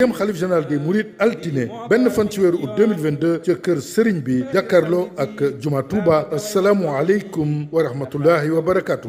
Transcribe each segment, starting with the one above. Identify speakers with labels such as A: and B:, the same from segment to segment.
A: dem xalif général des Mourides altine benn fan ci weeru août 2022 ca kër sëriñ bi jàkkaarloo ak juma Touba asalaamu aleykum wa rahmatullahi wa barakaatu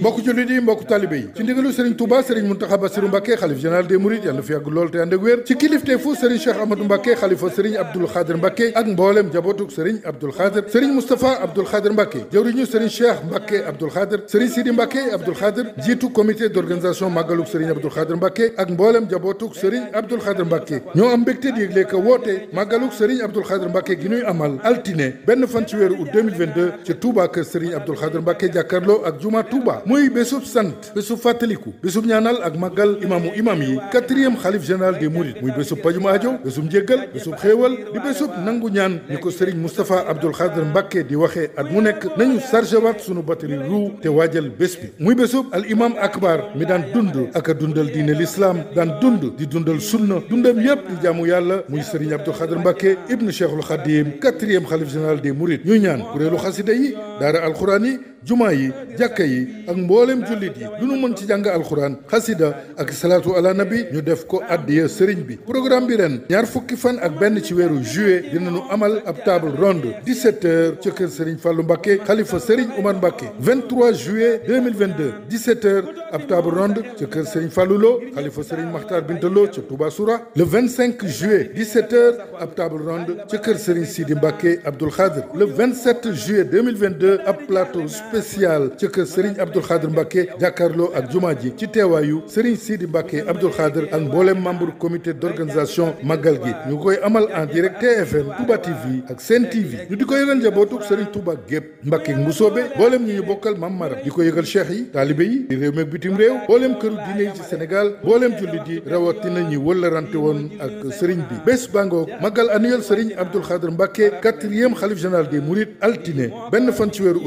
A: mbokku jullit yi mbokku taalibé yi ci ndigalu sëriñ Touba sëriñ Muntaxa Basiru Mbàkke xalif général des Mourides yàlla na fi yàgg lool te ànd ak wér ci kilifteefu sëriñ Cheikh Amadou Mbàkke xalifa sëriñ Abdoul Xaadir Mbàkke ak mboolem jabootuk sëriñ Abdoul Xaadir sëriñ Moustapha Abdoul Xaadir Mbàkke jëwriñu sëriñ Cheikh Mbàkke Abdoul Xaadir sëriñ Sidi Mbàkke Abdoul Xaadir njiitu comité d'organisation màggaluk sëriñ Abdoul Khadr Mbacke ak mboolem jabootug Serigne Abdoul Khadr Mbacke ñoo am mbégte di yëgle ko woote màggalug Serigne Abdoul Khadr Mbacke gi ñuy amal altine benn fan ci weeru août 2022 ci Touba kër Serigne Abdoul Khadr Mbacke jàkkarloo ak Juma Touba muy bésub sant bésub fàttaliku bésub ñaanal ak màggal imaamu imam yi quatrième xalif général des Mourides muy bésub pajum aajo bésub njéggal bésub xéewal di bésub nangu ñaan ni ko Serigne Moustapha Abdoul Khadr Mbacke di waxee at mu nekk nañu chargé waat sunu batterie ruu te waajal bés bi muy bésub al imam akbar mi daan dund ak a dundal dundal diine l'islam daan dund di dundal sunna dundam yépp di jaamu yàlla muy sëriñ Abdou Khadr Mbacke ibnu Cheikhul Khadim quatrième xalif général des Mourides ñu ñaan kuréelu xasida yi daara alxuraan yi juma yi jàkka yi ak mboolem jullit yi lu nu mën ci jàng alxuraan xasida ak salaatu ala nabi ñu def ko addiya sëriñ bi programme bi ren ñaar fukki fan ak benn ci weeru juillet nu amal ab table ronde 17 heures ci kër sëriñ Fallou Mbacké xalifa sëriñ Oumar Mbacké 23 juillet 2022 17 heures ab table ronde ci kër sëriñ Fallou Lo xalifa sëriñ Makhtar Binta Lo ci Touba Soura le 25 juillet 17 heures ab table ronde ci kër sëriñ Sidi Mbacké Abdoul Khadr le 27 juillet 2022 ab plateau spécial ca kër Serigne Abdoul Khadr Mbacké jàkkaarloo ak juma ji ci teewaayu Serigne Sidi Mbacké Abdoul Khadr ak mboolem membre comité d'organisation maggal gi ñu koy amal en direct TFM Touba TV ak Sen TV ñu di ko yëgal njabootuk Serigne Touba gépp Mbacké Mbusoobe mboolem ñu ñu bokkal Mam Maram di ko yëgal cheikh yi taalibe yi di réew meeg bitim réew mboolem këru diine yi ci Sénégal mboolem jullit yi rawatina ñi wëllarante woon ak Serigne bi bés bangoog màggal annuel Serigne Abdoul Khadr Mbacké quatrième xalif général des Mourides altine benn fan ci weeru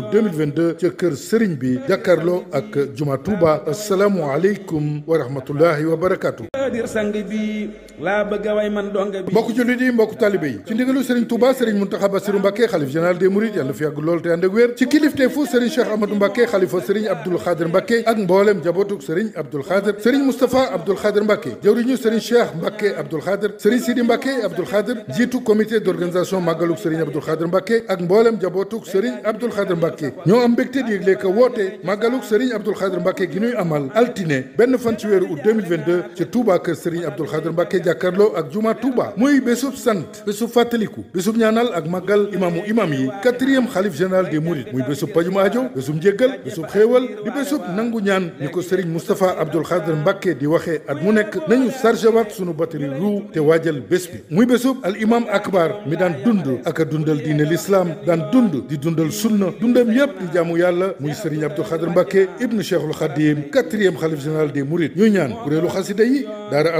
A: ca kër sëriñ bi jàkkaarloo ak juma Touba asalaamu aleykum wa rahmatullahi wa barakaatu. dir sang bi laa bëgg a way man dong bi mbokk jullit yi mbokk taalibé yi ci ndigalu sëriñ Touba sëriñ Mountakha Bassirou Mbacké xalif général des Mourides yàlla fi yàgg loolu te ànd ak wér ci kilifteefu sëriñ Cheikh Amadou Mbacké xalifa sëriñ Abdoul Khadir Mbacké ak mboolem jabootuk sëriñ Abdoul Khadir sëriñ Moustapha Abdoul Khadir Mbacké jawriñu sëriñ Cheikh Mbacké Abdoul Khadir sëriñ Sidi Mbacké Abdoul Khadir jiitu comité d'organisation màggaluk sëriñ Abdoul Khadir Mbacké ak mboolem jabootuk sëriñ Abdoul Khadir Mbacké ñoo am mbégte di yëgle ko woote màggaluk Serigne Abdoul Khadr Mbacke gi ñuy amal altine benn fan ci weeru août 2022 ci Touba kër Serigne Abdoul Khadr Mbacke jàkkarloo ak juma Touba muy bésub sant bésub fàttaliku bésub ñaanal ak màggal imaamu imam yi quatrième xalif général des Mourides muy bésub pajum aajo bésub njéggal bésub xéewal di bésub nangu ñaan ni ko Serigne Moustapha Abdoul Khadr Mbacke di waxee ak mu nekk nañu chargé waat sunu batterie ruu te waajal bés bi muy bésub al imam akbar mi daan dund ak a dundal diine l'islam daan dund di dundal sunna dundam yépp mu yàlla muy Serigne Abdou Khadr Mbacké ibnu Cheikhul Khadim quatrième xalif général des Mourides ñu ñaan kuréelu xasida yi daara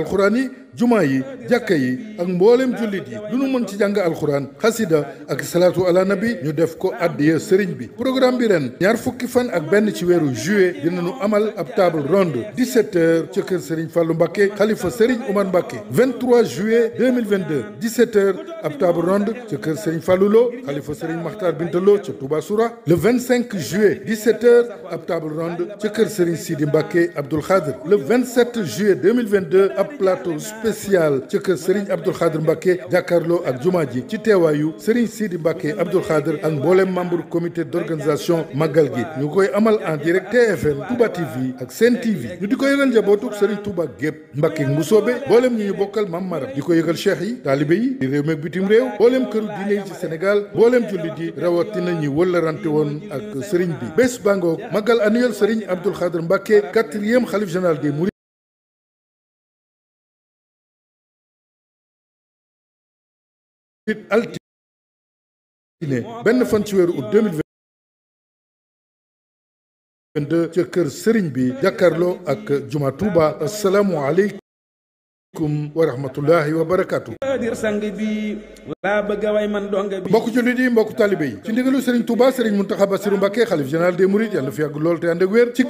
A: juma yi jàkka yi ak mbooleem jullit yi lu nu mën ci jàng alxuraan xasida ak salaatu ala nabi ñu def ko addiya sëriñ bi programme bi ren ñaar fukki fan ak benn ci weeru juillet dinañu amal ab table ronde 17h ci kër sëriñ Fallou Mbacké xalifa sëriñ Oumar Mbacké 23 juillet 2022 17h ab table ronde ci kër sëriñ Fallou Lo xalifa sëriñ Makhtar Binta Lo ca Touba Soura le 25 juillet 17h ab table ronde ci kër sëriñ Sidi Mbacké Abdoul Khadr le 27 juillet 2022 ab plateau spécial ci kër Serigne Abdoul Khadr Mbacké jàkkaarloo ak juma ji ci teewaayu Serigne Sidi Mbacké Abdoul Khadr ak mboolem membre comité d'organisation maggal gi ñu koy amal en direct TFM Touba TV ak seen TV ñu di ko yëgal njabootuk Serigne Touba gépp Mbacké Mbusoobe mboolem ñu ñu bokkal Mam Maram di ko yëgal cheikh yi taalibe yi di réew meeg bitim réew mboolem këru diine yi ci Sénégal mboolem jullit yi rawatina ñi wëllarante woon ak sëriñ bi
B: bés bangoog màggal annuel Serigne Abdoul Khadr Mbacké quatrième xalif général des Mourides nit altine
C: benn fan ci weeru août 2022
A: ca kër sëriñ bi jàkkaarloo ak juma Tuuba asalaamu aleykum wa rahmatullahi wa barakaatu mbokk jullit yi mbokk taalibe yi ci ndigalu sëriñ Tuuba sëriñ Muntaxa Basiru Mbàkke xalif général des mourides yàlla na fi lool te ànd wér ci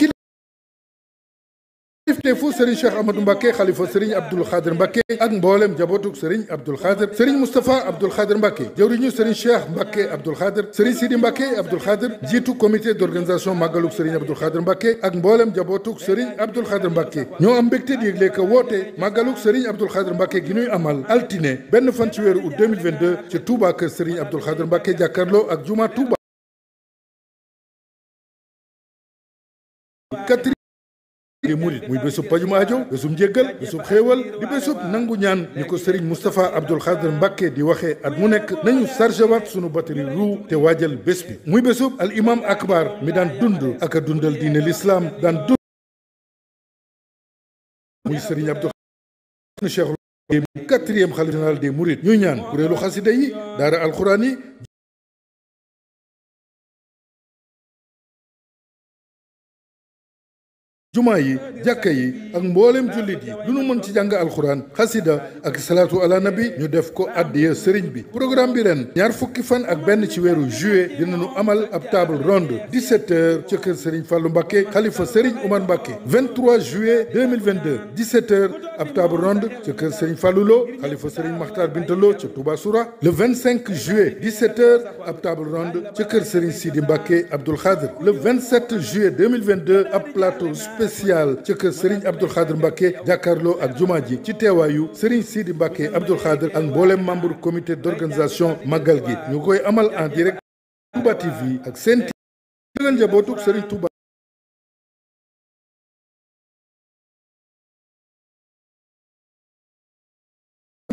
A: kilifteefu sëriñ Cheikh Ahmadou Mbacke xalifa sëriñ Abdoul Khader Mbacke ak mboolem jabootuk sëriñ Abdoul Khader sëriñ Moustapha Abdoul Khader Mbacke jëwriñu sëriñ Cheikh Mbacke Abdoul Khader sëriñ Sidi Mbacke Abdoul Khader njiitu comité d'organisation màggaluk sëriñ Abdoul Khader Mbacke ak mboolem jabootuk sëriñ Abdoul Khader Mbacke ñoo am mbégte di yëgle ko woote màggaluk sëriñ Abdoul Khader Mbacke gi ñuy amal altine benn fan ci weeru août 2022
B: ci Touba kër sëriñ Abdoul Khader Mbacke jàkkarloo ak juma Touba di murit muy bésub pajum aajo bésub
A: njéggal bésub xéewal di bésub nangu ñaan ni ko sëriñ Moustapha Abdoul Khadr Mbacke di waxee at mu nekk nañu chargé waat sunu batterie ruu te waajal bés bi muy bésub al imam akbar mi daan dund ak a dundal diine lislaam daan dund muy
B: sëriñ Abdoul Khadr Cheikh quatrième xalifa ñu ñaan kuréelu xasida yi daara alxuraan jumaa yi jàkka yi ak mbooleem jullit
A: yi lu nu mën ci jàng alxuraan xasida ak salaatu ala nabi ñu def ko addiya sëriñ bi programme bi ren ñaar fukki fan ak benn ci weeru juillet dinañu amal ab table ronde 17 heures ca kër sëriñ Fallou Mbacké xalifa sëriñ Omar Mbacké 23 juillet 2022 17 heures ab table ronde ca kër sëriñ Fallou Lo xalifa sëriñ Makhtar Binta Lo ca Touba Soura le 25 juillet 17 heures ab table ronde ca kër sëriñ Sidi Mbacké Abdoul Khadr le 27 juillet 2022 ab plateau spécial spécial ci kër Serigne Abdoul Khadr Mbacké jàkkaarloo ak jumaa ji ci teewaayu Serigne Sidi Mbacké Abdoul Khadr ak mboolem membre comité d'organisation
B: màggal gi ñu koy amal en direct Touba TV ak seen tv njabootuk Serigne Touba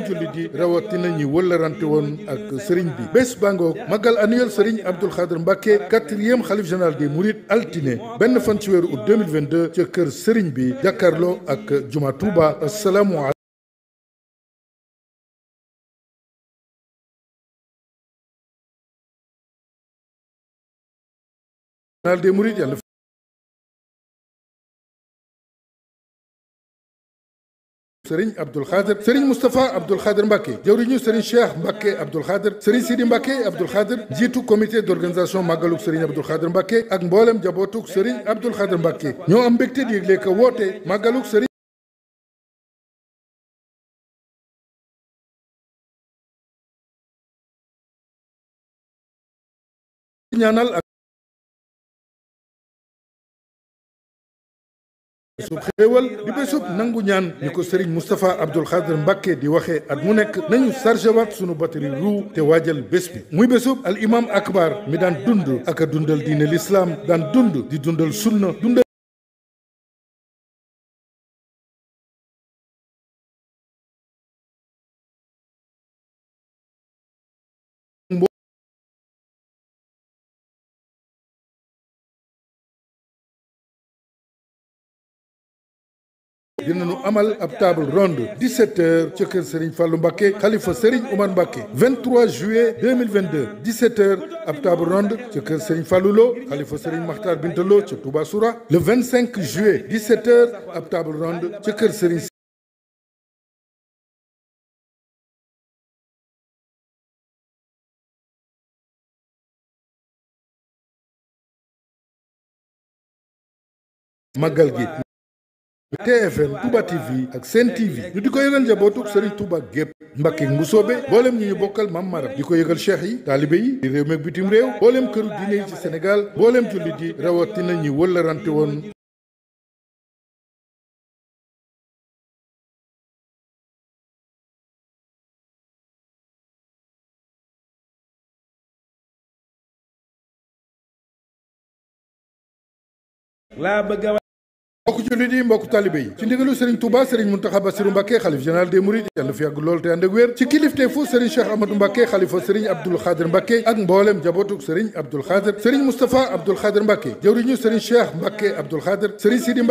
B: jullit yi rawatina ñi wëllarante woon
A: ak sëriñ bi bés bangoog magal annuel sëriñ Abdul Xaadir Mbàkke quatrième xalif général des Mourides altine benn fan ci weeru août 2022 ca kër sëriñ bi jàkkaarloo ak juma
B: Touba asalaamu général sëriñ Abdul Xaadir sëriñ Moustapha Abdul Xaadir Mbacke jëwriñu sëriñ Cheikh Mbacke Abdul
A: Xaadir sëriñ Sidi Mbacke Abdul Xaadir njiitu comité d' organisation màggaluk sëriñ Abdul Xaadir Mbacke ak mboolem
B: jabootuk sëriñ Abdul Xaadir Mbacke ñoo am mbégte di yëgle ko woote màggaluk sëriñ ñaanal su xéewal di bésub nangu ñaan
A: ni ko sëriñ Moustapha Abdoul Khadr Mbacke di waxee at mu nekk nañu chargé waat sunu batterie ruu te waajal bés bi muy bésub al imam akbar mi daan dund ak a dundal diine lislaam daan
B: dund di dundal sunna dundal dinañu amal
A: ab table ronde 17h ca kër Serigne Fallou Mbacké xalifa Serigne Oumar Mbacké 23 juillet 2022 17h ab table ronde ca kër Serigne Fallou Lo xalifa Serigne Makhtar
B: Binta Lo ca Touba Soura le 25 juillet 17h ab table ronde kër Serigne gi TFM Touba TV
A: ak Sen TV ñu di ko yëgal njabootuk Serigne Touba gépp Mbàkke Mbusoobe mboolem ñi ñu bokkal Mam Maram di ko yëgal cheikh yi taalibe yi di réew meeg bitim réew mboolem këru diine yi ci Sénégal mboolem jullit yi
C: rawatina
B: ñi wëllarante woon laa bëgg mbokk jullit yi mbokk taalibé yi ci ndigalu sëriñ Touba sëriñ
A: Muntaxa Basiru Mbàkke xalif général des Mourides yàlla fi yàgg lool te ànd ak wér ci kilifteefu Abdul Xaadir Mbàkke ak mbooleem jabootuk sëriñ Abdul Xaadir sëriñ Moustapha Abdul Xaadir Mbàkke
B: jëwriñu sëriñ Cheikh Mbàkke Abdul Xaadir sëriñ Sidi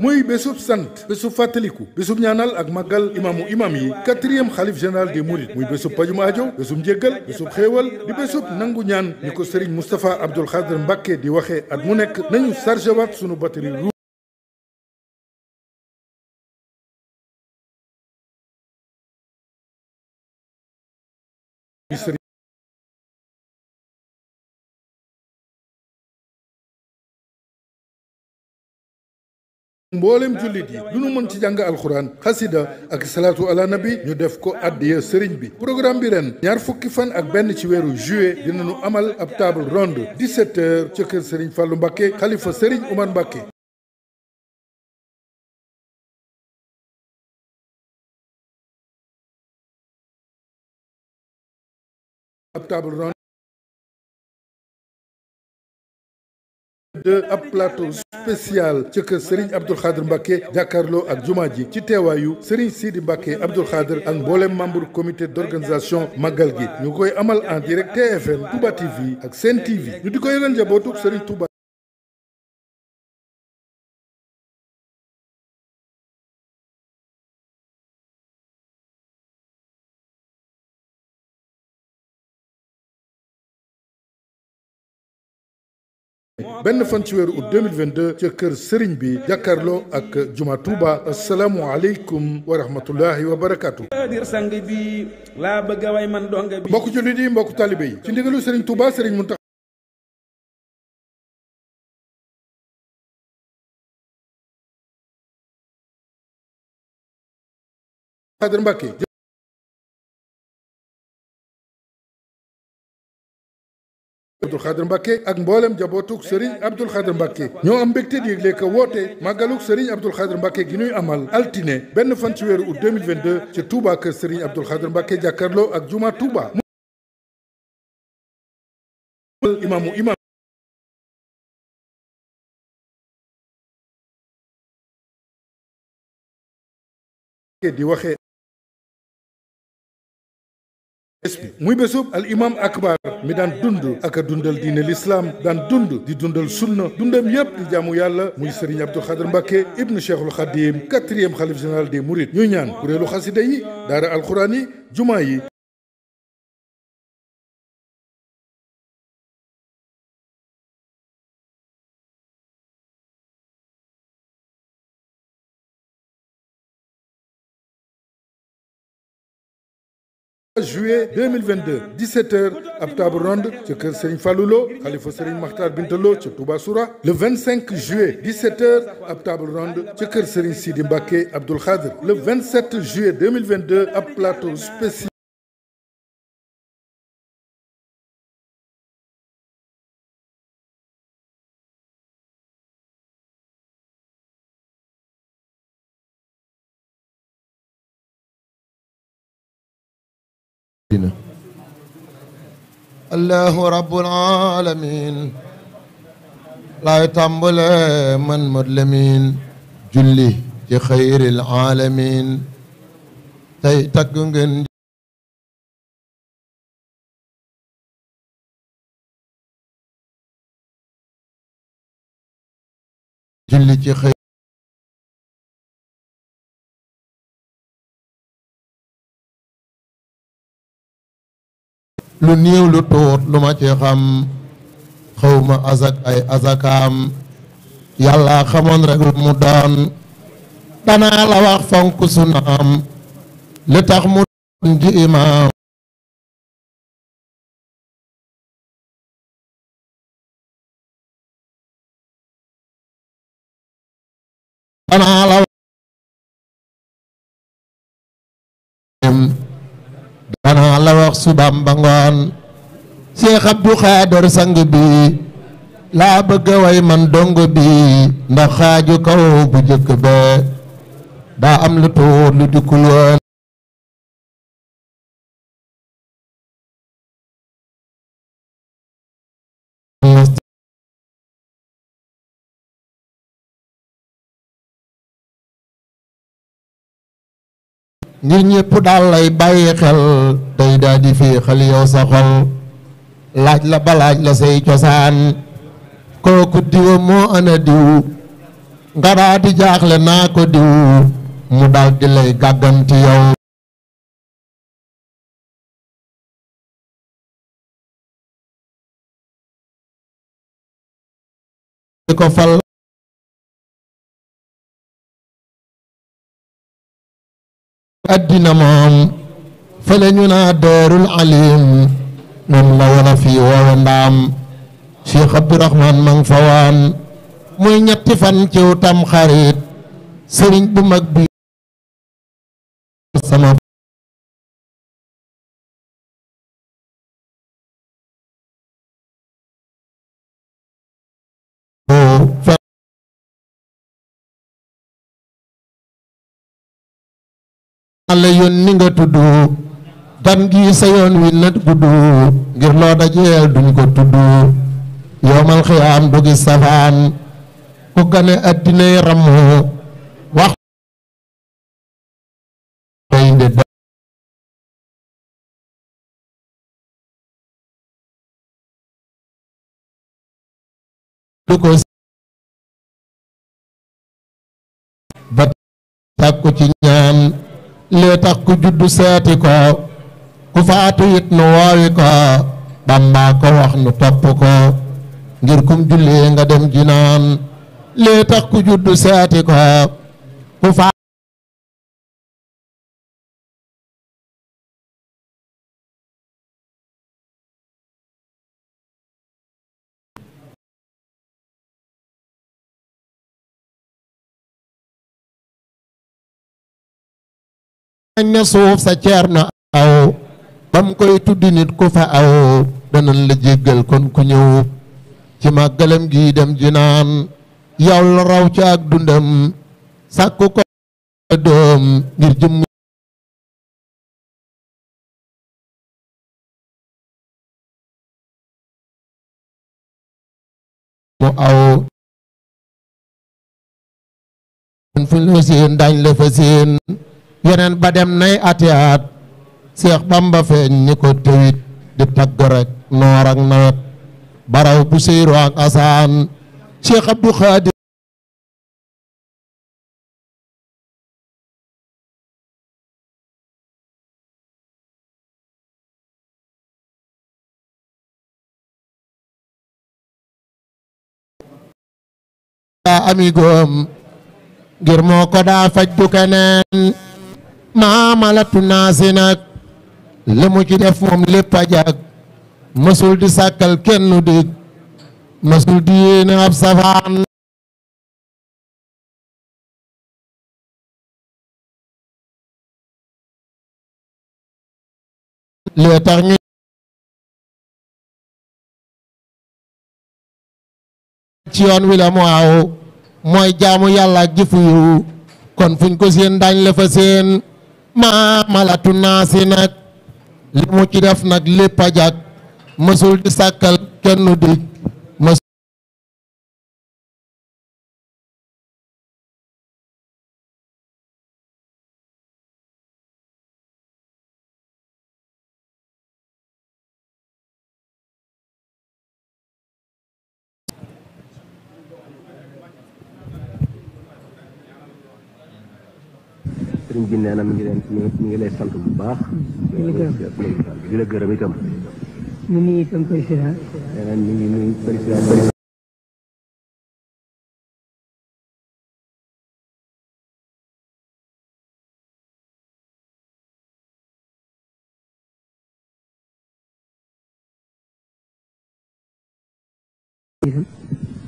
B: muy bésub sant bésub fàttaliku bésub ñaanal
A: ak màggal imaamu imam yi quatrième xalif général des mourides muy bésub pajum aajo bésub njéggal bésub xéewal di bésub nangu ñaan ni ko sëriñ Moustapha Abdoul Khadr Mbacke di waxee at mu nekk nañu
C: chargé waat
B: sunu batterie mboolem jullit yi lu nu mën ci jàng alxuraan
A: xasida ak salaatu ala bi ñu def ko addiya sëriñ bi programme bi ren ñaar fukki fan ak benn ci weeru juillet dinañu amal ab table ronde 17 heures ca kër sëriñ Fallou Mbacké xalifa
B: sëriñ Oumar Mbacké
A: spécial ci kër Serigne Abdoul Khadr Mbacké jàkkaarloo ak juma ji ci teewaayu Serigne Sidi Mbacké Abdoul Khadr ak mboolem membre comité d'organisation màggal gi ñu koy amal
B: en direct TFM Touba TV ak Sen TV ñu di ko yëgal njabootu Serigne Touba benn fan ci weeru
C: août
A: 2022 ca kër Serigne bi jàkkaarloo ak juma Touba asalaamualeykum wa rahmatullahi wa barakaatu. mbokku jullit yi mbokku
C: taalibe
B: yi ci ndigalu Serigne Touba Serigne Mountakha Mbacke Abdou Khadr Mbacké ak mboolem jabootug Serigne Abdou Khadr Mbacké
A: ñoo am mbégte di yëgle ko woote màggalug Serigne Abdou Khadr mbakke gi ñuy amal altine benn fan ci
B: weeru août 2022 ci Touba kër Serigne Abdou Khadr Mbacké jàkkarloo ak juma Touba imaamu imaam di waxee muy bésub al
C: imam
A: akbar mi daan dund ak a dundal diine lislaam daan dund di dundal sunna dundam yépp di jaamu yàlla muy sëriñ abdou xadr mbàkke ibnu cheikhul xadim quatrième xalif général des mourides ñu
B: ñaan kuréelu xasida yi daara alxuraan yi jumaa yi juillet 2022 17h
A: ab table ronde ca kër Serigne Fallou Lo xalifa Serigne Makhtar Binta Lo ca Touba Soura le 25 juillet 17h ab table ronde ca kër Serigne Sidi Mbacké Abdoul Khadr le 27
B: juillet 2022 ab plateau spécial
D: àddina
E: allahu rabbul alamin laay tàmbale man mat lamin julli ci xayril alamin
B: tey tagg ngeen julli ci xëy lu néew lu tuut lu ma xam xawma azak azakaam
E: yàlla xamoon rek mu doon danaa la wax fonk sunaam
B: li tax mu doon ji imaam danaa la xanaa la wax subaam ba ngoon
E: Cheikh Abdou Khader sang bi laa bëgg way man dong
B: bi ndax xaaju kaw bu jëkk ba daa am lu tuur lu jukkul woon ngir ñëpp daal lay bàyyi xel tey daal di fii sa xol
E: laaj la ba laaj la say cosaan kooku diwa moo ana
B: diw nga daa di jaaxle naa ko diw mu daal lay gàgganti yow addina moom fële ñu naa daarul alim
E: moom la wala fii woowe ndaam Cheikh Abdourahman ma fa waan
B: muy ñetti fan ciw tam xarit sëriñ bu mag bi sama Yàlla yónni nga tudd gan gi sa wi na gudd
E: ngir loo dajeel duñ ko tudd yowmal xiyaam du gis safaan
B: ku gane addinay ramu wax du ko ba tàkku ci ñaan lii tax ku juddu seeti ko ku faatu it nu woowi ko
E: bàmbaa ko wax nu topp ko ngir kum jullee nga dem jinaan
B: lii tax ku juddu seeti ko ku faatu añ na suuf sa ceer na aw bam koy tudd nit ku fa
E: aw danañ la jéggal kon ku ñëw ci màggalam gi dem ji naan
B: yàlla raw ci ak dundam sàkku ko doom ngir jëmm mu aw fuñ la seen daañ la fa seen
E: yeneen ba dem nay ati at Seex Bamba feeñ ni ko tewit di tagg
B: rek noor ak baraw bu seyru ak asaan Seex Abdu du keneen
E: maamalatu naasi nag li mu ci def moom lépp a jag
B: mësul di sàkkal kenn dëj mësul di yéene ab safaan lee tax ñu ci yoon wi la mooy jaamu yàlla jëfu yiw kon fuñ ko seen daañ la fa seen
E: maamalatu naa si nag li mu ci def nag lépp a jag
B: mësul di sàkkal kenn dig sëriñ bi nee
F: mi
D: ngi leen mi ngi lay sant bu baax. di la gërëm itam. mi ngi itam président. nee na mi ngi nuyu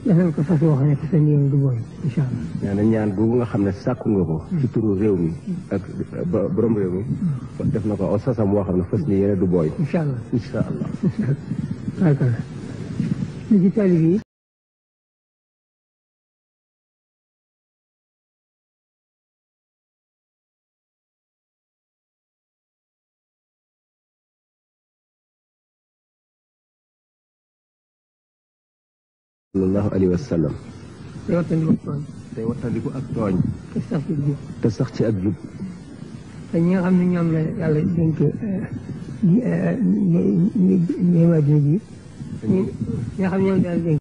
D: danañ ko fas yoo xam ne te seen du booy incha allah. nee na ñaan googu nga xam ne sàkku nga ko. ci turu réew mi ak
G: borom réew mi. def na ko aw sasam woo xam ne fas yéene du booy. incha allah incha allah.
D: li ci taalib yi sallallahu alayhi wa sallam tey wattandiku ak tooñ te sax ci ak jub
G: te ñi nga xam ne ñoom la yàlla dénk ñi
B: ñi ñi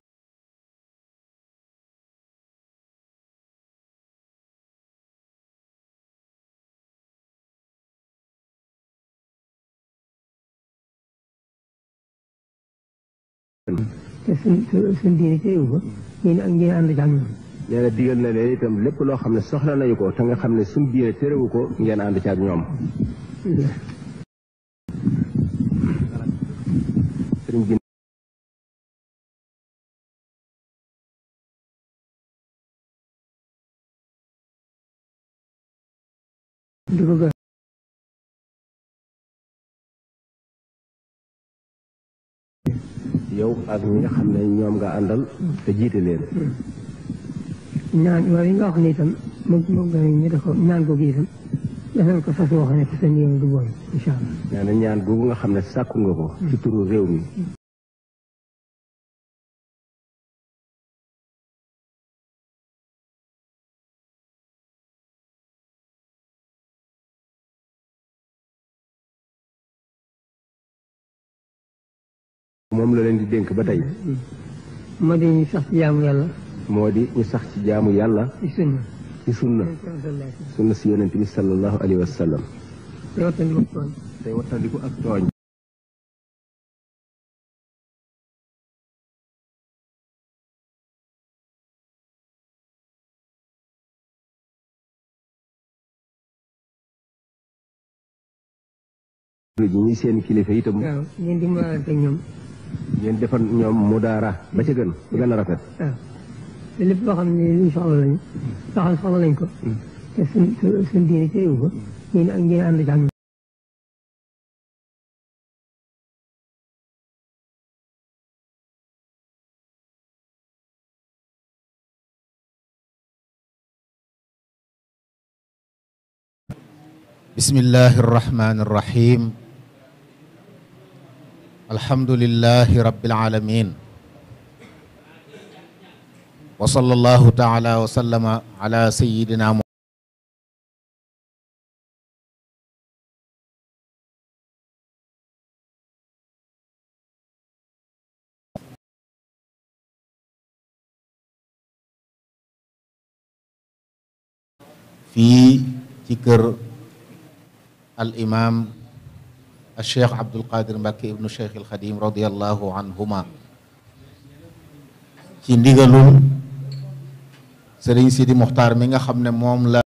B: te suñ suñ diine ci réew ngeen ànd ci ñoom
H: nee digal na leen itam lépp loo xam ne soxla nañu ko te nga xam ne suñ diine terewu ko ngeen ànd
B: ci ak ñoom du ko yow ak ñi nga xam ne ñoom nga àndal te jiite leen
G: ñaan yooyu nga wax ni itam moom moom nga ñu def ko ñaan googu itam xam
B: ne ko seen yoon du booy incha allah nee ñaan googu nga xam ne sàkku nga ko ci turu réew mi moom la leen di dénk ba tey. moo di ñu sax ci jaamu yàlla. moo di
H: ñu sax ci jaamu yàlla. ci sunna ci
G: sunna.
H: si yonent bi sallallahu alayhi wa
B: sallam. tey wattandiku ak tooñ. tey wattandiku ak tooñ. seen kilifa itam. waaw ñoom.
H: ngeen defal ñoom mudaara ba ca gën ba gën a rafet.
F: waaw lépp loo
B: xam ne luñ soxla lañ loo xam ne soxla lañ ko. te suñ suñ diine ci réew ko ñun ak ñeneen ànd jàng. bismillahi rahmaani rahim.
H: alhamdulilahi rabbil alamin wa sallallahu
B: taala wa sallama ala sayidina fii ci kër
H: al imam al cheikh abdul qadir mbàkke ibnu cheikh al xadim radiallahu anhuma ci ndigalul
B: sëriñ sidi muxtaar mi nga xam ne moom la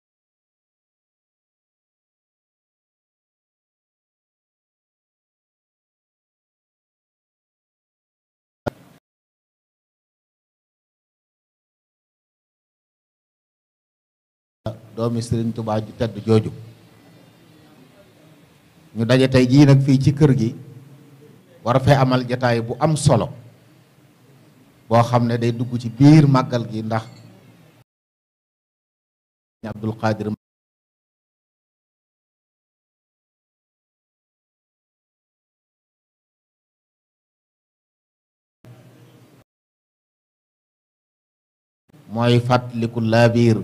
B: doomi sëriñ tubaa ju tedd jooju
H: ñu daje tey jii nag fii ci kër gi war fee amal jataay bu am solo boo xam ne day dugg ci biir màggal gi ndax
B: Abdul Qadir mooy fàttaliku laabiir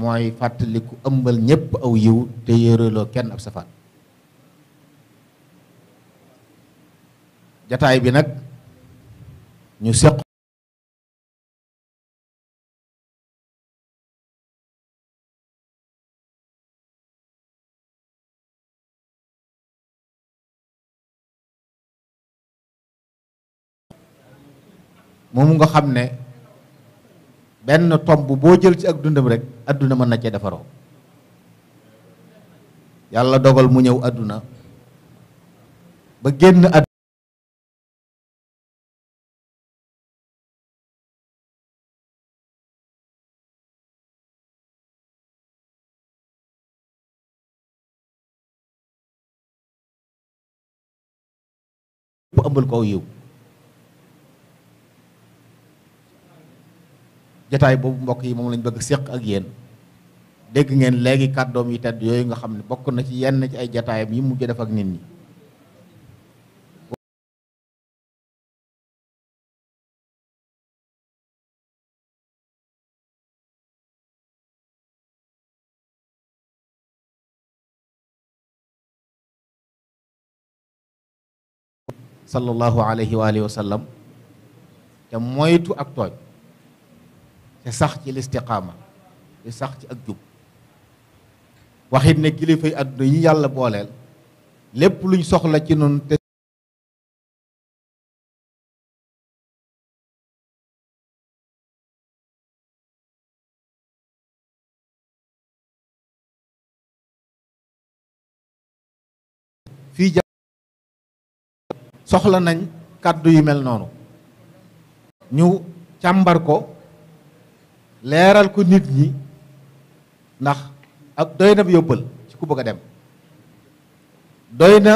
B: mooy fàttaliku ëmbal ñépp aw yiw
H: te yëreloo kenn ab safaat
B: jataay bi nag ñu seq moom nga xam ne
H: benn tomb boo jël ci ak dundam rekk àdduna mën na cee defaroo
B: yàlla dogal mu ñëw àdduna ba génn mu ëmbal ko yiw
H: jataay boobu mbokk yi moom lañ bëgg séq ak yéen dégg ngeen léegi kàddoom yi tedd yooyu nga
B: xam ne bokk na ci yenn ci ay jataayam yi mu mujj def ak nit ñi sallallahu alayhi wa alihi wa sallam te moytu ak tooñ
H: te sax ci listiqaama te sax ci ak jub waxit ne
B: kilifay àdduna yi yàlla booleel lépp luñ soxla ci noonu te soxla nañ kàddu yi mel noonu ñu càmbar ko
H: leeral ko nit ñi ndax ak doy na yóbbal ci ku
B: bëgg a dem doy na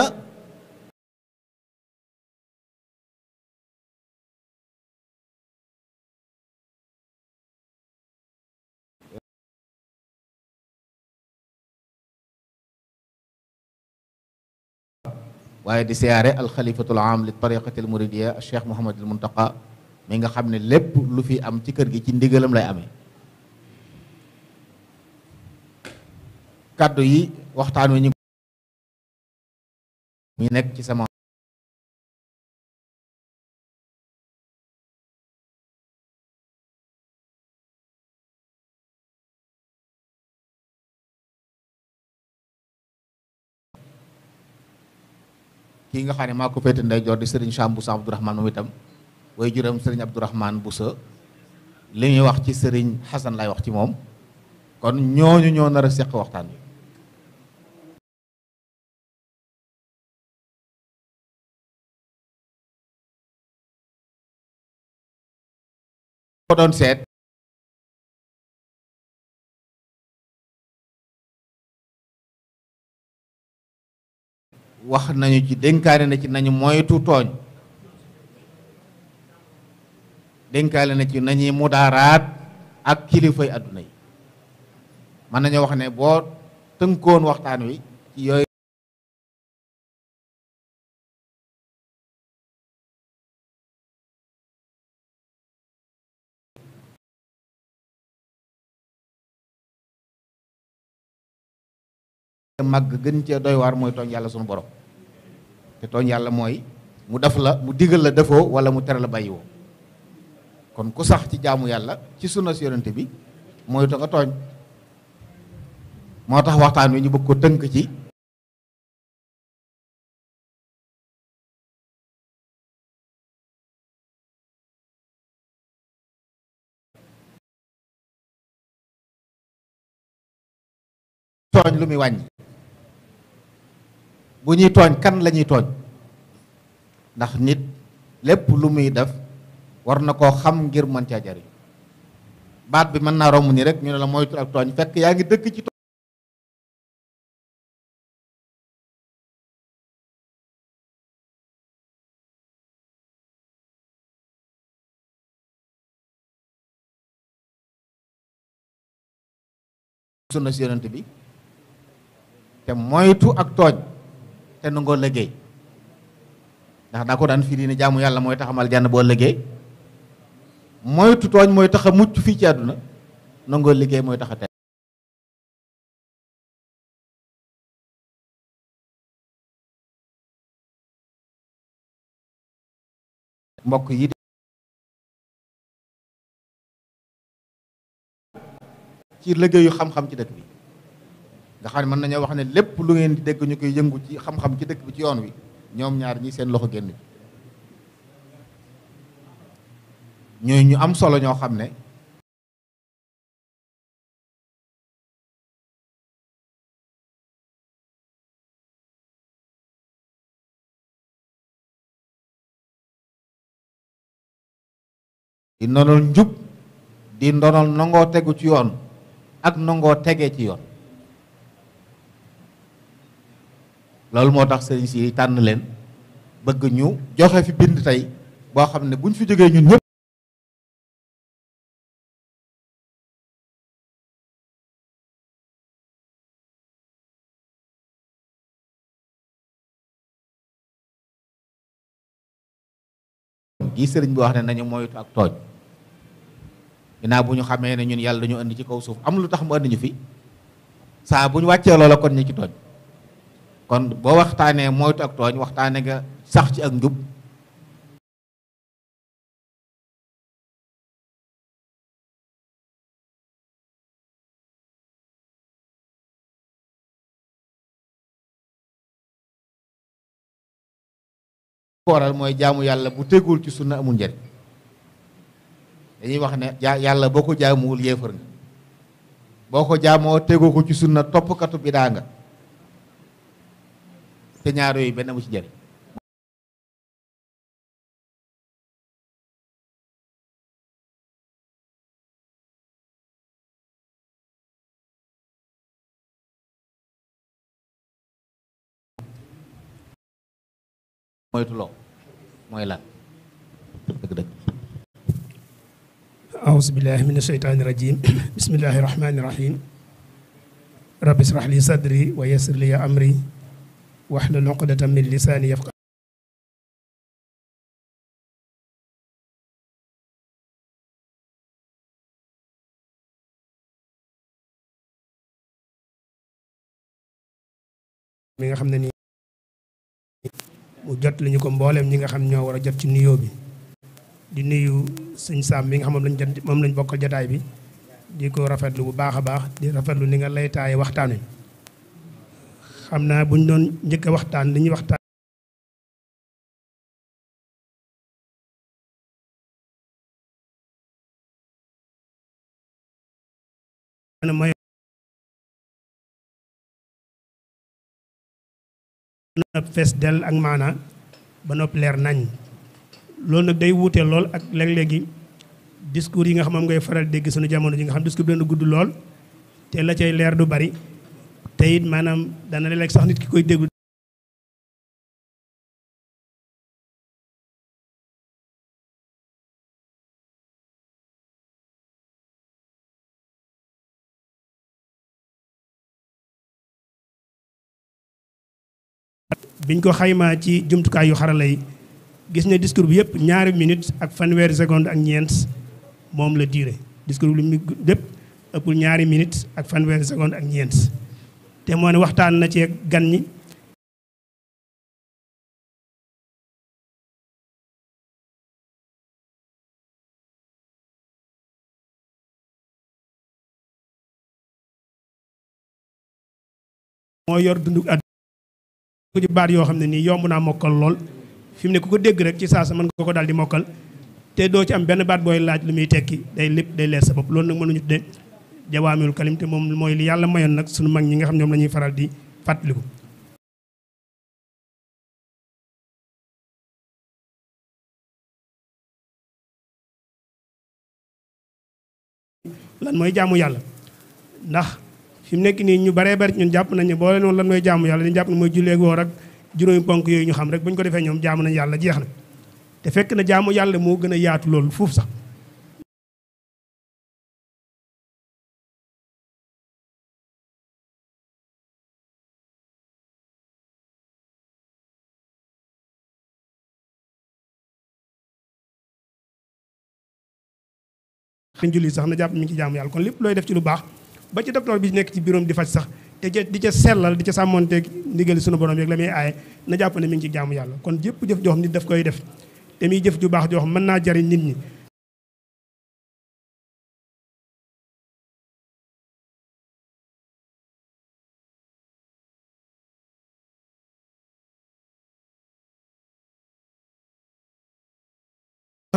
B: waaye di siyaare alxalifatul am li
H: tariqatil muridiya cheikh Mouhamadul Muntaqa mi nga xam ne lépp lu fi am ci kër gi ci ndigalam lay amee. kàddu yi
B: waxtaan wi ñu. mi nekk ci sama. kii nga xam ne maa ko féete ndey joor di
H: sëriñ Cham Boussa Abdourahmane moom itam way juróom sëriñ Abdourahmane Boussa li ñuy wax
B: ci sëriñ Xasan lay wax ci moom kon ñooñu ñoo nar a seq waxtaan bi seet wax nañu ci dénkaane na ci nañu moytu tooñ
H: dénkaale na ci nañuy mudaaraat ak kilifay àdduna yi mën nañu wax ne boo tënkoon
I: waxtaan
B: wi ci yooyu màgg gën cee doy waar mooy tooñ yàlla sunu borom te tooñ yàlla mooy mu def
H: la mu digal la defoo wala mu tere la bàyyiwoo kon ku sax ci jaamu yàlla ci sunna
B: si yonente bi mooy ta nga tooñ moo tax waxtaan wi ñu bëgg ko tënk ci tooñ lu muy wàññi bu ñuy tooñ kan lañuy ñuy tooñ ndax
H: nit lépp lu muy def war na koo xam ngir mën caa jariñ
B: baat bi mën naa romb nii rek ñu ne la moytu bi
H: te moytu ak tooñ te nangoo liggéey ndax daa ko daan firi jaamu yàlla mooy taxamal jànn boo liggéey moytu tooñ mooy tax mucc fii ci
B: àdduna nangoo liggéey mooy tax a mbokk yi ci liggéeyu xam-xam ci dëkk bi nga ne mën nañoo wax ne
H: lépp lu ngeen di dégg ñu koy yëngu ci xam-xam ci dëkk bi ci yoon wi ñoom ñaar ñi seen loxo génn
B: ñooy ñu am solo ñoo xam ne di ndonal njub di
H: ndonal nangoo tegu ci yoon ak nangoo tegee ci yoon loolu moo tax sëriñ si tànn leen bëgg ñu joxe
B: fi bind tey boo xam ne buñ fi jógee ñun ñëpp. gi sëriñ bi wax ne nañu mooy ak tooñ ginnaaw bu ñu
H: xamee ne ñun yàlla ñu indi ci kaw suuf am lu tax mu indi ñu fi saa bu ñu wàccee loola kon ñu ci tooñ.
B: kon boo waxtaanee moytu ak tooñ waxtaane nga sax ci ak njub kooral mooy jaamu yàlla bu tegul ci sunna amul njëriñ dañuy wax ne yàlla boo ko
H: jaamuwul yéefar nga boo ko jaamoo tegu ko ci sunna toppkatu bidaa nga
B: te ñaar yooyu benn amu ci njëriñ moytu loo
H: mooy lan dëgg-dëgg
I: aousubillahi min
J: asheytaani rajim bismillahi rahmaani rahim rabbi israh li sadri wa yassir
B: li amri na de wahlul uqdatan min yaf ka mi nga xam ne nii mu jot li ñu ko mbooleem ñi nga xam ñoo
J: war a jot ci nuyo bi di nuyu sëñ Saam mi nga xam moom lañ jot moom lañ bokkal jotaay bi di ko rafetlu bu baax a baax di rafetlu ni nga laytaaye waxtaan wi
B: xam naa bu ñu doon njëkk a waxtaan li ñuy waxtaan fees dell ak maana ba noppi leer nañ
J: loolu nag day wuute lool ak léeg-léegi discours yi nga xam moom ngay faral dégg suñu
I: jamono ji nga xam discours bi dana gudd lool te la cay leer du bari te it maanaam
B: dana léeg sax nit ki koy déglu biñ ko xaymaa ci jumtukaay yu xarala yi gis
J: ne discours bi ñaari minutes ak fanweeri seconde ak ñeent moom la diire discours bi lu
I: mu lépp ëppul ñaari minutes ak fanweeri seconde ak ñeent te moo waxtaan na
B: ci gan ñi moo yor dunduk at ko yoo xam ne nii yomb naa mokkal lool fi mu ne ku ko dégg rek
J: ci saasa mën nga ko daal di mokkal te doo ci am benn baat booy laaj lu muy tekki day lépp day leer sa bopp loolu
I: nag mënuñu tudde jawaamilul kalim te moom mooy li yàlla mayoon nag sunu mag ñi nga xam ñoom la ñuy faral di
B: fàttaliku. lan mooy jaamu yàlla ndax fi mu nekk nii ñu baree bari ñun jàpp nañu boo leen woon
J: lan mooy jaamu yàlla dañu jàpp ne mooy julleeg woor ak juróomi ponk yooyu ñu xam rek bu ñu ko defee ñoom jaamu nañu yàlla jeex na
B: te fekk na jaamu yàlla moo gën a yaatu loolu fuuf sax. xëy sax na jàpp mi
I: ngi ci jaamu yàlla kon lépp looy def ci lu baax ba ci docteur bi nekk ci biiróom di faj sax te ca di ca sellal di ca
J: sàmmonteeg ndigali sunu borom yeeg la muy aaye na jàpp ne ci jaamu yàlla kon jëpp jëf joo xam nit daf koy def
B: te muy jëf ju baax joo mën naa jari nit ñi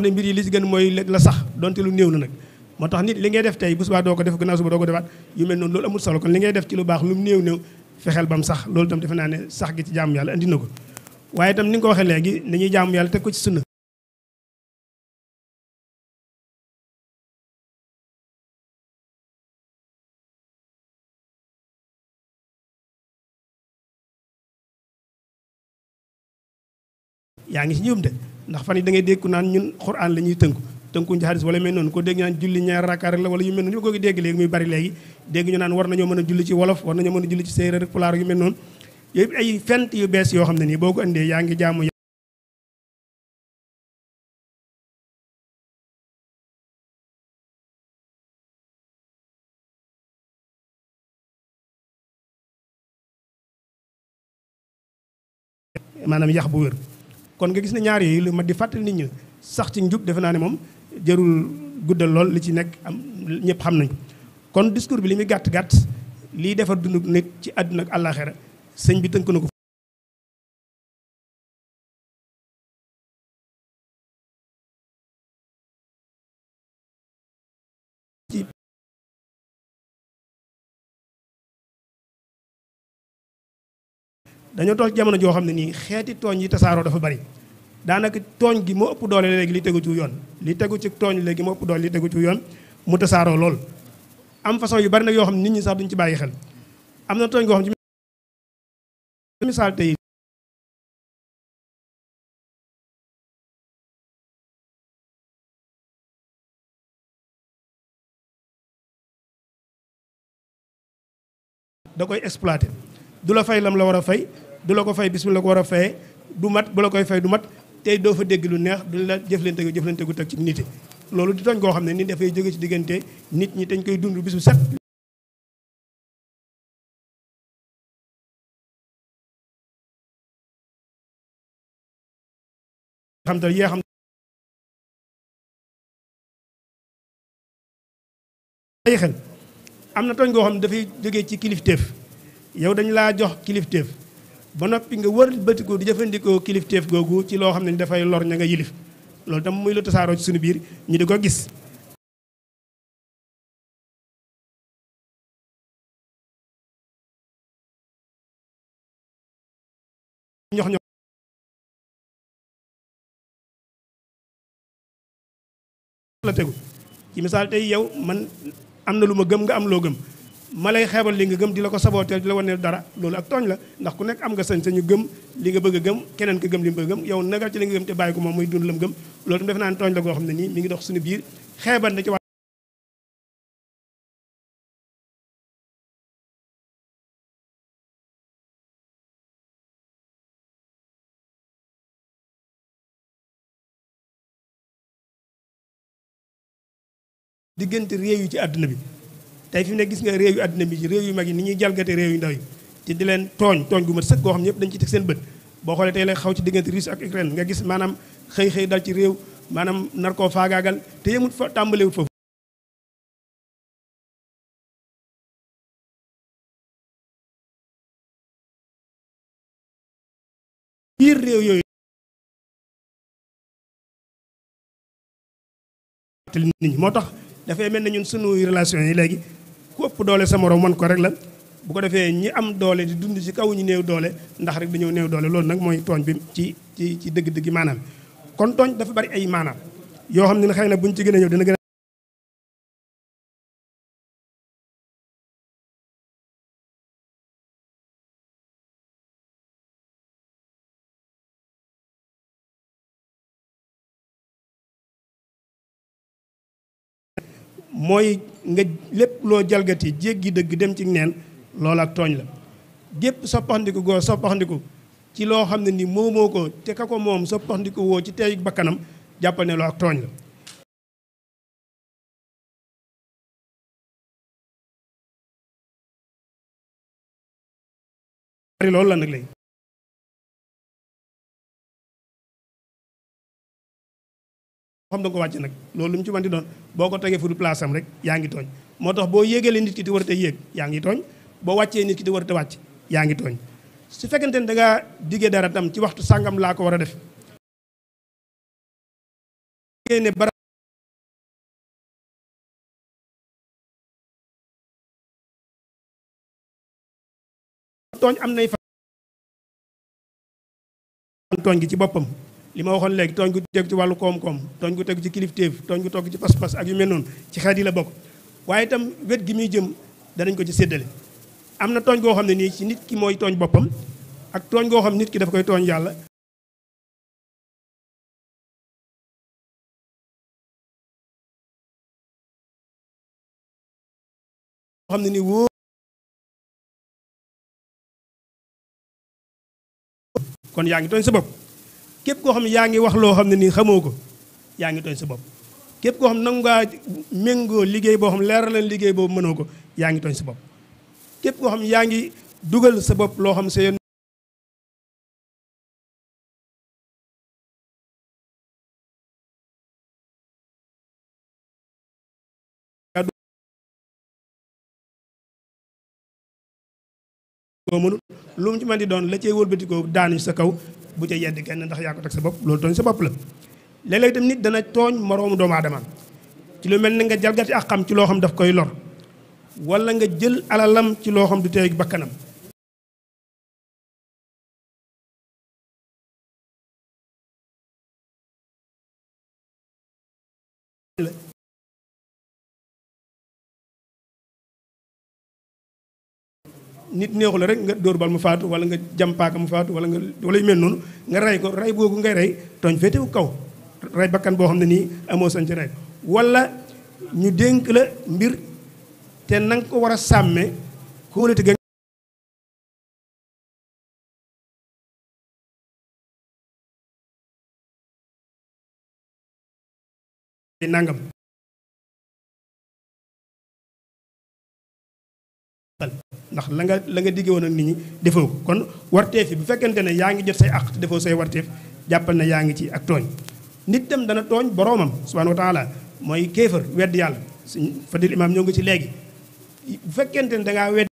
B: ne mbir li ci gën mooy la sax donte lu néew la nag moo tax nit li ngay
J: def tey bu subaa doo ko def gannaaw suba doo ko defaat yu mel noonu loolu amul solo kon li ngay def ci lu baax lu mu néew néew fexeel ba mu
I: sax loolu itam defe ne sax gi ci jaamu yàlla andi na ko waaye itam ni nga ko waxee léegi nañuy jaamu yàlla teg ko ci
B: sunna yaa ngi ci ñoom de
I: ndax fan yi da ngay dégg naan ñun xuraan la ñuy tënku tënkuñ ci xadis wala mel noonu ko dégg naan julli ñaar rakkaa rek la wala
J: yu mel noonu ñu ko dégg léegi muy bari léegi dégg ñu naan war nañoo mën a julli ci wolof war nañoo mën a julli ci séeréer ak yu mel noonu
B: yooyu ay fent yu bees yoo xam ne nii boo ko indee yaa ngi
J: maanaam yax bu wér
B: kon nga gis ne ñaar yooyu ma
J: di fàttali nit ñi sax ci njub defe naa ne moom jarul guddal lool li ci nekk am
I: ñëpp xam nañ kon discours bi li gàtt gàtt liy defar dund nit ci àdduna ak
B: sëñ bi tënk na ko. dañoo toll jamono joo xam ne nii xeeti tooñ yi tasaaroo dafa bari daanaka
J: tooñ gi moo ëpp doole léegi li tegu ci yoon li tegu ci tooñ léegi moo ëpp doole li tegu ci yoon mu tasaaroo lool
B: am façon yu bari nag yoo xam nit ñi sax duñ ci bàyyi xel am na tooñ goo xam da koy exploité du la
I: fay lam la war a fay du la ko fay bis la ko war a fayee du mat bu la koy fay du mat tey doo fa dégg lu neex du la jëflante gu jëflante gu teg ci nit loolu di tooñ koo xam ne ni dafay jóge ci diggante nit
B: ñi dañ koy dund bisu set xam yee xel am na tooñ koo xam ne dafay jóge ci kilifteef yow dañ laa jox
J: kilifteef ba noppi nga wër bëtiku di jëfandikoo kilifteef googu ci loo xam ne dafay lor ña nga
B: yilif loolu tam muy lu tasaaroo ci suñu biir ñu ko gis ñox ñox la tegu yow man
J: na lu ma gëm nga am loo gëm ma lay xeebal li nga gëm di la ko sabooteel di la wane dara loolu ak tooñ la ndax ku nekk am nga sañ sañu gëm li nga bëgg gëm keneen ko gëm li mu bëgg gëm yow nagal ci li nga gëm te bàyyi ko moom muy
B: dund lam gëm loolu tam defe naa ne tooñ la goo xam ne nii mi ngi dox suñu biir xeebal na ci wax réew yi ci
I: àdduna bi tey fi mu ne gis nga réew yu àddina bi ci réew yu mag yi ni ñuy jalgate réew yu ndaw yi te di leen
J: tooñ tooñ gu mat sëkk goo xam ñëpp dañu ci teg seen bët boo xoolee tey la xaw ci diggante Russie ak nga gis maanaam xëy
B: xëy dal ci réew maanaam nar koo faagaagal te yemut fa tàmbalewut foofu biir réew yooyu moo tax dafay mel na ñun sunuy
I: relation yi léegi ëpp doole sa morom man ko rek la bu ko defee ñi am doole di dund ci kaw
J: ñu néew doole ndax rek dañoo néew doole loolu nag mooy tooñ bi ci ci ci dëgg-dëgg maanaam kon
B: tooñ dafa bari ay maanaam yoo xam ne xëy na buñ ci gën a ñëw dina gën mooy
I: nga lépp loo jalgati jéggi dëgg dem ci neen loolu ak tooñ la gépp
J: soppaxandiku goo soppaxandiku ci loo xam ne ni moomoo ko te ka ko moom soppaxandiku woo ci teeyu
B: bakkanam jàppal ne loolu ak tooñ la loolu la nag léegi xam da nga ko loolu lu mu ci mën doon boo ko tegee fu du yaa ngi tooñ
J: moo tax boo yéegalee nit ki te a yéeg yaa ngi tooñ boo wàccee nit ki war a wàcc yaa ngi tooñ
B: su fekkente ne da diggee dara tam ci waxtu sàngam laa ko a def ne tooñ am nay fa tooñ gi ci boppam li ma waxoon léegi tooñ gu
J: teg ci wàllu koom-koom tooñ gu teg ci kilifteef tooñ gu togg ci pas-pas ak yu mel ci xeet yi la bokk waaye itam wet gi muy jëm danañ ko ci séddale am na tooñ goo xam ne nii ci nit ki mooy tooñ
B: boppam ak tooñ goo xam nit ki dafa koy tooñ yàlla xam ne kon yaa ngi tooñ sa bopp képp koo xam ne yaa ngi wax loo xam ne
J: nii xamoo ko yaa ngi tooñ sa bopp képp koo xam ne nangu méngoo liggéey boo xam ne leeral
I: leen liggéey boobu ko yaa ngi sa bopp képp koo xam ngi dugal sa bopp loo xam
B: sa yoon mënul
I: lu mu ci mën doon la cay wëlbatikoo daanu sa kaw bu ca yedd kenn ndax yaa ko teg sa bopp loolu tooñ sa bopp la
J: léeg-léeg nit dana tooñ moroomu doomu adama ci lu mel ni nga jalgati ak xam ci loo xam daf koy
B: lor wala nga jël alalam ci loo xam du teeg bakkanam nit neexu rek nga dóor bal mu faatu
I: wala nga jam paaka mu faatu wala nga wala yu mel noonu nga rey ko rey googu ngay rey tooñ féetewu kaw
J: rey bakkan boo xam ne nii amoo sañ ci walla ñu dénk la mbir
B: te na ko war a sàmme kóolute ga nangam ndax la nga la nga digge woon ak nit ñi defoo
J: kon warteef yi bu fekkente ne yaa ngi jot say àq te defoo say warteef jàppal na yaa ngi ci ak tooñ nit tam dana tooñ boroomam subhaanahu wa mooy kéefër wedd yàlla suñ fadil imaam ñoo ngi
B: ci léegi bu fekkente ne dangaa wedd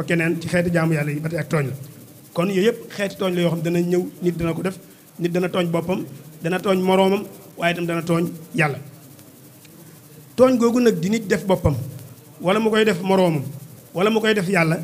B: ko keneen ci xeeti jaamu yàlla yi ba tey ak tooñ la kon yooyu yëpp xeeti
J: tooñ la yoo xam dana ñëw nit dana ko def nit dana tooñ boppam dana tooñ moroomam waaye itam dana tooñ
I: yàlla tooñ googu nag di nit def boppam wala mu koy def
B: moroomam wala mu koy def yàlla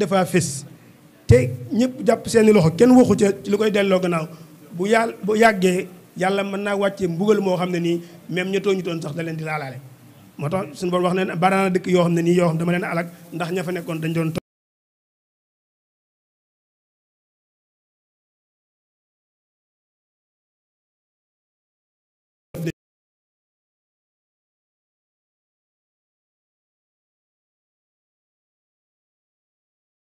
B: dafa fés te ñëpp
J: jàpp seeni loxo kenn waxu ca ci lu koy delloo gannaaw bu yàlla bu yàggee yàlla man naa wàccee mbugal moo xam ne nii même ña tooñu toon sax da leen di laalaale moo tax suñu borom wax ne bari na dëkk yoo xam
B: ne nii yoo xam dama leen alak ndax ña fa nekkoon dañ doon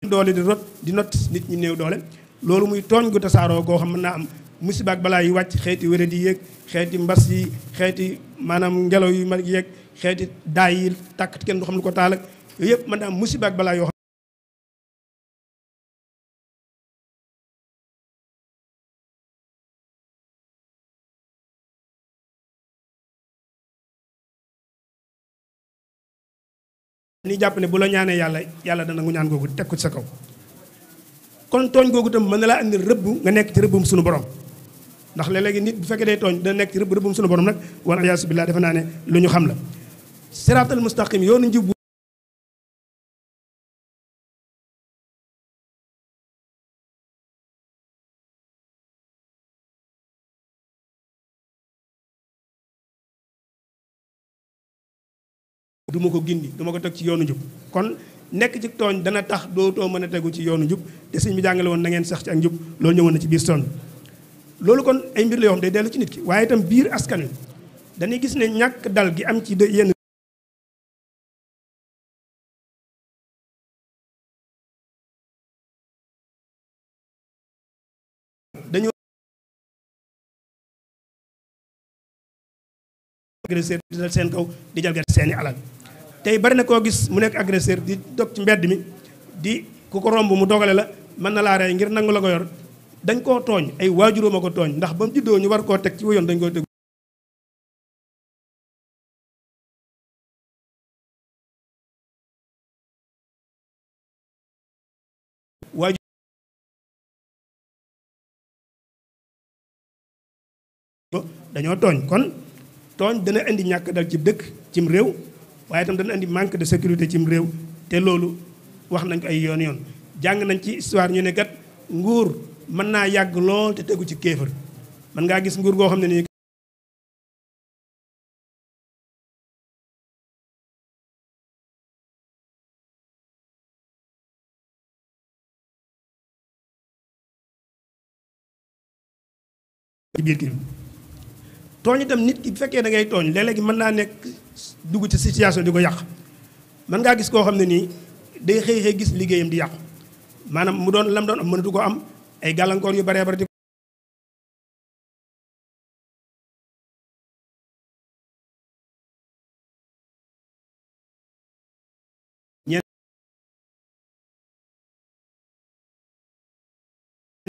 B: doole di rot di not nit ñi néew doole
I: loolu muy tooñ gu tasaaroo goo xam mën naa am musiba ak balaa yi wàcc xeeti wérad yi yéeg xeeti
J: mbas yi xeeti maanaam ngelaw yu mag yeeg xeeti daay yi tàkk kenn du xam lu ko
B: taal ak yooyu yëpp mën naa am musiba ak balaa yoo xam dañuy jàpp ne bu la ñaanee yàlla yàlla dana ngu ñaan googu teg ko ci sa kaw kon tooñ
J: googu tam mën na laa indi rëbb nga nekk ci rëbbum suñu borom ndax léeg-léegi nit bu fekkee day tooñ dana nekk ci rëbb
B: rëbbum suñu borom nag war ayaasu billaah defe naa ne lu ñu xam la siraatal mustaqim yoonu njub du ma ko gindi du ko teg
I: ci yoonu njub kon nekk ci tooñ dana tax dootoo mën a tegu ci yoonu njub te sëñ bi jàngale woon na
J: ngeen sax ci ak njub loolu ñëwoon na ci biir tooñ loolu kon ay mbir la yoo xam day dellu ci nit ki waaye itam biir
B: askan wi dañuy gis ne ñàkk dal gi am ci de yenn dañu agressé seen kaw di jalgati seeni alal tey bari na koo
J: gis mu nekk agresseur di dog ci mbedd mi di ku ko romb mu dogale la mën na laa rey ngir
B: nangu la ko yor dañ koo tooñ ay waajuróom a ko ndax ba mu ñu war koo teg ci woyoon dañ koo
I: kon tooñ dana indi ñàkk dal ci dëkk cim réew waaye tam dana indi manque de sécurité
J: cim réew te loolu wax nañ ko ay yoon yoon jàng nañ ci histoire ñu ne kat
B: nguur mën naa yàgg lool te tegu ci kéefër mën ngaa gis nguur goo xam ne ci
D: biir kii
I: tooñ itam nit ki bu fekkee da ngay tooñ léeg-léegi mën naa nekk dugg ci situation di ko yàq man ngaa gis koo xam ne nii day xëy xëy gis liggéeyam di yàqu maanaam mu doon lam doon am mënatu ko am
B: ay gàllankoor yu baree bari di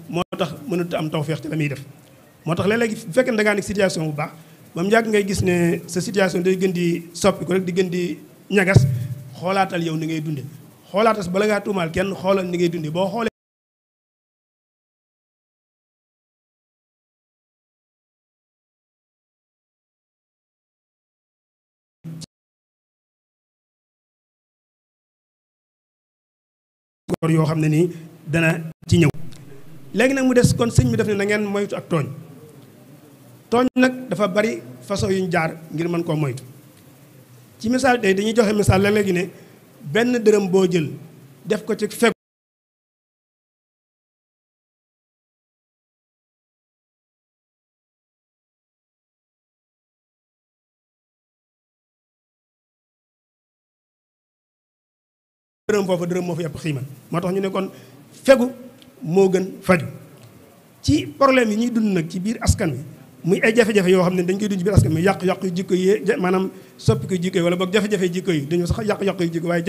B: moo tax mënut am tawfeex ci la muy def moo tax léeg-léegi bu fekkee da ngaa nekk situation bu baax
J: ba mu yàgg ngay gis ne sa situation day gën di soppi ko rek di gën di ñagas
B: xoolaatal yow ni ngay dunde xoolaatas bala ngaa tuumaal kenn xoolal ni ngay dunde boo xoolee yoo xam ne ni dana ci ñëw
I: léegi nag mu des kon sëñ bi def ne na ngeen moytu ak tooñ tooñ nag dafa
J: bari façon yu ñu jaar ngir mën koo moytu ci misaal tey dañuy joxe misaal la léegi ne
B: benn dërëm boo jël def ko ci fegu dërëm foofu dërëm moo fi yàpp xiimal moo tax ñu nekkoon kon fegu moo gën
J: faju ci problème yi ñuy dund nag ci biir askan wi muy ay jafe-jafe yoo xam ne dañ koy
I: dund ci biir askan muy yàq-yàq yu jikko yi maanaam soppi ko jikko yi wala boog jafe-jafe jikko yi dañu sax yàq-yàq yu jikko
B: waaye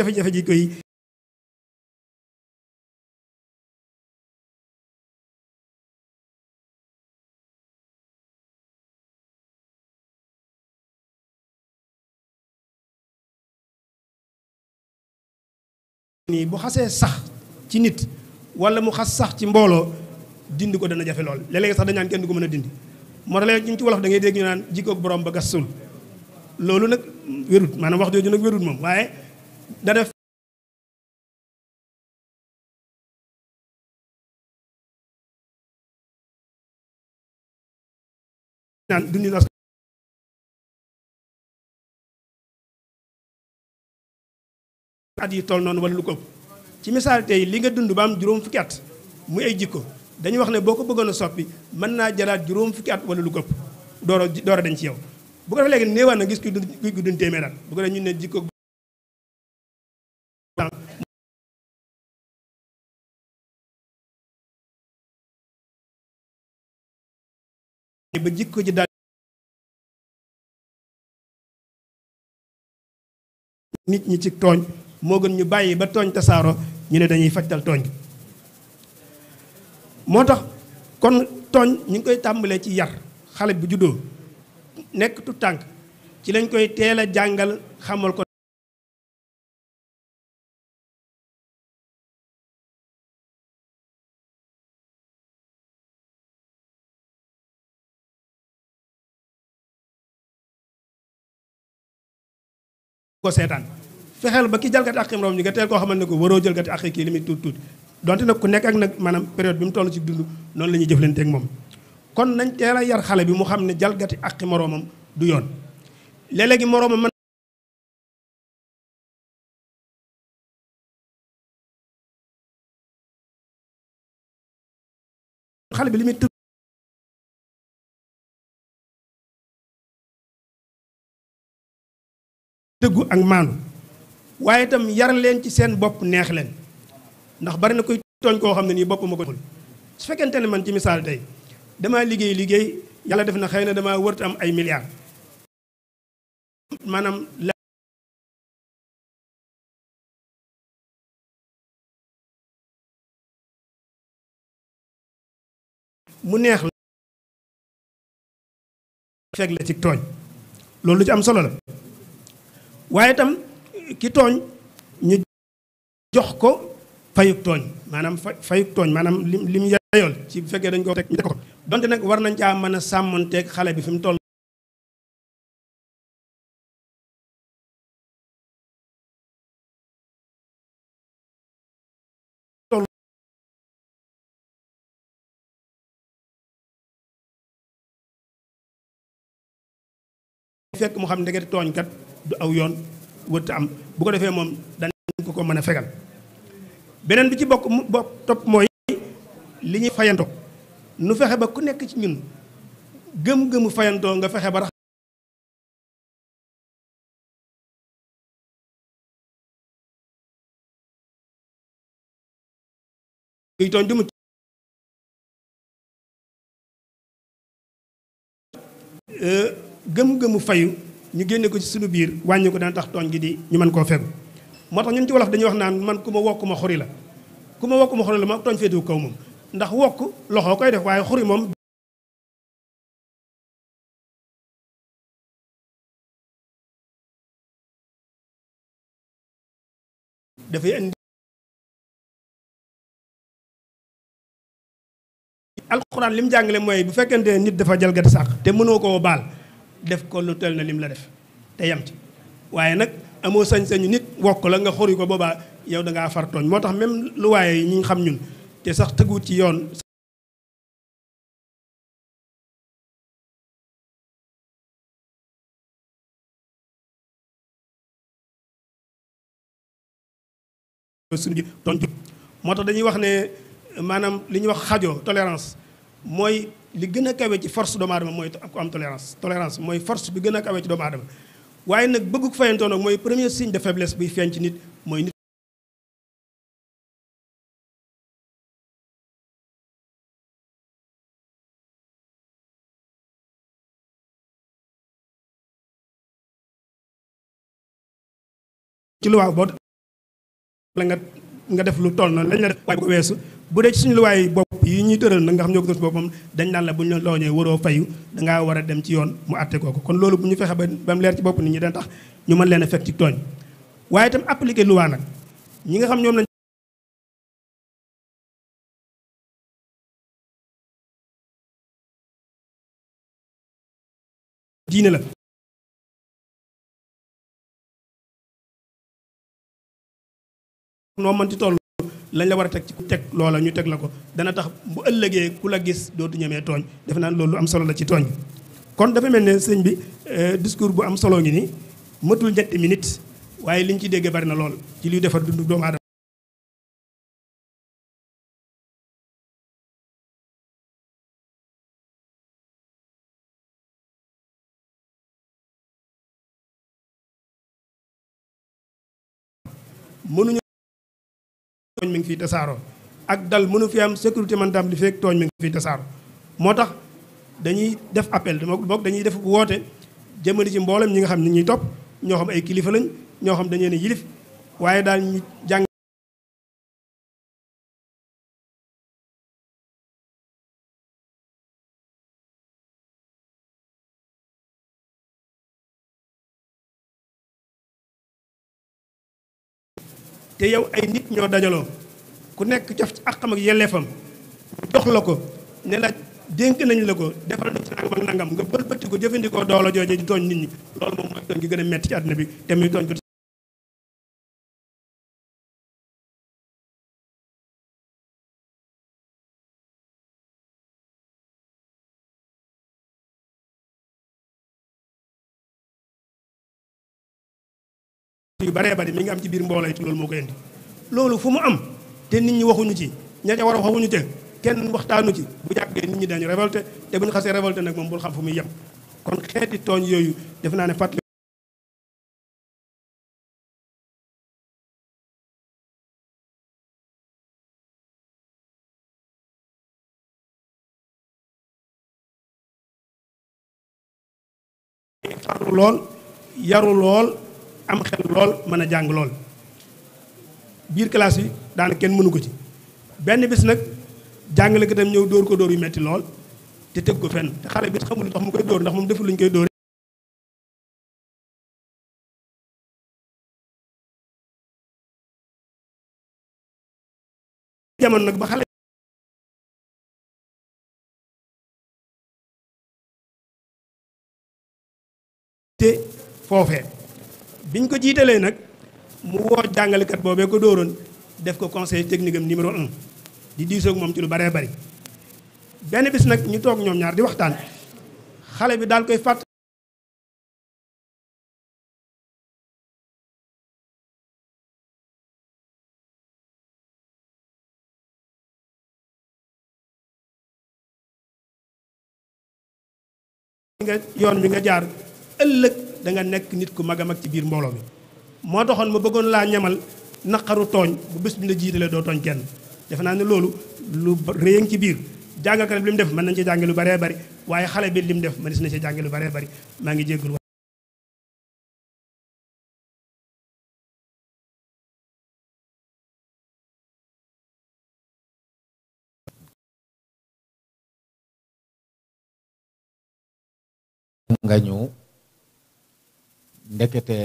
B: bu xasee sax ci nit wala mu xas sax ci mbooloo
J: dindi ko dana jafe lool léeg-léeg sax dañaan kenn du ko mën a dindi moo tax léegi ñu ci wolof da dégg ñu naan
B: jikkoog borom ba gas suul loolu nag wérut maanaam wax jooju nag wérut moom waaye dana naan dundin askan at yi toll noonu wala lu ko ci misaal tey li nga dund ba am juróom fukki at muy ay jikko
J: dañu wax ne boo ko bëggoon soppi mën naa jalaat juróom fukki at wala lu këpp door a dañ
B: ci yow bu ko defee léegi néewaan na gis ku guy gu dun ko ñu ne jikko jikko ji daal nit ñi ci tooñ
I: moo gën ñu bàyyi ba tooñ tasaaro ñu ne dañuy fajtal tooñ
J: moo tax kon ton ñu ngi koy tàmbalee ci yar xale bu juddoo
B: nekk tu tànk ci lañ koy teel a jàngal xamal ko ko seetaan fexeel ba ki
I: jalgati ak moroom ñu nga teel koo xamal ne ko waroo jalgati ak kii li muy tuut tuuti donte nag ku nekk ak nag maanaam période bi mu
J: toll ci dund noonu la ñuy jëflante moom kon nañ teel yar xale bi mu xam ne jalgati aqi moroomam
B: du yoon léeg-léegi moroomam man xale bi li muy tëdd ak maandu waaye
I: itam yar leen ci seen bopp neex leen ndax bari na kuy tooñ koo xam ne nii bopp ma ko xul su fekkente ne man ci misaal tey dama liggéey liggéey yàlla def na xëy na damaa wërta am ay milliards
B: maanaam mu neex la fekk la ci tooñ loolu lu ci am solo la waaye itam ki tooñ
J: ñu jox ko fayuk maanaam fa li li mu
B: ci bu fekkee dañ ko teg donte nag war nañ caa mën a sàmmonteeg xale bi fi mu fekk mu xam ndekete tooñ kat du aw yoon wëtt am bu ko defee moom
J: dañ ko ko mën a fegal beneen bi ci bokk mu bokk topp mooy li
B: ñuy fayantoo nu fexe ba ku nekk ci ñun gëm-gëmu fayantoo nga fexe ba kuy tooñ du
I: euh, gëm-gëmu fayu ñu génne ko ci sunu biir wàññi ko dana tax tooñ gi di ñu mën koo fegu moo tax ñun ci wolof dañuy wax naan man ku ma wokk ma xuri la ku ma wokk ma xuri la ma tooñ féetu kaw moom ndax
B: wokk loxo koy def waaye xuri moom dafay indi alxuraan li mu jàngale mooy bu fekkente nit dafa jalgati sàq te mënoo koo baal
J: def ko lu tel na lim la def te yam ci waaye nag amoo sañ-sañu nit wokk la nga
B: xori ko boobaa yow da ngaa far tooñ moo tax même lu waaye ñi xam ñun te sax tëguwut ci yoon. suñu tontu moo tax dañuy wax ne maanaam li ñuy wax
J: xajoo tolerance mooy li gën a kawe ci force doomu aadama mooy ku am tolérance tolérance mooy
I: force bi gën a kawe ci doomu aadama waaye nag bëgg ko mooy premier signe de faiblesse buy feeñ ci nit
B: mooy nit ci lu waaw boo la nga nga def lu toll noonu la def waaye weesu bu dee ci suñu luwaay bopp
J: yi ñuy tëral nag nga xam ñoo ko doon boppam dañ naan la bu ñu la looñee waroo fayu dangaa war a dem ci yoon mu àtte kooku
I: kon loolu bu ñu fexe ba ba mu leer ci bopp nit ñu dana tax ñu mën leen a fekk ci tooñ waaye tam appliqué luwaa
B: nag ñi nga xam ñoom lañ diine la noo mën ci lañ la war a teg ci teg loola ñu teg la ko dana tax
J: bu ëllëgee ku la gis dootu ñemee tooñ defe naa loolu am solo la ci tooñ kon dafa mel ne sëñ bi
I: euh, diskuur bu am solo ngi ni matul ñetti minutes waaye liñ ci déggee bari na lool
B: ci luy defar dundu doomu aadama mënuñu tooñ mi ngi fiy tasaaroo ak dal mënu fi am sécurité man
J: li fekk tooñ mi ngi fiy tasaaroo moo tax dañuy def appel boog dañuy def woote
I: jëmale ci mboolem ñi nga xam ni ñuy topp ñoo xam ay kilifa lañ ñoo xam dañu ne yilif waaye
B: daal ñu jàng te yow ay nit ñoo dajaloo ku nekk jox ci àqam ak yelleefam
J: jox la ko ne la dénk nañ la ko defal na ci nangam ak nangam nga bëlbëtti ko jëfandikoo doole
B: jooje di tooñ nit ñi loolu moom mooy tooñ gi gën a metti ci àdduna bi te muy tooñ ko yu baree bari mi ngi am ci biir mbooloo ci loolu moo ko indi loolu fu mu am te nit ñi waxuñu ci ña ca war a waxuñu te kenn
I: waxtaanu ci bu yàggee nit ñi dañu révolté te bu ñu xasee révolté nag moom bul xam fu muy yem kon xeeti tooñ
B: yooyu def naa ne fàttali lool yaru lool am xel lool mën a jàng lool
J: biir classe bi daana kenn mënu ko ci benn bis nag jàngale ko
B: tam ñëw dóor ko dóor yu metti lool te teg ko fenn te xale bi xamul lu mu koy dóor ndax moom deful lu koy dóor jamono nag ba biñ ko jiitalee nag mu woo
J: jàngalekat boobee ko dóoroon def ko conseil technique am numéro di diisoog moom ci lu baree bari
B: benn bis nag ñu toog ñoom ñaar di waxtaan xale bi daal koy fàtt nga yoon bi nga jaar
I: ëllëg da nekk nit ku mag a mag ci biir mbooloo mi moo taxoon ma bëggoon laa ñamal
J: naqaru tooñ bu bés bi la jiitalee doo tooñ kenn defe naa ne loolu lu réyang ci biir
B: jàngakale bi li mu def mën nañ ci jànge lu baree bari waaye bi li mu def mënees na ci jànge lu baree bari maa ngi jéggul nga ñu ndekete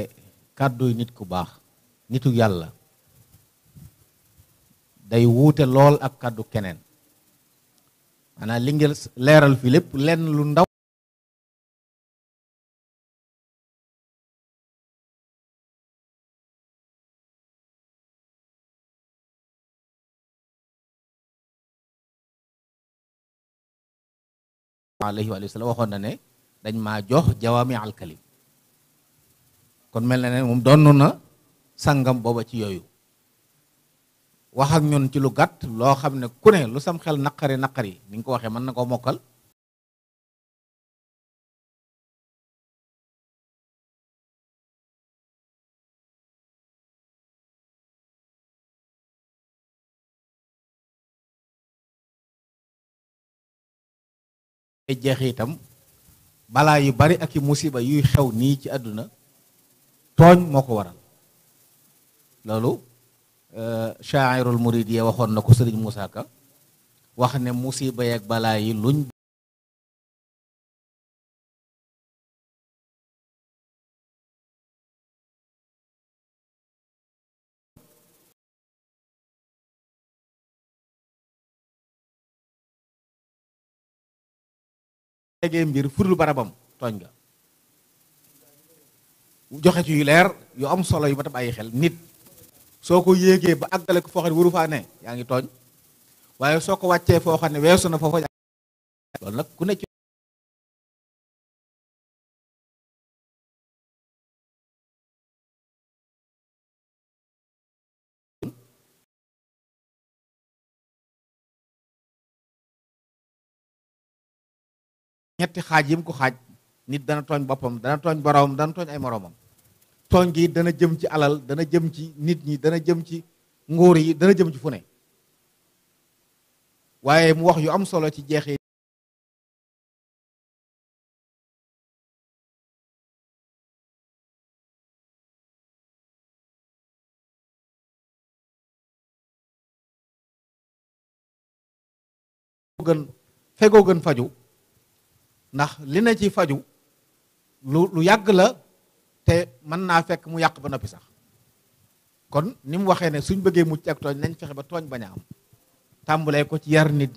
B: kàdduy nit ku baax nitu yàlla
H: day wuute lool ak kàddu keneen
B: maanaam li ngeen leeral fi lépp waxoon na ne dañ ma jox jawaami
H: alkali kon mel na ne moom donn na sangam booba ci yooyu waxak ak ci lu gàtt loo xam ne ku lu sam xel naqari
B: naqari ni nga ko waxee mën na koo mokkal jeex itam balaa yu bari ak musiba
H: yuy xew nii ci àdduna tooñ moo ko waral loolu eh, shaairul muridiyya waxoon na ko sëriñ Moussa Ka wax ne
B: musiba yeeg balaa yi luñ léegi mbir furul barabam tooñ ga
H: joxe ci yu leer yu am solo yu ma tam bàyyi xel nit soo ko yéegee ba àggale ko foo xam ne ne yaa ngi tooñ waaye soo ko wàccee foo xam ne
I: weesu
B: na foofa loolu nag ku ñetti xaaj yi mu ko xaaj nit dana tooñ boppam
H: dana tooñ boroomam dana tooñ ay moroomam tooñ gi dana jëm ci alal dana jëm ci nit ñi dana
B: jëm ci nguur yi dana jëm ci fu ne waaye mu wax yu am solo ci jeexee gën fegoo gën faju ndax li na ci faju
H: lu lu yàgg la te mën naa fekk mu yàq ba noppi sax kon ni
B: mu waxee ne suñ bëggee mucc ak tooñ nañ fexe ba tooñ bañ a ko ci yar nit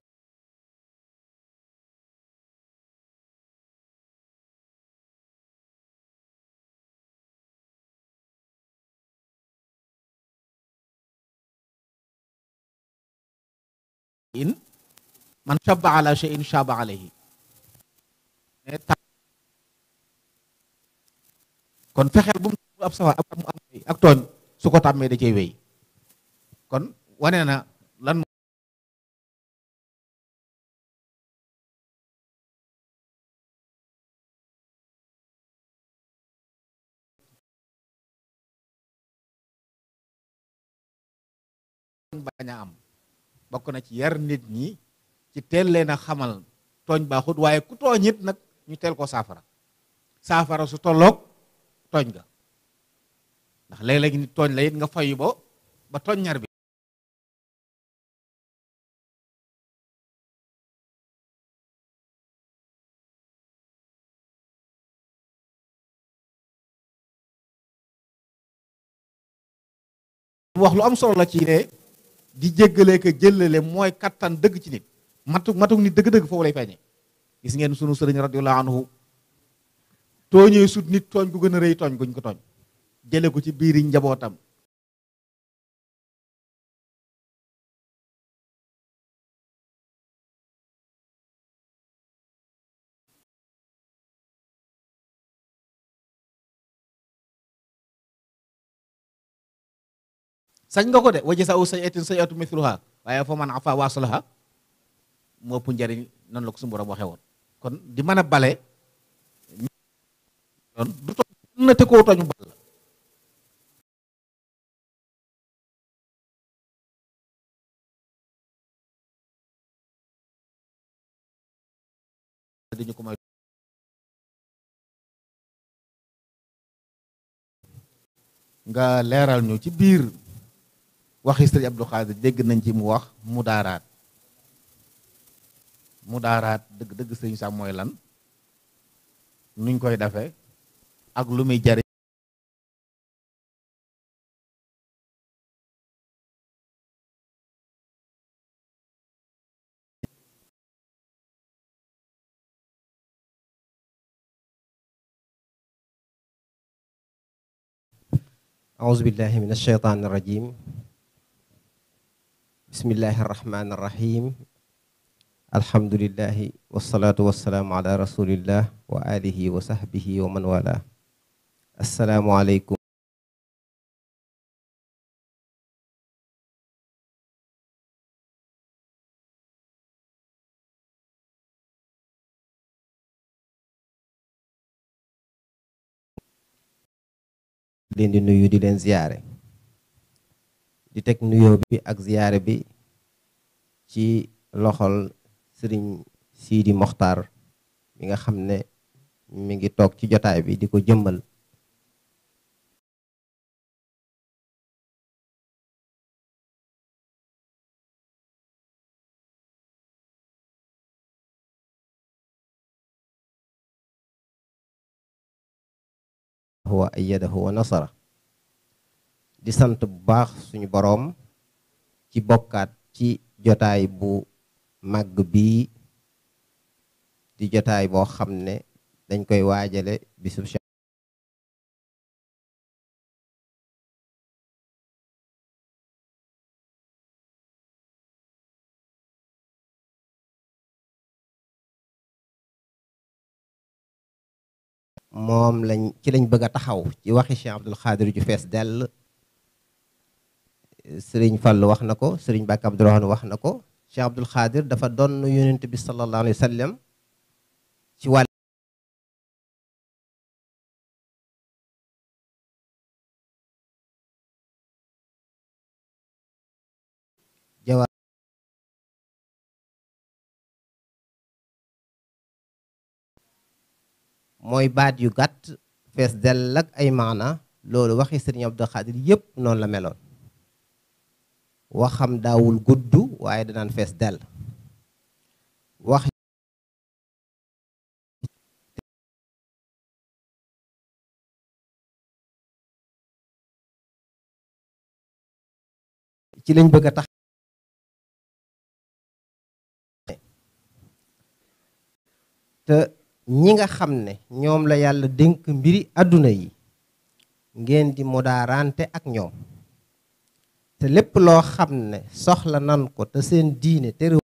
B: in man shabba ala shay'in shabba alayhi
H: kon fexeel bu mu ab sawar ak tooñ su ko tàmmee da cey wéy
B: kon wane na lan bañ a am bokk na ci yar nit ñi ci
H: teel leen a xamal tooñ baaxut waaye ku tooñit nag ñu teel ko saafara saafara
B: su tolloog tooñ ga ndax léeg-léeg tooñ la it nga fay bo ba tooñ ñaar bi wax lu am solo la ci ne di jéggale ko jëllale mooy kattan dëgg ci nit matu
H: matuk nit dëgg-dëgg foofu lay feeñe gis ngeen sunu sëriñ radiyallahu anhu tooñee
B: sut nit tooñ ku gën a rëy tooñ guñ ko tooñ jële ko ci biiri njabootam sañ nga ko de waje sa u sañ etin sañ atu mithluha waaye foo man afa waasulaha
H: moo ëpp njariñ noonu la ko suñu borom kon di mën a bale
B: du tooñ na te koo nga leeral ñu ci biir
H: waxi sëriñ Abdou Khadir dégg nañ ci mu wax mu daaraat mu daaraat dëgg dëgg sëriñ sax mooy lan nuñ koy dafe
B: ak lu muy jariñ أعوذ بالله من الشيطان الرجيم
F: بسم الله الرحمن الرحيم الحمد لله والصلاة والسلام على رسول الله وآله وصحبه ومن
B: والاه asalaamualeykum leen di nuyu di leen ziyaare
F: di teg nuyoo bi ak ziyaare bi ci loxol sëriñ siidi Moxtaar mi nga xam ne mi ngi toog ci jotaay bi
B: di ko jëmmal wa di sant bu baax
F: suñu boroom ci bokkaat ci jotaay bu màgg bii
B: di jotaay boo xam ne dañ koy waajale bisub moom
F: lañ ci lañ bëgg a taxaw ci waxi Cheikh Abdoul Khadir ju fees dell sëriñ Fallou wax na ko sëriñ Bakk Abdourahmane wax na ko Cheikh Abdoul Khadir dafa doon yonent
B: bi sallallahu alayhi wa sallam mooy baat yu gàtt
F: fees dell ak ay maana loolu waxi sëriñ Abdou Khadir yépp noonu la meloon waxam daawul gudd waaye danaan fees dell
B: wax ci lañ bëgg a tax
F: te ñi nga xam ne ñoom la yàlla dénk mbiri àdduna yi ngeen di modaarante ak ñoom
B: te lépp loo xam ne soxla nan ko te seen diine tere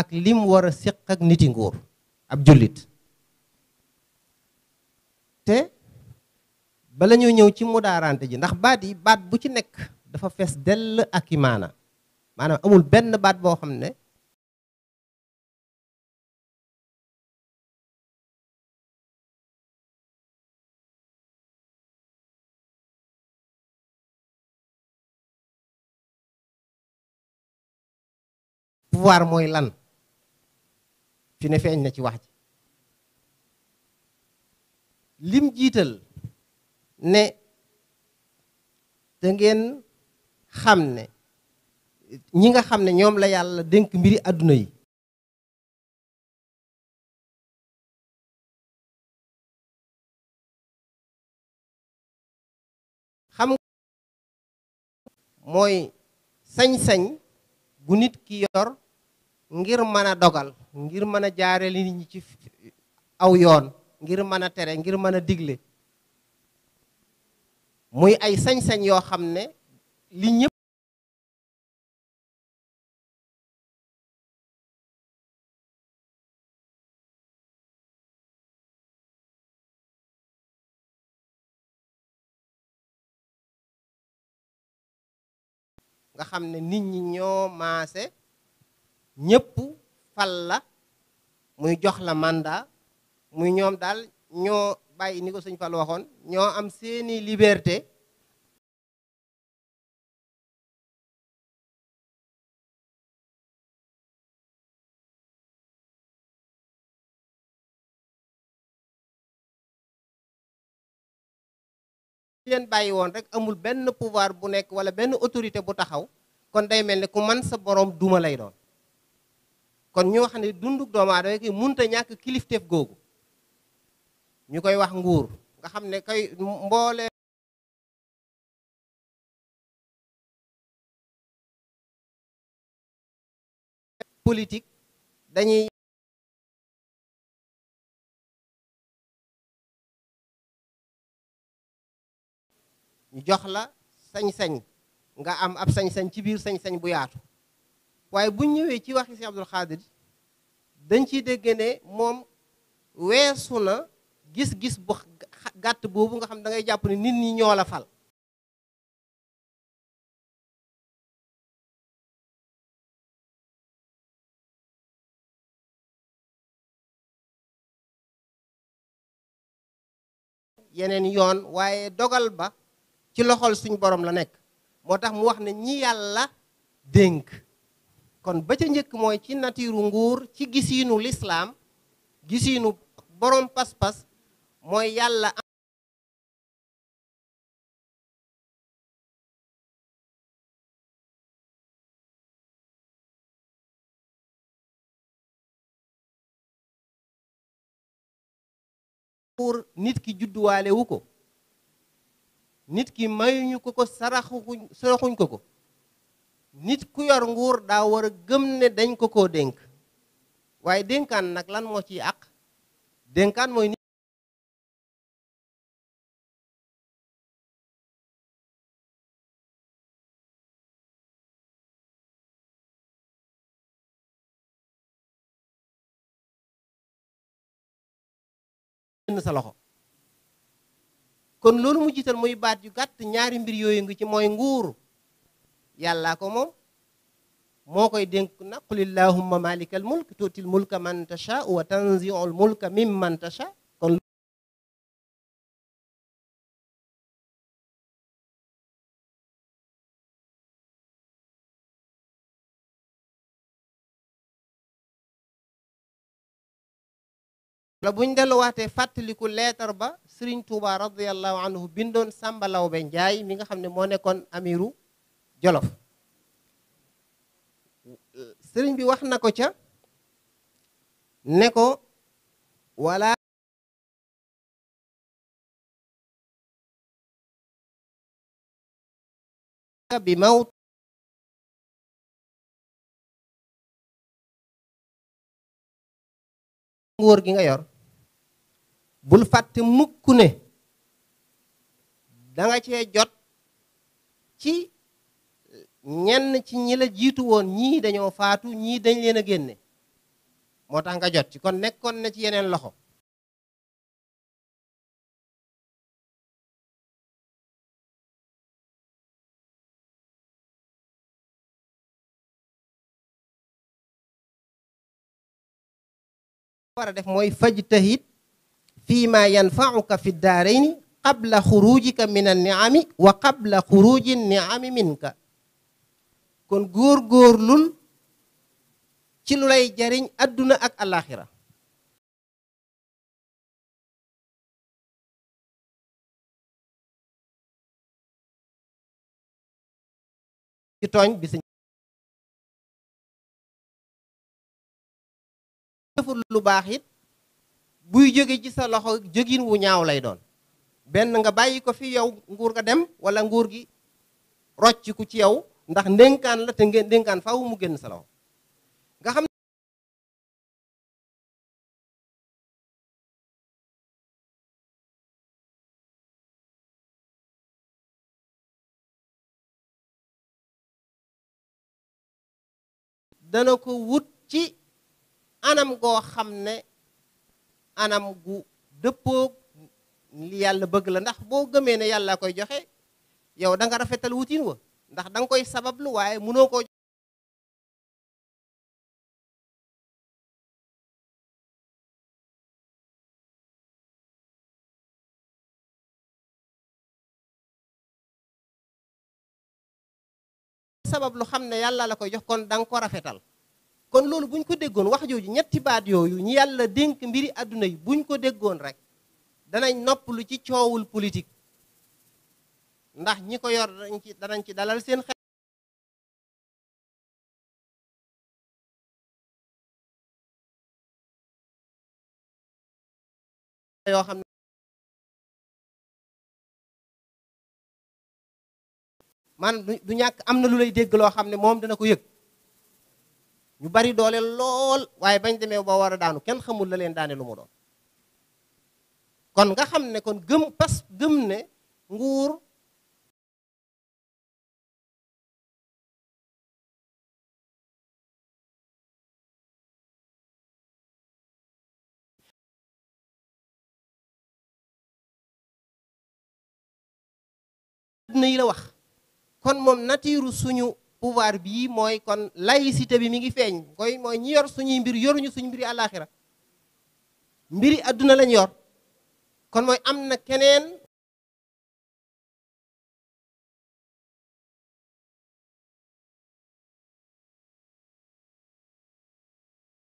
B: ak lim war a ak niti nguur ab
F: jullit te bala ñoo ñëw ci mudaarante ji ndax baat yi baat bu ci nekk dafa fees dell ak i maana maanaam
B: amul benn baat boo xam ne pouvoir mooy lan fi ne feeñ na ci wax ji
F: lim jiital ne te ngeen xam ne ñi
K: nga
B: xam ne ñoom la yàlla dénk mbiri àdduna yi xam mooy sañ-sañ
F: gu nit ki yor ngir mën a dogal ngir mën a jaarale nit ñi ci aw yoon ngir mën a tere ngir mën a digle
B: muy ay sañ-sañ yoo xam ne li ñëpp nga xam ne nit ñi ñoo
F: maase ñépp fal la muy jox la mandat muy ñoom daal ñoo bàyyi ni ko sëñ Fall waxoon ñoo am seeni liberté leen bàyyi woon rek amul benn pouvoir bu nekk wala benn autorité bu taxaw kon day mel ni ku man sa borom duma lay doon kon ñu wax ne dunduk doomu aadama ki munta ñàkk kilifteef
B: googu ñu koy wax nguur nga xam ne kay mboole politik dañuy
F: ñu jox la sañ-sañ nga am ab sañ-sañ ci biir sañ-sañ bu yaatu waaye buñ ñëwee ci waxi si Abdul Xaadir dañ ci dégg ne moom weesu na gis-gis bu gàtt boobu nga xam dangay ngay jàpp ne nit ñi ñoo
B: la fal yeneen yoon waaye dogal ba
F: ci loxol suñ boroom la nekk moo tax mu wax ne ñi yàlla dénk kon ba ca njëkk mooy ci natiiru nguur ci gisiinu lislaam gisiinu
B: borom pas-pas mooy yàlla pour nit ki judduwaalewu ko
F: nit ki mayuñu ko ko saraxuñ ko ko nit ku yor nguur daa wara gëm ne dañ ko ko dénk waaye dénkaan nag lan moo ciy àq
B: dénkaan mooy génn sa kon loolu mu jiital muy baat
F: yu gàtt ñaari mbir yooyu ngi ci mooy nguur yàllaa ko moom moo koy dénk na qul illahumma malikal mulk tuutil mulka man tasha wa tanziul
K: mulka
B: mimman tasha
F: te buñ delluwaatee fàttaliku leetar ba Serigne Touba radiyallahu bindoon Samba Lawbe Njaay mi nga xam ne moo nekkoon amiru Jolof Serigne bi wax na ko ca ne ko
B: wala bi mawt nguur gi nga yor bul fàtte mukk ne da
F: cee jot ci ñenn ci ñi la jiitu woon ñii dañoo faatu ñii dañ leen a génne moo tax nga jot ci kon nekkoon na ci yeneen loxo def mooy faj fi ma yanfauka fi daarayni qabla xurujika min an niami wa qabla xuruji niami minka kon góor góorlul
B: ci lu lay jariñ àdduna ak alaxira ci tooñ bi si deful lu baax it
F: buy jóge ci sa loxo jógin wu ñaaw lay doon benn nga bàyyi ko fi yow nguur nga dem wala nguur gi rocc ci yaw ndax ndénkaan la te ngeen ndénkaan faaw mu
B: génn sa loxo nga ko wut ci anam goo xam ne
F: anam gu dëppoog yàlla bëgg la ndax boo gëmee ne yàlla koy joxe
B: yow danga rafetal wutin wa ndax danga koy sabablu waaye mënoo koo sabab lu xam ne yàlla la koy jox kon
K: danga
F: ko rafetal kon loolu buñ ko déggoon wax jooju ñetti baat yooyu ñi yàlla dénk mbiri àdduna yi buñ ko déggoon rekk danañ noppalu ci coowul politik
B: ndax ñi ko yor danañ ci dalal seen xel yoo xam ne man du ñàkk am na lu lay dégg loo xam ne moom dana ko yëg
F: ñu bari doole lool waaye bañ demee ba war daanu kenn xamul la leen daane lu mu doon
B: kon nga xam ne kon gëm ne nguur dina la wax kon moom natiiru suñu pouvoir bii mooy kon
F: laïcité bi mi ngi feeñ koy mooy ñi yor suñuy mbir yoruñu suñu mbiri àllaaxira
B: mbiri àdduna lañ yor kon mooy am na keneen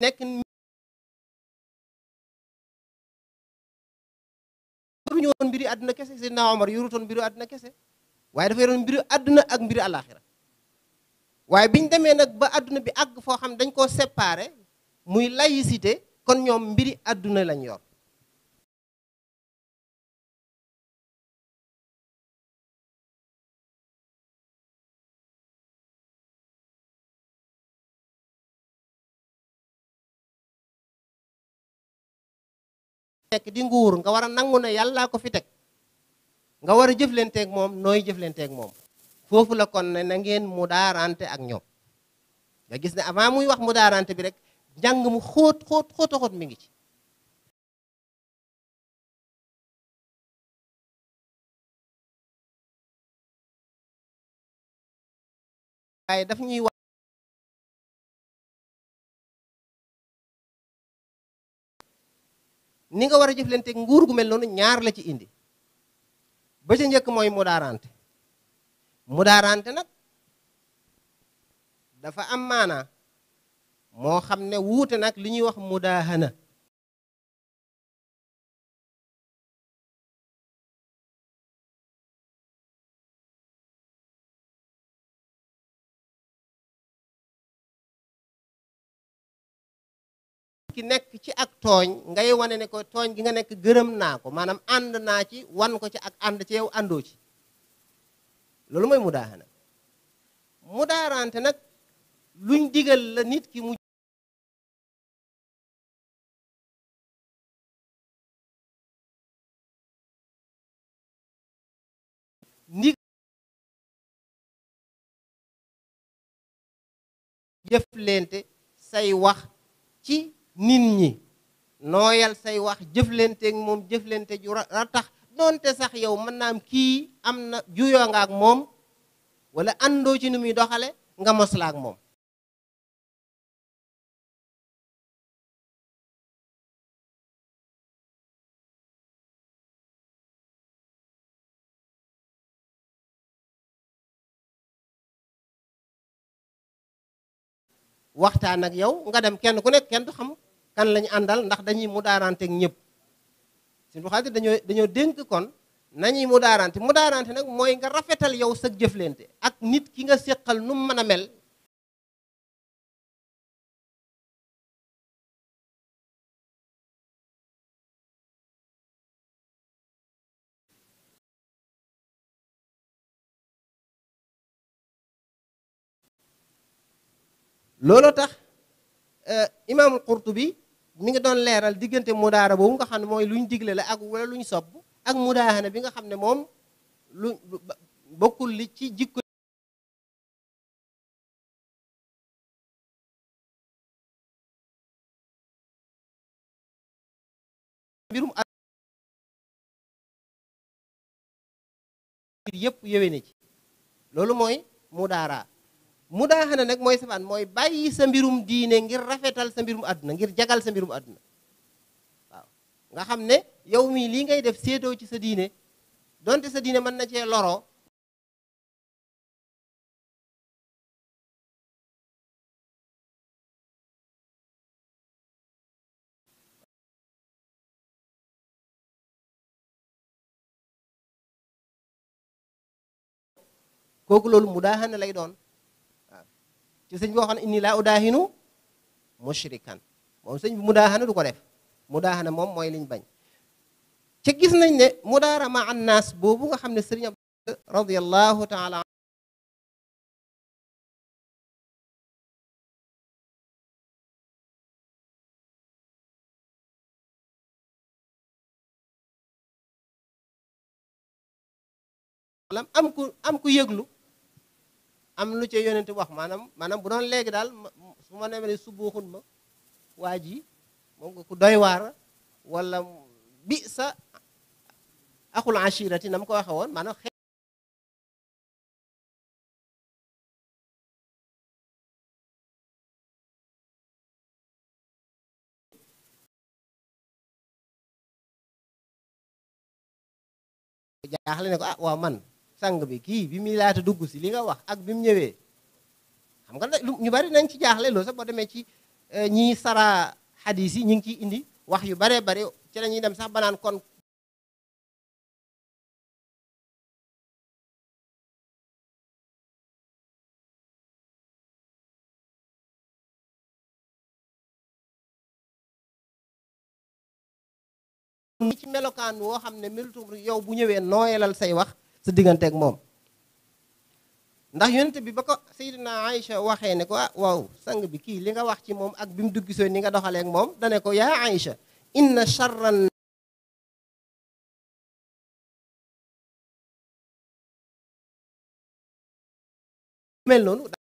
B: nekk yoruñu woon mbiri àdduna kese Seydina Omar yorutoon mbiru àdduna kese
F: waaye dafa yoroon mbiru àdduna ak mbir àllaaxira waaye biñ demee nag ba àdduna bi àgg foo xam dañ koo séparé muy laïcité kon ñoom mbiri àdduna lañ
K: yor
B: nekk di nguur nga war a nangu na yàllaa ko fi teg nga war a jëflanteeg moom
F: nooy jëflanteeg moom foofu la kon ne na mu daarante ak ñoom nga
B: gis ne avant muy wax mu daarante bi rek njàng mu xóot xóot xóot a mi ngi ci waaye daf ñuy wax
F: ni war a nguur gu mel noonu ñaar la ci indi ba ca njëkk mooy mu daarante mudaaraante nag dafa am maanaa
B: moo xam ne wuute nag li ñuy wax mudaahana ki nekk ci ak tooñ ngay wane ne
F: ko tooñ gi nga nekk gërëm naa ko maanaam ànd naa ci wan ko ci ak ànd ci yow àndoo ci loolu mooy mudaahana mudaarante nag luñ
B: digal la nit ki mu
F: jëflente say wax ci nit ñi nooyal say wax jëflente moom jëflente ju ratax doonte sax yow mën naa am kii am na
B: juyoo nga ak moom wala àndoo ci nu muy doxale nga mosla ak moom
F: waxtaan ak yow nga dem kenn ku nekk kenn du xam kan lañu àndal ndax dañuy mu daaraanteeg ñëpp sëñ bu dañoo dañoo dénk kon nañuy mu daarante mu daarante nag mooy
B: nga rafetal yow sa jëflante ak nit ki nga séqal nu mu mën a mel
F: loolu tax euh, imaamul Qurtubi mi ngi doon leeral diggante mudaara boobu nga xam ne mooy lu ñu digle la ak wala lu ñu sob ak mudaahana bi nga xam ne moom lu
B: bokkul li ci jikko mbirum yëpp
F: yéwé na ci loolu mooy mudaara mu daaxana nag mooy safaan mooy bàyyi sa mbirum diine ngir rafetal sa mbirum àdduna ngir jagal sa mbirum àdduna nga xam ne yow mii lii ngay def séetoo ci sa diine donte sa diine mën na cee loroo
B: kooku loolu mu daaxana lay doon ci sëñ bi waxoon inni laa
F: udaahinu mushrikan moom sëñ bi mudaahana ko def mudaahana moom mooy liñ bañ ci gis nañ ne mudaarama an naas boobu nga xam ne sëriñ ab
B: radiallahu
F: am ku am ku yëglu am lu ca yonente wax maanaam maanaam bu doon léegi daal su ma demee subuuxun ma waa ji moom nga ku doy waar wala
B: bi sa axul achirati na mu ko waxe woon maanaam xeet jaaxle ne ko ah waaw sang
F: bi kii bi muy laata dugg si li nga wax ak bi mu ñëwee xam nga ñu bari nañ ci jaaxle loolu sax boo ci eh, ñi sara xadiis yi ñu ngi ciy indi wax yu baree bare
K: ci
B: la ñuy dem sax banaan kon ci melokaan woo xam ne melutum yow bu ñëwee nooyalal say wax sa diggante ak moom
F: ndax yonent bi ba ko Seydina Aïcha waxee ne ko ah waaw sang bi kii li nga wax ci moom ak bi mu dugg ni nga doxaleek ak moom dane ko yaa Aïcha inna charran
B: mel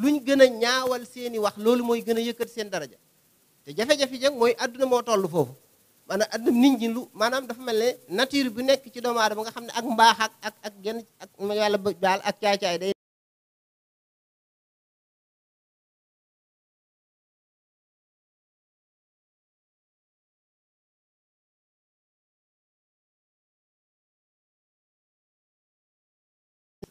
B: lu ñu gën a ñaawal seeni wax loolu mooy gën a yëkkat seen daraja
F: te jafe-jafe jëg mooy àdduna moo toll foofu maanaam àdduna nit ñi lu maanaam dafa mel ne nature bu nekk ci doomu aadama nga xam ne ak mbaax ak ak ak genn ak yàlla baal ak caay-caay day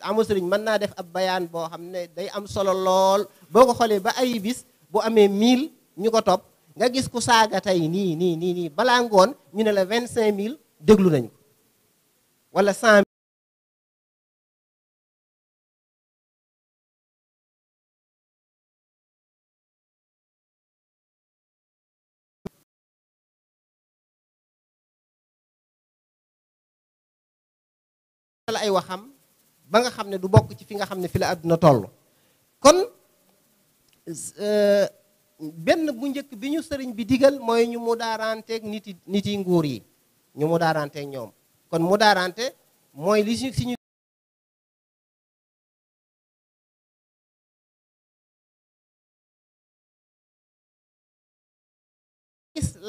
B: amul sëriñ mën naa def ab
F: bayaan boo xam ne day am solo lool boo ko xoolee ba ay bis bu amee mil ñu ko topp nga gis ku saaga tey nii nii nii nii balaa ngoon ñu ne la 25000 cinq
B: nañu ko wala 100000. la ay waxam. ba nga xam ne du bokk ci fi nga xam ne
F: fi àdduna toll kon euh, benn bu njëkk bi ñu sëriñ bi digal mooy ñu mu daaranteeg nit yi nit yi nguur yi ñu mu
B: ñoom kon mu mooy li si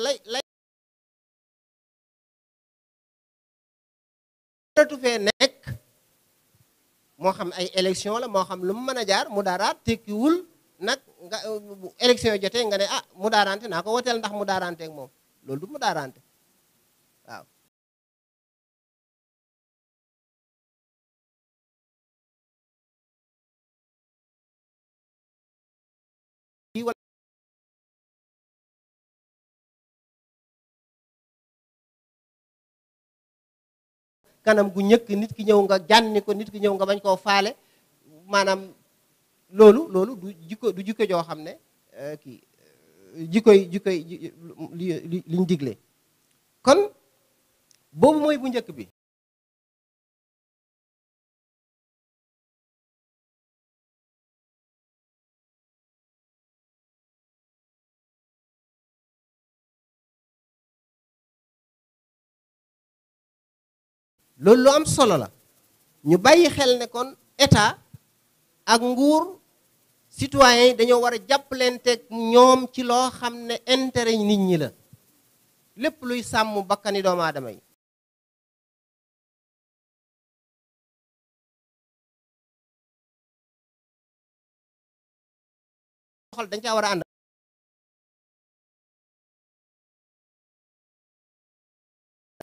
B: lay lay moo xam ay élection
F: la moo xam lu mu mën a jaar mu daaraat tekkiwul nag nga euh, élection yi jotee nga ne ah
B: mu daarante naa ko woteel ndax mu daaranteeg moom loolu du mu daarante kanam gu ñëkk nit ki ñëw nga jànni ko nit ki ñëw nga bañ koo faale
F: maanaam loolu loolu du jikko du jikko joo xam ne euh, kii euh,
B: jikkoy jikkoy liñ digle kon boobu mooy bu njëkk bi loolu lu am solo la ñu bàyyi xel ne kon état
F: ak nguur citoyens yi dañoo wara a jàppalanteeg ñoom ci loo
B: xam ne intérêt nit ñi la lépp luy sàmm bakkani doomu aadama yi xol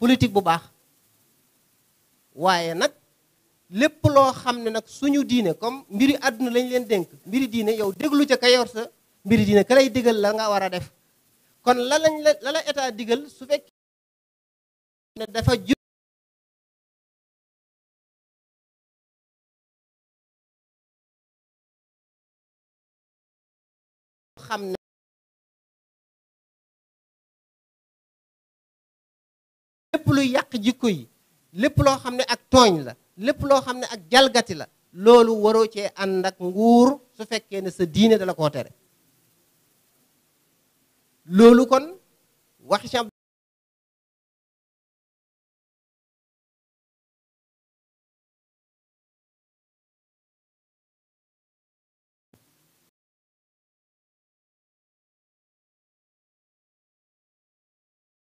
B: war a bu baax
F: waaye nag lépp loo xam ne nag suñu diine comme mbiri àdduna lañ leen dénk mbiri diine yow déglu ca ka sa mbiri diine ka lay la nga war a def
B: kon la lañ la digal su fekkee ne dafa ju lépp lu yàq
K: jikko
F: yi lépp loo xam ne ak tooñ la lépp loo xam ne ak jalgati la loolu waroo cee ànd ak nguur su fekkee ne sa diine dala koo tere
B: loolu kon waxi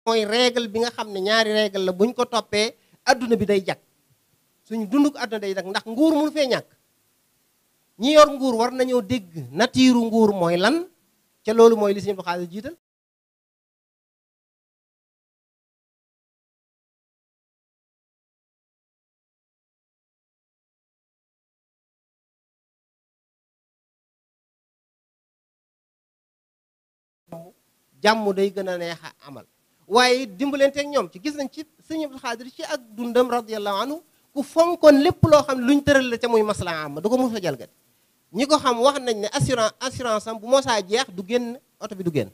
B: mooy règle bi nga xam ne ñaari règle la buñ ko
K: toppee
F: adduna bi day jag suñu dunduk adduna day jag ndax nguur mënu fee ñàkk ñi yor nguur war nañoo dégg natiiru nguur mooy lan ca loolu mooy li sëñ bu xaalis jiital jàmm day gëna a amal waaye dimbalante ak ñoom ci gis nañ ci suñu Abdul Xaadir ci ak dundam radiyallahu anhu ku fonkoon lépp loo xam luñ tëral la ca muy maslaa am du ko mos a ñi ko xam wax nañ ne assurance bu mosaa jeex du génn oto bi du génn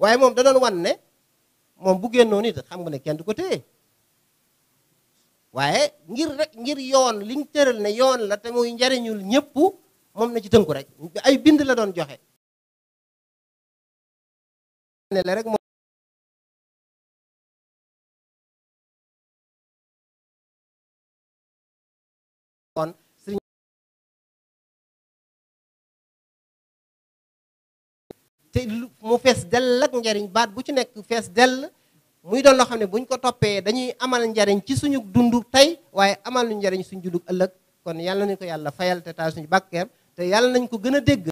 F: waaye moom da doon wan ne moom bu génnoon it xam nga kenn du ko waaye ngir rek ngir yoon liñ tëral na yoon la te muy njariñul ñëpp
B: moom na ci tënku rek ay bind la doon joxe ne rek moom kon te mu fees dell ak
K: njariñ
F: baat bu ci nekk fees dell muy doon loo xam ne buñ ko toppee dañuy amal njariñ ci suñu dundu tey waaye amal ñu njariñ suñu dundu ëllëg kon yàlla nañ ko yàlla fayal te taal suñu bàkkeer
K: te
B: yàlla nañ ko gën a dégg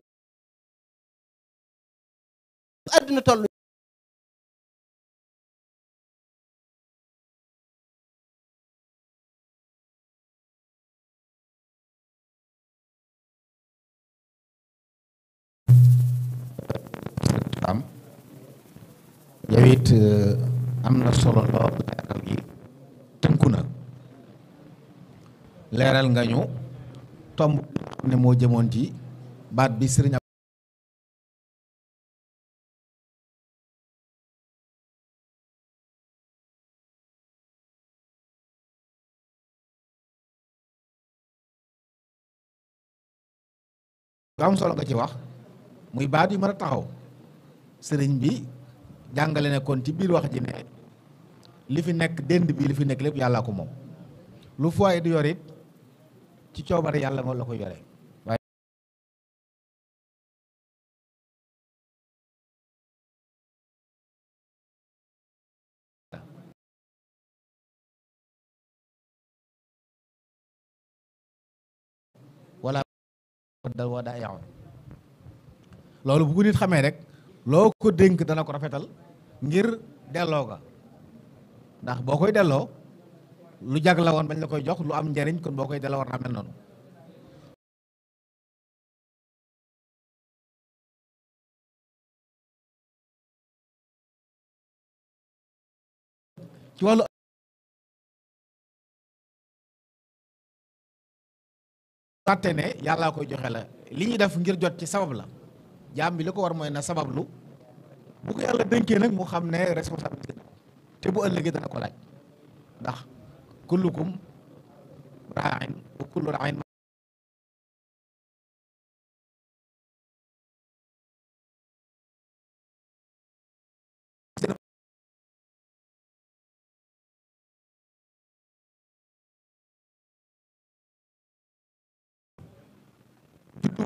D: yooyu uh, am na solo na
H: leeral nga ñu tomb xam moo jëmoon ci
B: baat am solo nga ci wax muy baat yu mën a taxaw sëriñ bi
H: jàngale ne kon ci biir wax ji li fi nekk dend bi li fi nekk lépp yàlla ko moom
B: lu fooy du yor ci coobare yàlla moo la ko yore waaye loolu bu nit xamee rek loo ko dénk dana ko rafetal
H: ngir delloo ga ndax boo koy delloo lu
B: jag la woon bañ la koy jox lu am njariñ kon boo koy delloo war naa mel noonu ci wàllu fàtte ne yàllaa koy joxe la
H: li ñuy def ngir jot ci sabab la jaam bi li ko war mooy na sabablu bu ko yàlla dénkee nag mu xam ne responsabilité na te bu ëllëgee dana ko laaj ndax
B: kullukum raain wa kullu raain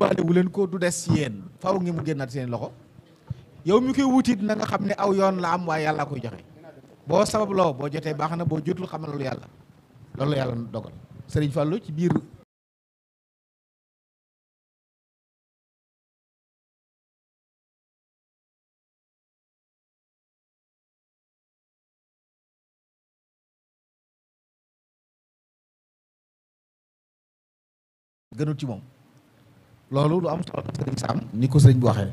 H: yóbbaale ko du des ci yéen faaw ngi mu génnaat seen loxo yow mi koy wutit na nga xam ne aw yoon la am waaye yàlla koy joxe boo sabab loo boo jotee baax na boo jotul xamal lu yàlla
B: loolu yàlla dogal Serigne Fallou ci biir gënul ci moom loolu lu am solo sëriñ Sam ni ko sëriñ bi waxee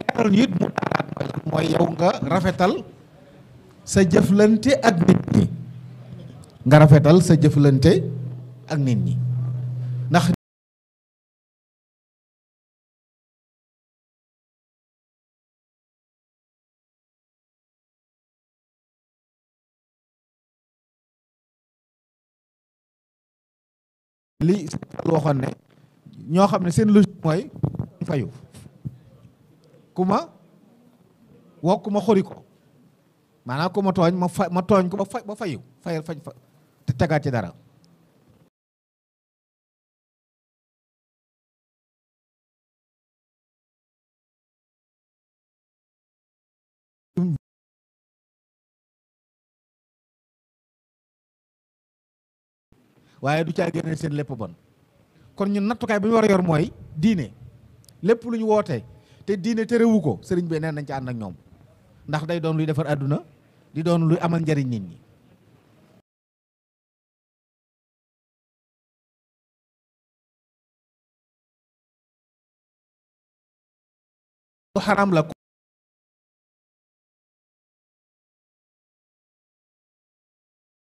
B: leeral ñu mu nga
H: rafetal sa jëflante ak nit ñi nga rafetal sa
B: jëflante ak nit ñi ndax ne ñoo xam ne seen logique mooy
H: fayu ku ma woo ku ma xori ko maanaam ku ma tooñ ma fa ba fa ba fayu fañ fa te tegaat ci
B: dara waaye du caa génne seen lépp bon kon ñun nattukaay bi ñu war a yor mooy diine
H: lépp luñ woote te diine terewu ko sëriñ bi neen nañ ci ànd ak ñoom ndax day
B: doon luy defar àdduna di doon luy amal njariñ nit ñi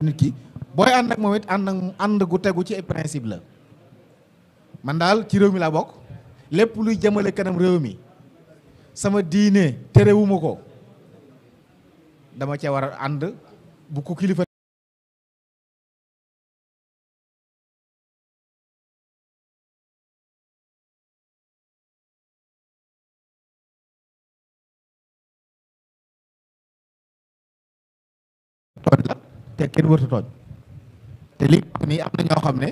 B: lu ki booy ànd ak moom it
H: ànd ak ànd gu tegu ci ay la man daal ci réew mi laa bokk lépp luy jamale kanam réew mi sama diine terewuma ko
B: dama cee war a ànd bu ko kilifa
D: tooñ te kenn wërta li
H: nii am na ñoo xam ne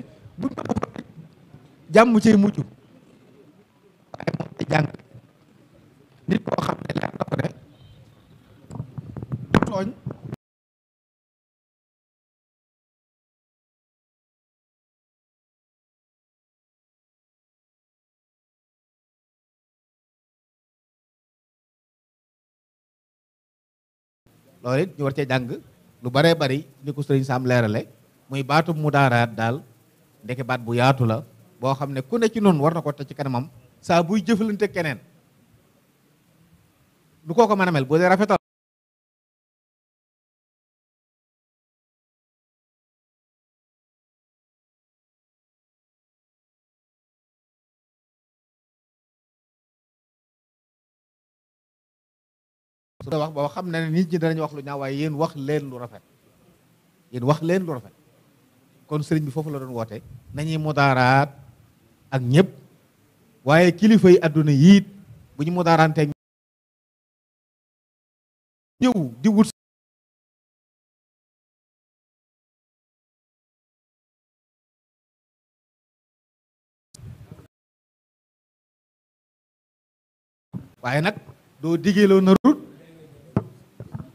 H: jàmm ciy mujj waaye moom day jàng nit koo xam ne leer na ko loolu
B: ñu war cee jàng lu baree bari ni ko sëriñ Sam leerale muy baatum
H: mu daaraat daal ndeke baat bu yaatu la boo xam ne ku ne ci noonu war na ko te ci kanamam
B: saa buy jëflante keneen du koo ko mën a mel boo dee rafetal su da wax boo xam ne
H: nit ñi danañ wax lu ñaawaay waaye yéen wax leen lu rafet
B: yéen wax leen lu rafet
H: kon sëriñ bi foofu la doon woote nañuy mudaaraat ak ñépp waaye
B: kilifay yi àdduna yiit bu ñu mu daarante di wut waaye nag doo diggeeloo na rut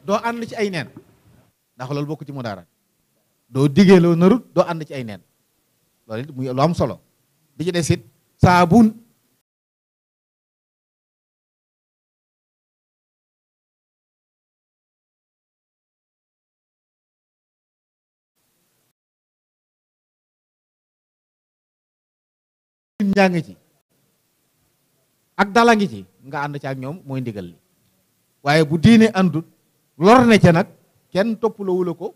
H: doo ànd ci ay neen ndax loolu bokk ci mu daara doo diggeeloo na rut doo
B: ànd ci ay neen loolu it muy lu am solo bi ci des it saabun njàng ci
H: ak dala ngi ci nga ànd ci ak ñoom mooy ndigal li waaye bu diine àndut lor ne ca nag kenn topp la wula ko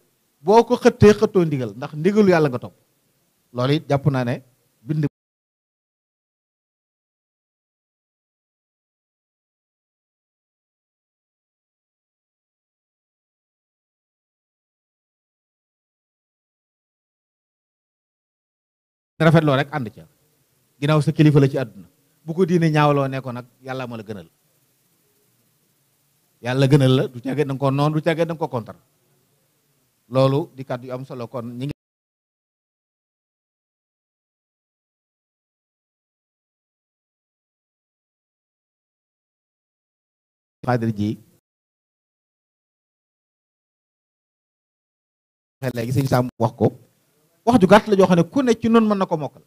H: boo ko xëttee xëttoo ndigal ndax ndigalu yàlla
B: nga topp loolu it jàpp naa ne rafetloo rek ànd ca ginnaaw sa kilifa la ci àdduna bu ko
H: diine ñaawloo ne ko nag yàlla ma la gënal yàlla gënal la du càggee da
B: ko noonu du càggee da ko contre loolu di kàddu yu am solo kon ñi ngi xaadir ji léegi sëñ Sam wax ko
H: wax ju gàtt la joo xam ne ku ne ci noonu mën na ko mokkal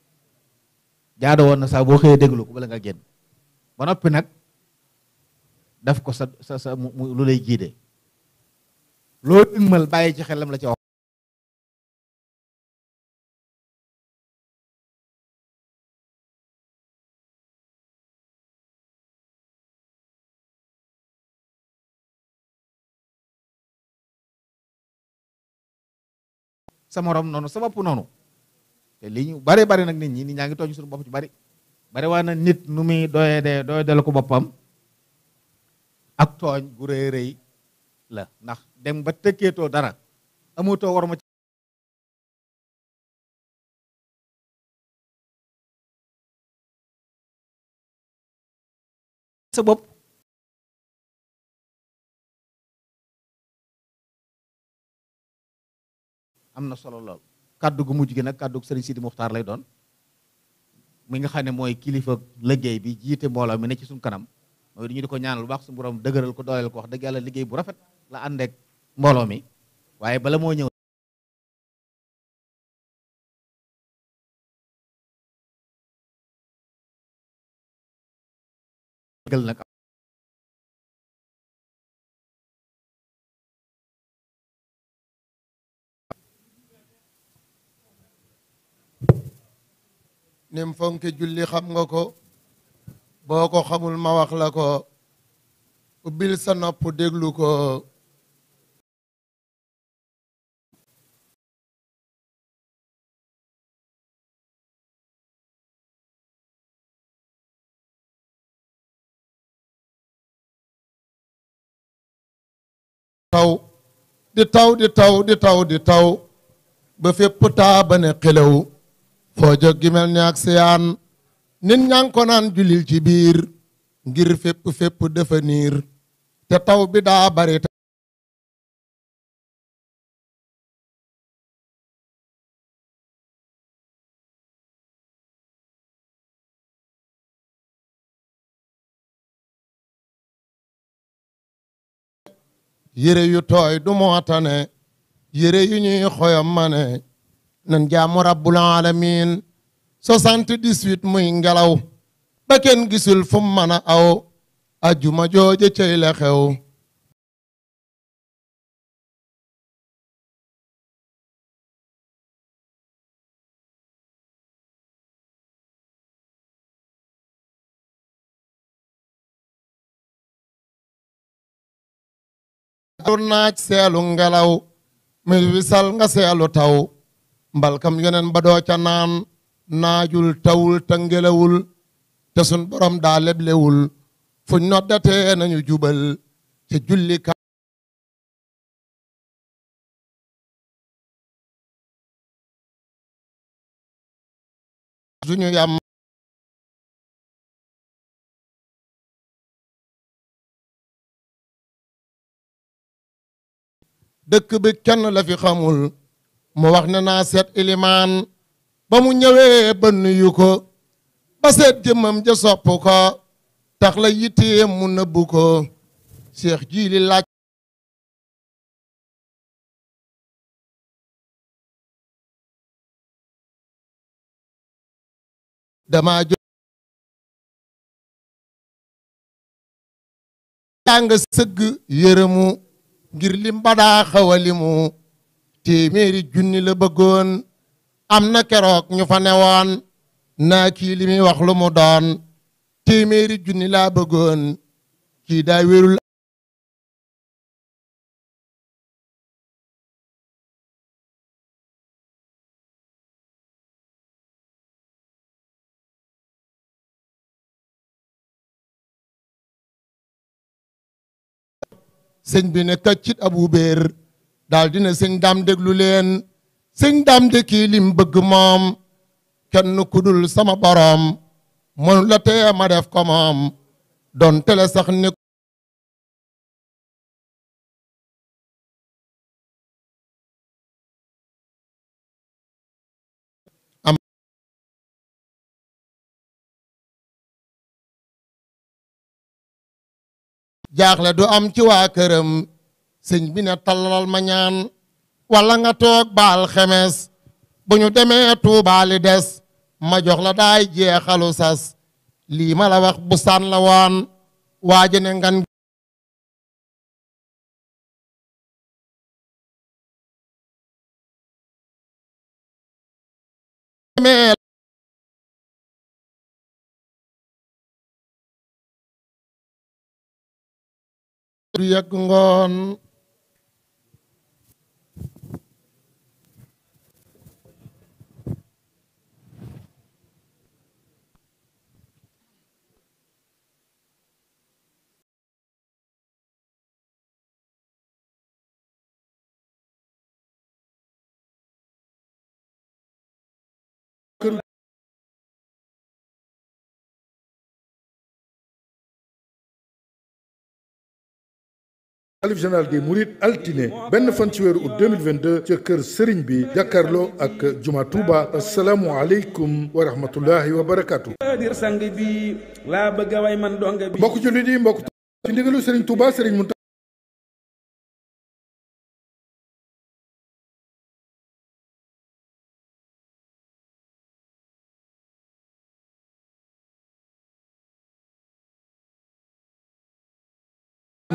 H: jaada woon na saa boo xëyee déglu ko bala nga génn ba noppi nag def ko sa sa sa mu lu lay jiide
B: loo dëgmal bàyyi ci xelam la ci wax sa morom noonu sa bopp noonu
H: te li ñu bare bare nag nit ñi nit ñaa ngi tooñ suñu bopp ci bari bari waa na nit nu muy doye de doye de la ko boppam ak tooñ gu rëy rëy
B: la ndax dem ba tëkkeetoo dara amatoo war ma am na solo lool kàddu gu
H: mujj gi nag kaddu gu sëriñ Sidi Muxtaar lay doon mi nga xam ne mooy kilifa liggéey bi jiite mbooloo mi ne ci suñu kanam mooy dañu di ko ñaanal bu baax suñu borom dëgëral ko dooleel ko wax dëgg yàlla liggéey bu rafet
B: la àndeek mbooloo mi waaye bala moo ñëw
E: nim fonke julli xam nga ko boo ko xamul ma wax la ko ubbil sa nopp déglu ko
B: taw di taw di taw di taw di taw ba fépp taa
E: xelew foo jóg gi siyaan nit ñaa julil ci
B: biir ngir fépp fépp dafa niir te taw bi daa bari yu tooy du tane yére yu ñuy xoyam ma nan
E: jaamu rabbul alamin 78 muy ngelaw ba gisul
B: fu mën aw ajuma jooje cey la xew naaj seelu ngelaw mi wisal nga seelu taw mbal kam
E: yonen ba doo ca naan naajul tawul te ngelawul te sun borom
B: daa leblewul fuñ noddatee nañu jubal ca julli ka suñu yam dëkk bi kenn la xamul mu wax na naa seet ilimaan
E: ba mu ñëwee ba nuyu ko ba seet jëmmam ja sopp ko
B: tax la yittee mu nëbbu ko seex jiili laaj dama jo nga sëgg yërëmu
E: ngir lim badaa xawalimu téeméeri junni la bëggoon am na keroog ñu fa newoon naa kii li muy wax lu mu doon
B: téeméeri junni laa bëggoon kii daa wérul sëñ bi ne kaccit
E: daal di ne sëñ daam déglu leen sëñ daam lim bëgg moom kenn kudul sama boroom mënu la tee ma def ko
B: moom tele sax ni jaaxle du am ci waa këram
E: sëñ bi na talal ma ñaan wala nga toog baal xemes bu ñu demee tuubaali des ma la daay jeexalu sas lii ma la wax
B: bu saan la waan waa ne ngan du yàgg ngoon xalif général des Mourides
A: altine benn fan ci weeru août 2022 ca kër sëriñ bi jàkkaarloo ak juma Touba asalaamu aleykum wa rahmatullahi wa barakaatu.
B: mbokk jullit yi mbokk ci ndigalu sëriñ Touba sëriñ Muntaxa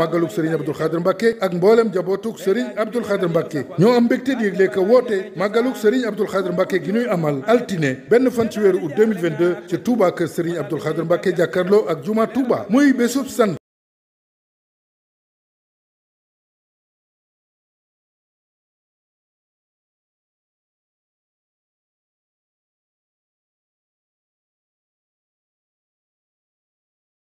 B: màggalug Serigne Abdoul Khadr Mbacke ak mboolem
A: jabootug Serigne Abdoul Khadr Mbacke ñoo am mbégte di yëgle ko woote màggalug Serigne Abdoul Khadr Mbacke gi ñuy amal altine benn fan ci weeru août 2022 ci Touba kër Serigne Abdoul Khadr Mbacke jàkkarloo
B: ak juma Touba muy bésub sant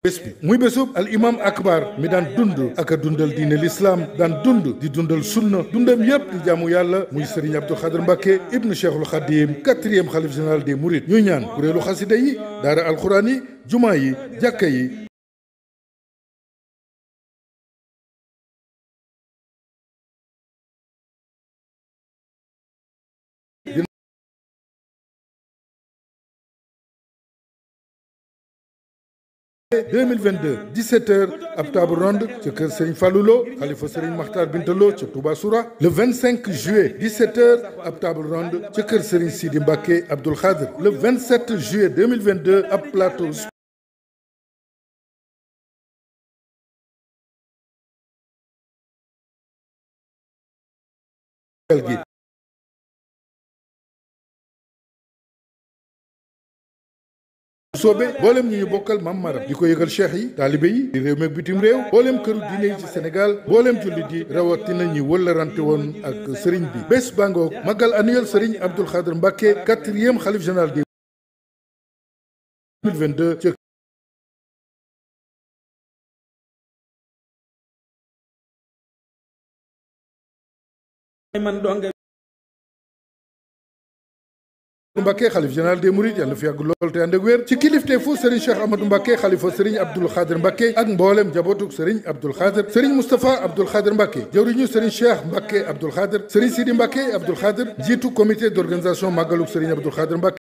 B: bés muy bésub al imam akbar mi daan dund ak a dundal diine lislaam daan
A: dund di dundal sunna dundam yépp di jaamu yàlla muy sëriñ abdou xadr mbàkke ibnu cheikhul xadim quatrième xalif général des mourides ñu ñaan kuréelu xasida yi daara al yi jumaa yi
B: jàkka yi 2022 17h ab table ronde ca kër Serigne Fallou Lo xalifa Serigne Makhtar
A: Bintaloo ca Touba Soura le 25 juillet 17h ab table ronde ca kër Serigne Sidi
B: Mbacké Abdoul Khadr le 27 juillet 2022 ab plateau. gi soobe mboolem ñu ñu bokkal maam maram
C: di
A: ko yëgal cheikh yi taalibe yi di réew meeg bitim réew mboolem këru diine yi ci sénégal mboolem jullit yi rawatina ñi wëllarante woon ak sëriñ bi bés bangoog magal annuel sëriñ abdul xadr mbàkke
C: quatrième
B: xalif général di 2022 ca man donga Mbacké xalif général des Mourides yàlla na fi yàgg lool te ànd ak wér ci kilifte fu Serigne Cheikh Ahmadou Mbacké xalifa
A: Serigne Abdoul Khadir ak mboolem jabotuk Serigne Abdoul Khadir Serigne Moustapha Abdoul Khadir Mbacké jëwriñu Serigne Cheikh Mbacké Abdoul Khadir Serigne Sidi Mbacké Abdoul Khadir jiitu comité d'organisation màggaluk
B: Serigne Abdoul Khadir Mbacké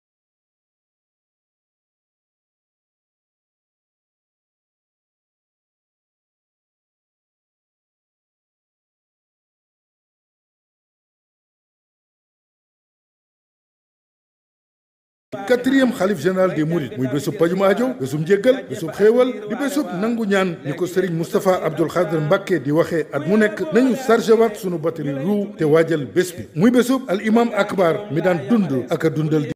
B: quatrième xalif général des Mourides muy bésub pajum aajo bésub njéggal bésub
A: xéewal di bésub nangu ñaan ni ko Serigne Moustapha Abdoul Khadr Mbacké di waxee at mu nekk nañu
B: chargé waat sunu batterie ruu te waajal bés bi muy bésub al imam akbar mi daan dund ak a dundal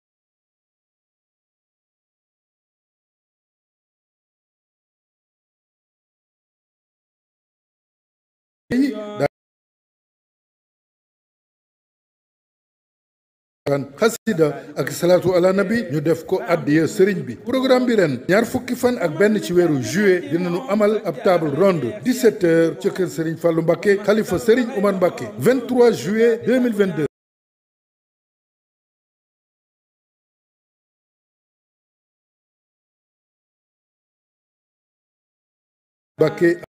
B: an xasida
A: ak salaatu ala bi ñu def ko addiya sëriñ bi programme bi ren ñaar fukki fan ak benn ci weeru dina ñu amal ab table ronde 17 heures ci kër sëriñ Fallou Mbacké xalifa
B: sëriñ Oumar Mbacké 23 mille 2022. Mbacké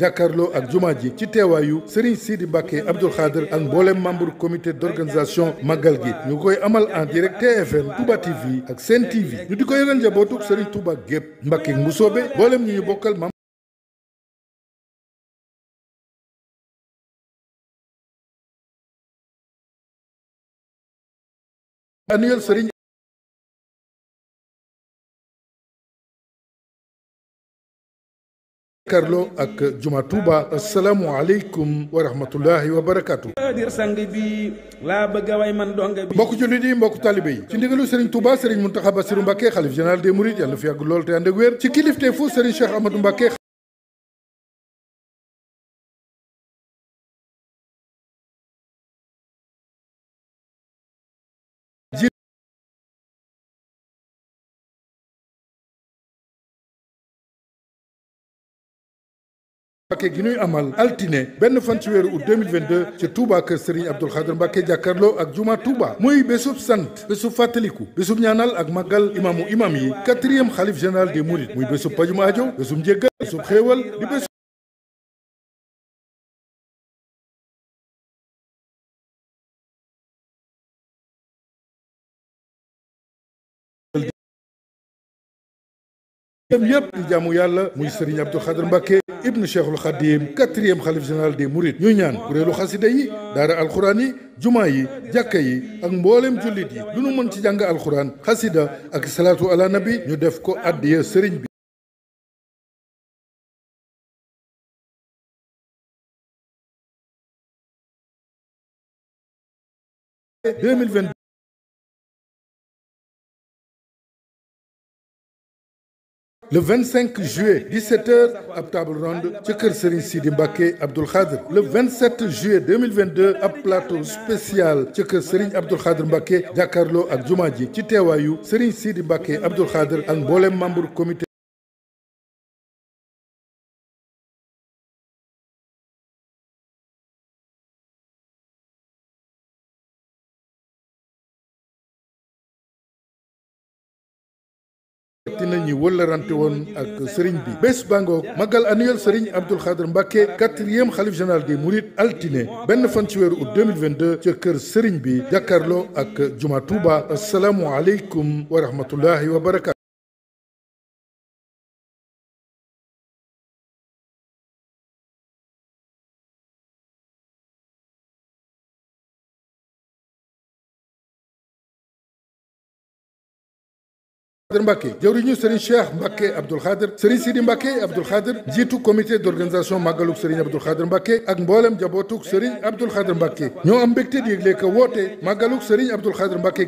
B: jàkkaarloo ak jumaa ji ci teewaayu Serigne
A: Sidi Mbacke Abdoul Khader ak mboolem membre comité d' organisation màggal gi ñu koy amal en direct TFM Touba TV ak Sen TV ñu di ko yëgal njabootuk Serigne Touba gépp Mbacke Mbusoobe
C: mboolem ñu ñu bokkal
B: mam Carlo ak Juma Touba asalaamualeykum wa
A: rahmatullahi wa barakaatu. mbokku jullit yi mbokku talibe yi. ci ndigalu Serigne a Serigne Mountakha Bassirou Mbacké xalif général des Mourides yàlla na fi yàgg lool te ànd ak wér. ci kilifteefu
B: Serigne Cheikh Amadou Mbacké Mbàkke gi ñuy amal altine benn fan ci weeru
A: août 2022 ci Touba kër Serigne Abdoul Khadr Mbàkke jàkkarloo ak juma Touba muy bésub sant bésub fàttaliku bésub ñaanal ak màggal imaamu imam yi quatrième xalif général des mourides muy bésub
C: pajum aajo
B: bésub njéggal bésub xéewal di bésub jëm yëpp
A: di yàlla muy Serigne Abdou Khadr Mbacké ibnu Cheikhul Khadim quatrième xalif général des Mourides ñuy ñaan kuréelu xasida yi daara alxuraan yi jumaa yi jàkka yi ak mbooleem jullit yi lu nu
B: mën ci jàng alxuraan xasida ak salaatu ala bi ñu def ko addiya sëriñ bi le 25
A: juillet 17h ab table ronde ca kër Serigne Sidi Mbacké Abdoul Khadr le 27 juillet 2022 ab plateau spécial ca kër Serigne Abdoul Khadr Mbacké jàkkaarloo
B: ak juma ji ci teewaayu Serigne Sidi Mbacké Abdoul Khadr ak mboolem membre comité. ñi wëllarante woon ak
A: sëriñ bi bés bangoog magal annuel sëriñ Abdoul Khadr Mbacke quatrième xalif général des Mourides altine benn fan ci weeru août 2022 ca kër sëriñ bi jàkkaarloo ak juma Touba
B: asalaamualeykum wa rahmatullahi wa barakaatu. Xaadir Mbàkke jëwriñu Serigne Cheikh Mbàkke Abdoul Xaadir
A: Serigne Sidi Mbàkke Abdoul Xaadir jiitu comité d'organisation màggaluk Serigne Abdoul Xaadir Mbàkke ak mboolem jabootuk Serigne Abdoul Xaadir Mbàkke ñoo am mbégte di yëgle ko woote màggaluk Serigne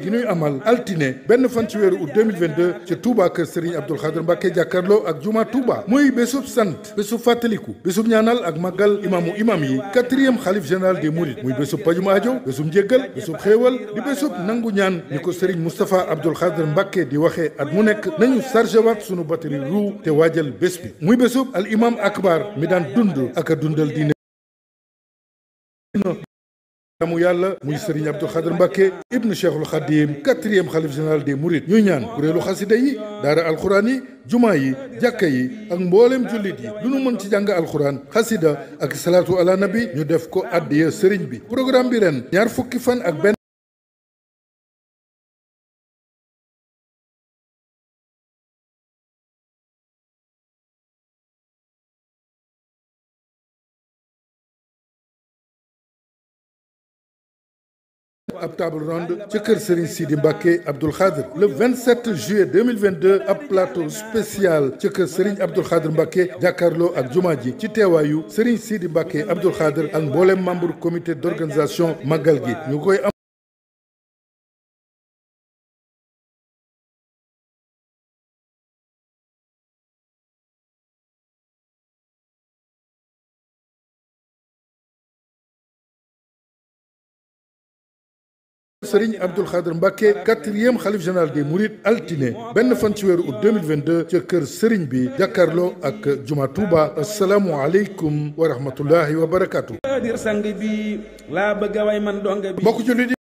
A: gi ñuy amal altine benn fan ci weeru août 2022 ci Touba kër Serigne Abdoul Xaadir Mbàkke ak juma Touba muy bésub sant bésub fàttaliku bésub ñaanal ak màggal imaamu imam yi quatrième xalif général des mourides muy bésub pajum aajo bésub njéggal bésub xéewal di bésub nangu ñaan ni ko Serigne Moustapha Abdoul mu nekk nañu chargé waat sunu batterie ruu te waajal bés bi muy bésub al imam akbar mi daan dund ak a dundal diine amu yàlla muy sëriñ abdou xadar mbàkke ibnu cheikhul xadim quatrième xalif général des mourides ñu ñaan kuréelu xasida yi daara alxuraan yi jumaa yi jàkka yi ak mbooleem jullit yi lu nu mën ci jàng alxuraan xasida ak salaatu ala nabi ñu def ko
B: addiya sëriñ bi programme bi ren ñaar fukki fan ak benn ab table ronde ca kër Serigne Sidi
C: Mbacké
A: Abdoul Khadr le 27 juillet 2022 ab plateau spécial ci kër Serigne Abdoul Khadr Mbacké jàkkaarloo ak juma ji ci teewaayu Serigne Sidi Mbacké Abdoul Khadr ak mboolem membre comité d'organisation màggal gi
B: ñu koy am
D: Serigne Abdoul Khadr Mbacke
A: quatrième xalif général des Mourides altine benn fan ci weeru août 2022 ca kër Serigne bi jàkkaarloo ak juma Touba asalaamu aleykum wa rahmatullahi wa barakaatu.
B: mbokk jullit yi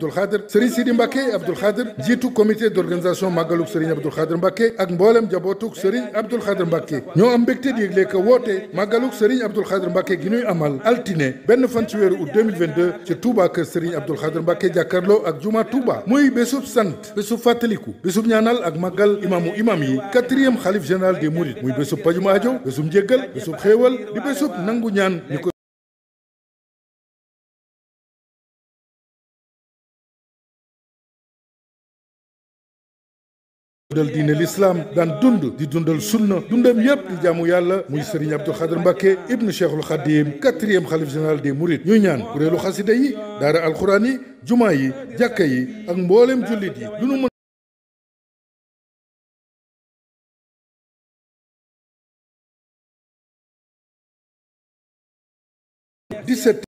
B: Abdoul Khader Serigne Sidi Mbacke Abdoul Khader jiitu comité d'organisation màggaluk Serigne
A: Abdoul Khader Mbacke ak mboolem jabootuk Serigne Abdoul Khader Mbacke ñoo am mbégte di yëgle ko woote màggaluk Serigne Abdoul Khader Mbacke gi ñuy amal altine benn fan ci weeru août 2022 ci Touba kër Serigne Abdoul Khader Mbacke jàkkarloo ak juma Touba muy bésub sant bésub fàttaliku bésub ñaanal ak màggal imaamu imam yi quatrième xalif général des mourides muy bésub pajum aajo bésub njéggal
B: dundal diine lislaam daan dund di dundal sunna dundam yépp di jaamu yàlla muy sëriñ Abdou Khadr Mbacke
A: ibnu Cheikhul Khadim quatrième xalif général des Mourides ñuy ñaan kuréelu xasida yi daara alxuraan yi jumaa yi jàkka yi ak mbooleem jullit yi lu nu
B: mën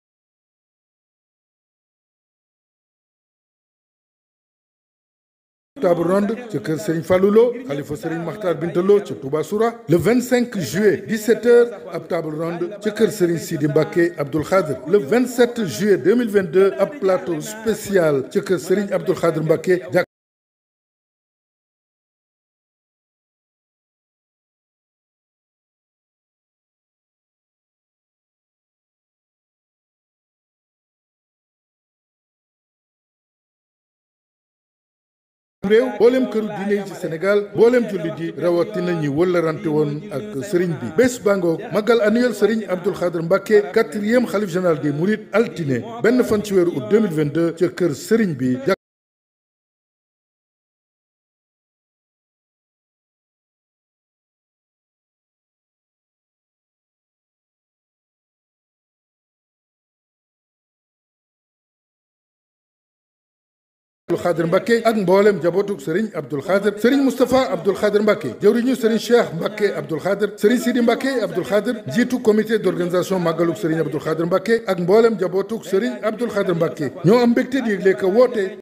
B: table ronde ca kër Serigne Fallou
A: Lo xalifa Serigne Makhtar Lo ca Touba Soura le 25 juillet 17h ab table ronde ca kër Serigne Sidi Mbacké Abdoul Khadr le 27 juillet 2022 ab plateau spécial ca kër Serigne Abdoul Khadr Mbacké
B: réew mboolem këru diine yi ci Sénégal
A: mboolem jullit yi rawatina ñi wëllarante woon ak sëriñ bi bés bangoog magal annuel sëriñ Abdul Xaadir Mbàkke quatrième xalif général des Mourides altine benn fan ci weeru août 2022
B: ca kër sëriñ bi Abdul Xaadir Mbàkke ak mboolem jabootug sëriñ Abdul Xaadir sëriñ Moustapha
A: Abdul Xaadir Mbàkke jëwriñu sëriñ Cheikh Mbàkke Abdul Xaadir sëriñ Sidi Mbàkke Abdul Xaadir njiitu comité d'organisation màggalug sëriñ Abdul Xaadir Mbàkke ak mboolem jabootug sëriñ Abdul Xaadir Mbàkke ñoo am
B: mbégte di yëgle ka woote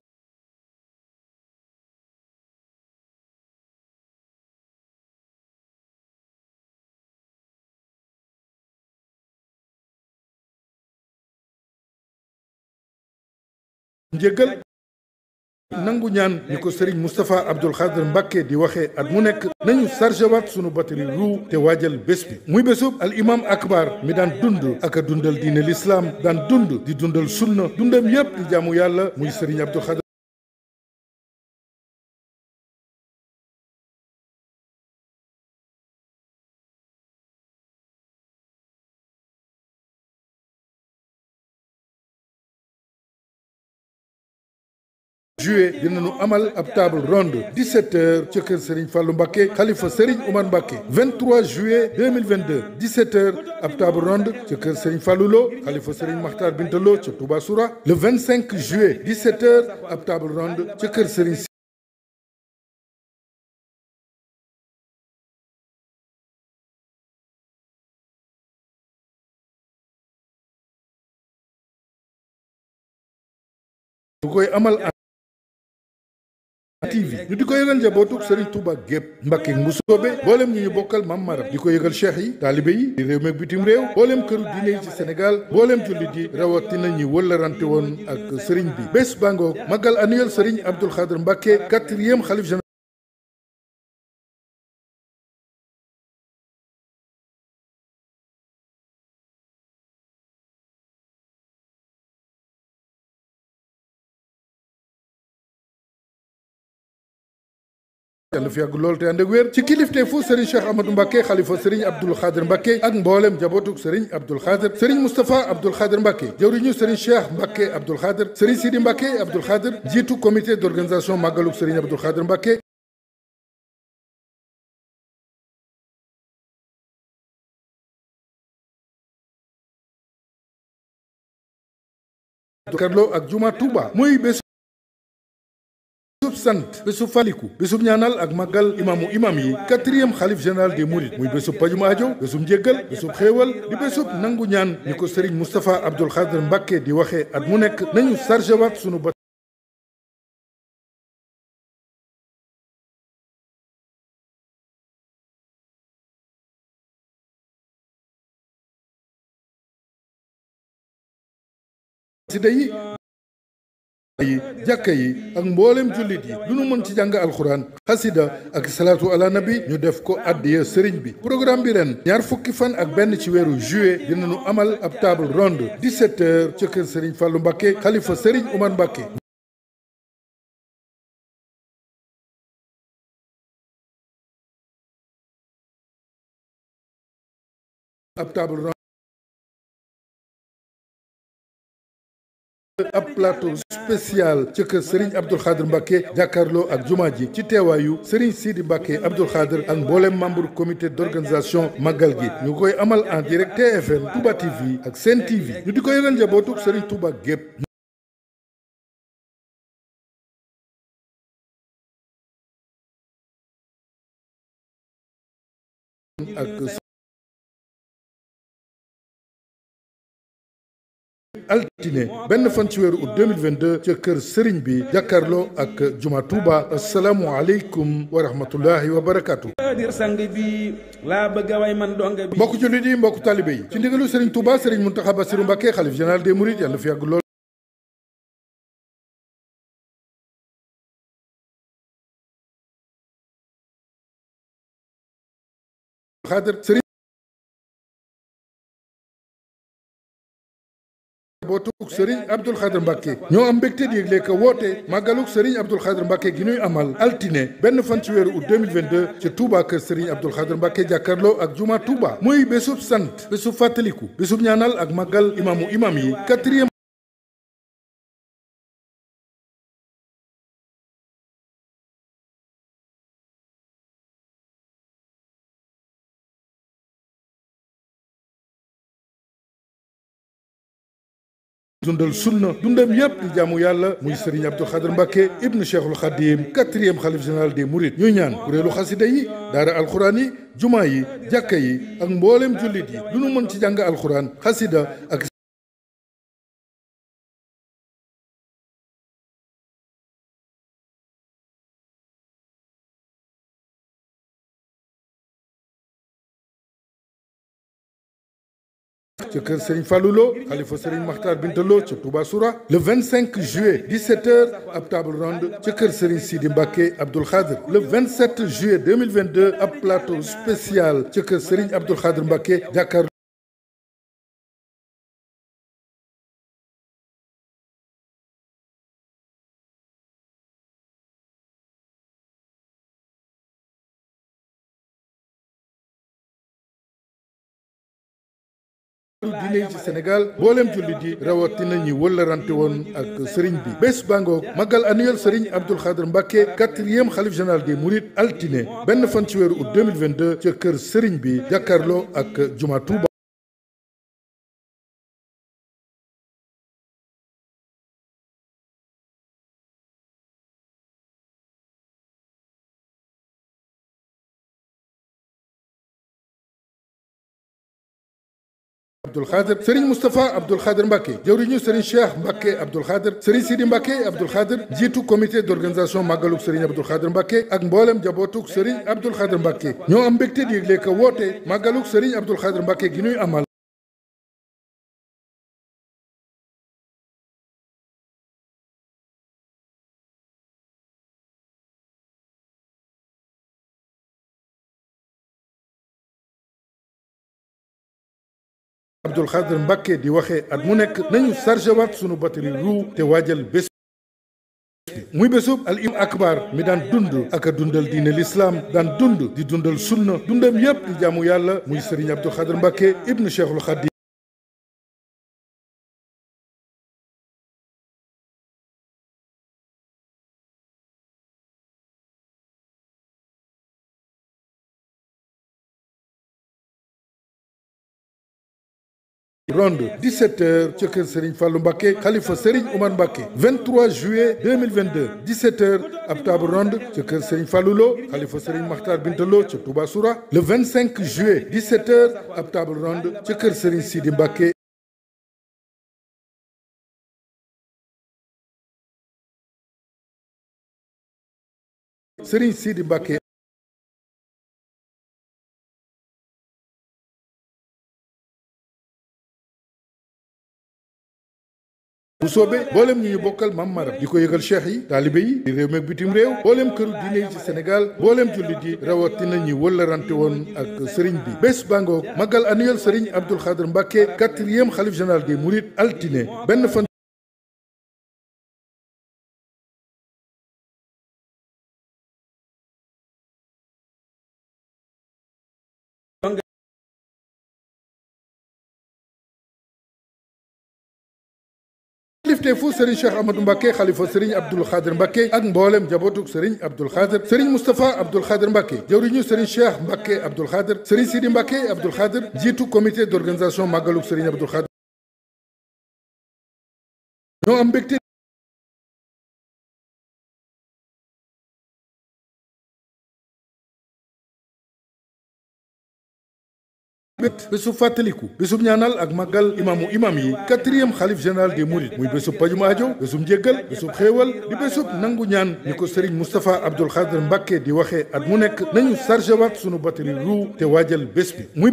B: njëgal nangu ñaan ni ko Serigne Moustapha Abdoul Khadr Mbacke di
A: waxee at mu nekk nañu chargé waat sunu batterie ruu te waajal bés bi muy bésub al imam akbar mi daan dund ak a dundal diine lislaam daan dund di dundal sunna dundam yépp di jaamu
B: yàlla muy Serigne Abdoul Khadr juillet dinañu amal ab table ronde 17h ci kër
A: Serigne Fallou Mbacké xalifa Serigne Oumar Mbacké 23 juillet 2022 17h ab table ronde ci kër Serigne Fallou Lo xalifa Serigne Makhtar Binta Lo ca Touba Soura le 25
B: juillet 17h ab table ronde ci kër Serigne bu TV ñu di ko yëgal njabootug Serigne Touba
A: gépp Mbacke Mbusoobe mboolem ñu ñu bokkal Mam Maram di ko yëgal cheikh yi taalibe yi di réew meeg bitim réew mboolem këru diine yi ci Sénégal mboolem jullit yi rawatina ñi wëllarante woon ak Serigne
B: bi bés bàngoog magal annuel Serigne Abdoul Khadr Mbacke quatrième xalif yàlla fi
C: yàgg
A: lool te ànd ak wér ci kilifteefu Serigne Cheikh Ahmadou Mbacke xalifa Serigne Abdoul Khadir Mbacke ak mboolem jabootug Serigne Abdoul Khadir Serigne Moustapha Abdoul Khadir Mbacke jëwriñu Serigne Cheikh Mbacke Abdoul Khadir Serigne Sidi
B: Mbacke Abdoul Khadir njiitu comité d'organisation màggalug Serigne Abdoul Khadir Mbacke Karlo ak Juma Touba muy bés sant bésub fàliku bésub ñaanal ak màggal
A: imaamu imaam yi quatrième xalif général des mourides muy bésub pajum aajo bésub njéggal bésub xéewal di bésub nangu ñaan ni ko sëriñ Moustapha Abdoul Khadr Mbacké di waxee at mu nekk nañu chargé
B: sunu ba yi jàkka yi ak mboolem jullit yi lu nu mën ci jàng alxuraan xasida ak
A: salaatu ala bi ñu def ko addiya sëriñ bi programme bi ren ñaar fukki fan ak benn ci weeru juillet dinañu amal ab table ronde 17 heures ci kër sëriñ Fàllu Mbàkke xalifa sëriñ Umar
B: Mbàkke ab plateau
A: spécial ci kër Serigne Abdoul Khadr Mbacké jàkkaarloo ak juma ji ci teewaayu Serigne Sidi Mbacké Abdoul Khadr ak mboolem membre comité d'organisation maggal gi ñu koy amal en direct
B: TFM Touba TV ak Sen TV ñu di ko yëgal njabootuk Serigne Touba gépp altine benn fan ci weeru ut 2022
A: ca kër bi jàkkaarloo ak juma Touba asalaamualeykum wa rahmatullahi wa barakaatu. mbokku jullit yi mbokku taalibe yi
B: ci ndigalu sëriñ Touba sëriñ Mountakha Bassirou xalif général des Mourides yàlla fi yàgg njabootuk sëriñ Abdul Xadr Mbàkke ñoo am
C: mbégte
A: di yëgle ko woote màggaluk sëriñ Abdul Xadr Mbàkke gi ñuy amal altine benn fan ci weeru août 2022 ci Touba kër sëriñ Abdul Xadr Mbàkke jàkkarloo ak juma Touba muy bésub sant bésub
B: fàttaliku bésub ñaanal ak màggal imaamu imaam yi quatrième dundal sunna dundam yépp di jaamu
A: yàlla muy sëriñ Abdou Khadr Mbacke ibnu Cheikhul Khadim quatrième xalif général des Mourides ñu ñaan kuréelu xasida yi daara alxuraan yi jumaa yi jàkka yi ak mbooleem jullit yi lu nu mën ci
C: jàng
B: alxuraan xasida ak ca kër Serigne Fallou Lo xalifa Serigne Makhtar Binta Lo ca Touba Soura le 25 juillet
A: 17h ab table ronde kër Serigne Sidi Mbacké Abdoul Khadr le 27 juillet
B: 2022 ab plateau spécial ca kër Serigne Abdoul Khadr Mbacké jàkkaarloo diine ci Sénégal mboolem jullit yi rawatina ñi wëllarante woon ak sëriñ
A: bi bés bangoog magal annuel sëriñ Abdoul Khadr Mbacké quatrième xalif général des Mourides altine benn fan ci weeru août
B: 2022 ca kër sëriñ bi jàkkaarloo ak juma Touba Abdoul Khader Serigne Moustapha Abdoul Khader Mbacke jëwriñu Serigne Cheikh Mbacke Abdoul Khader Serigne Sidi
A: Mbacke Abdoul Khader jiitu comité d'organisation màggaluk Serigne Abdoul Khader Mbacke ak mboolem jabootuk Serigne
B: Abdoul Khader Mbacke ñoo am mbégte di yëgle ka woote màggaluk Serigne Abdoul Khader Mbacke gi ñuy amal Abdou Khadre Mbacké di waxee at mu nekk nañu chargé waat sunu batterie ruu te waajal bés
A: muy bésub al im akbar mi daan dund ak dundal diine lislaam
B: daan dund di dundal sunna dundam yépp di jaamu yàlla muy sëriñ Abdou Khadre Mbacké ibnu Cheikhul Khadim ronde 17 heures ca kër Serigne Fallou Mbacké xalifa Serigne Oumar Mbacké 23
A: juillet 2022 17 heures ab table ronde ca kër Serigne Fallou Lo xalifa Serigne Makhtar Binta Lo ca Touba Soura le 25 juillet 17 heures ab table ronde ca kër
C: Serigne
B: si Mbacké Serigne Sidi Mbacké bu soobee mboolem ñu ñu bokkal mam
A: maram di ko yëgal cheikh yi taalibe yi di réew meeg bitim réew mboolem këru diine yi ci Sénégal mboolem jullit yi rawatina ñi wëllarante woon ak sëriñ bi bés bàngoog magal annuel sëriñ Abdou Khadre Mbacké quatrième xalif général des Mourides altine benn fan
B: kilifteefu Serigne Cheikh Ahmadou Mbacke
A: xalifa Serigne Abdoul Khadir Mbacke ak mboolem jabootug Serigne Abdoul Khadir Serigne Moustapha Abdoul Khadir Mbacke jëwriñu Serigne Cheikh Mbacke Abdoul Khadir Serigne Sidi Mbacke Abdoul Khadir njiitu comité d'organisation
B: màggalug Serigne Abdoul Khadir ñoo am mbégte bét bésub fàttaliku bésub
A: ñaanal ak màggal imaamu imaam yi quatrième xalif général des mourides muy bésub pajum aajo bésub njéggal bésub xéewal di bésub nangu ñaan ni ko sëriñ Moustapha Abdoul Khadr Mbacke di waxee at mu nekk nañu
B: chargé waat sunu batterie ruu te waajal bés bi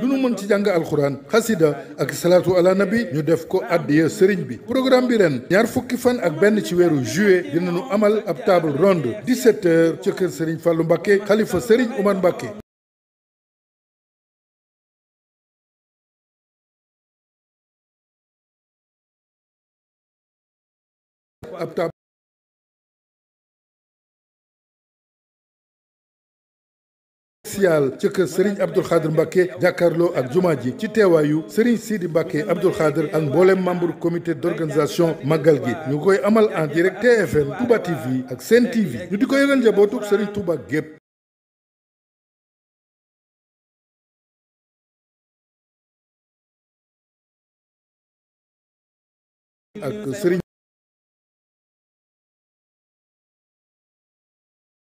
B: lu nu mën ci jàng alxuraan
A: xasida ak salaatu ala bi ñu def ko addiya sëriñ bi programme bi ren ñaar fukki fan ak benn ci weeru juillet dinañu amal ab table ronde 17 heures ci kër sëriñ Fallou Mbacké
C: xalifa sëriñ Oumar
B: Mbacké spécial ca kër Serigne Abdoul Khadr Mbacke ak juma ji ci teewaayu
A: Serigne Sidi Mbacke Abdoul Khadr ak mboolem membre comité d'organisation magal gi ñu koy
B: amal en direct TFM Touba ak Sen TV ñu di ko yëgal njabootu Serigne Touba gépp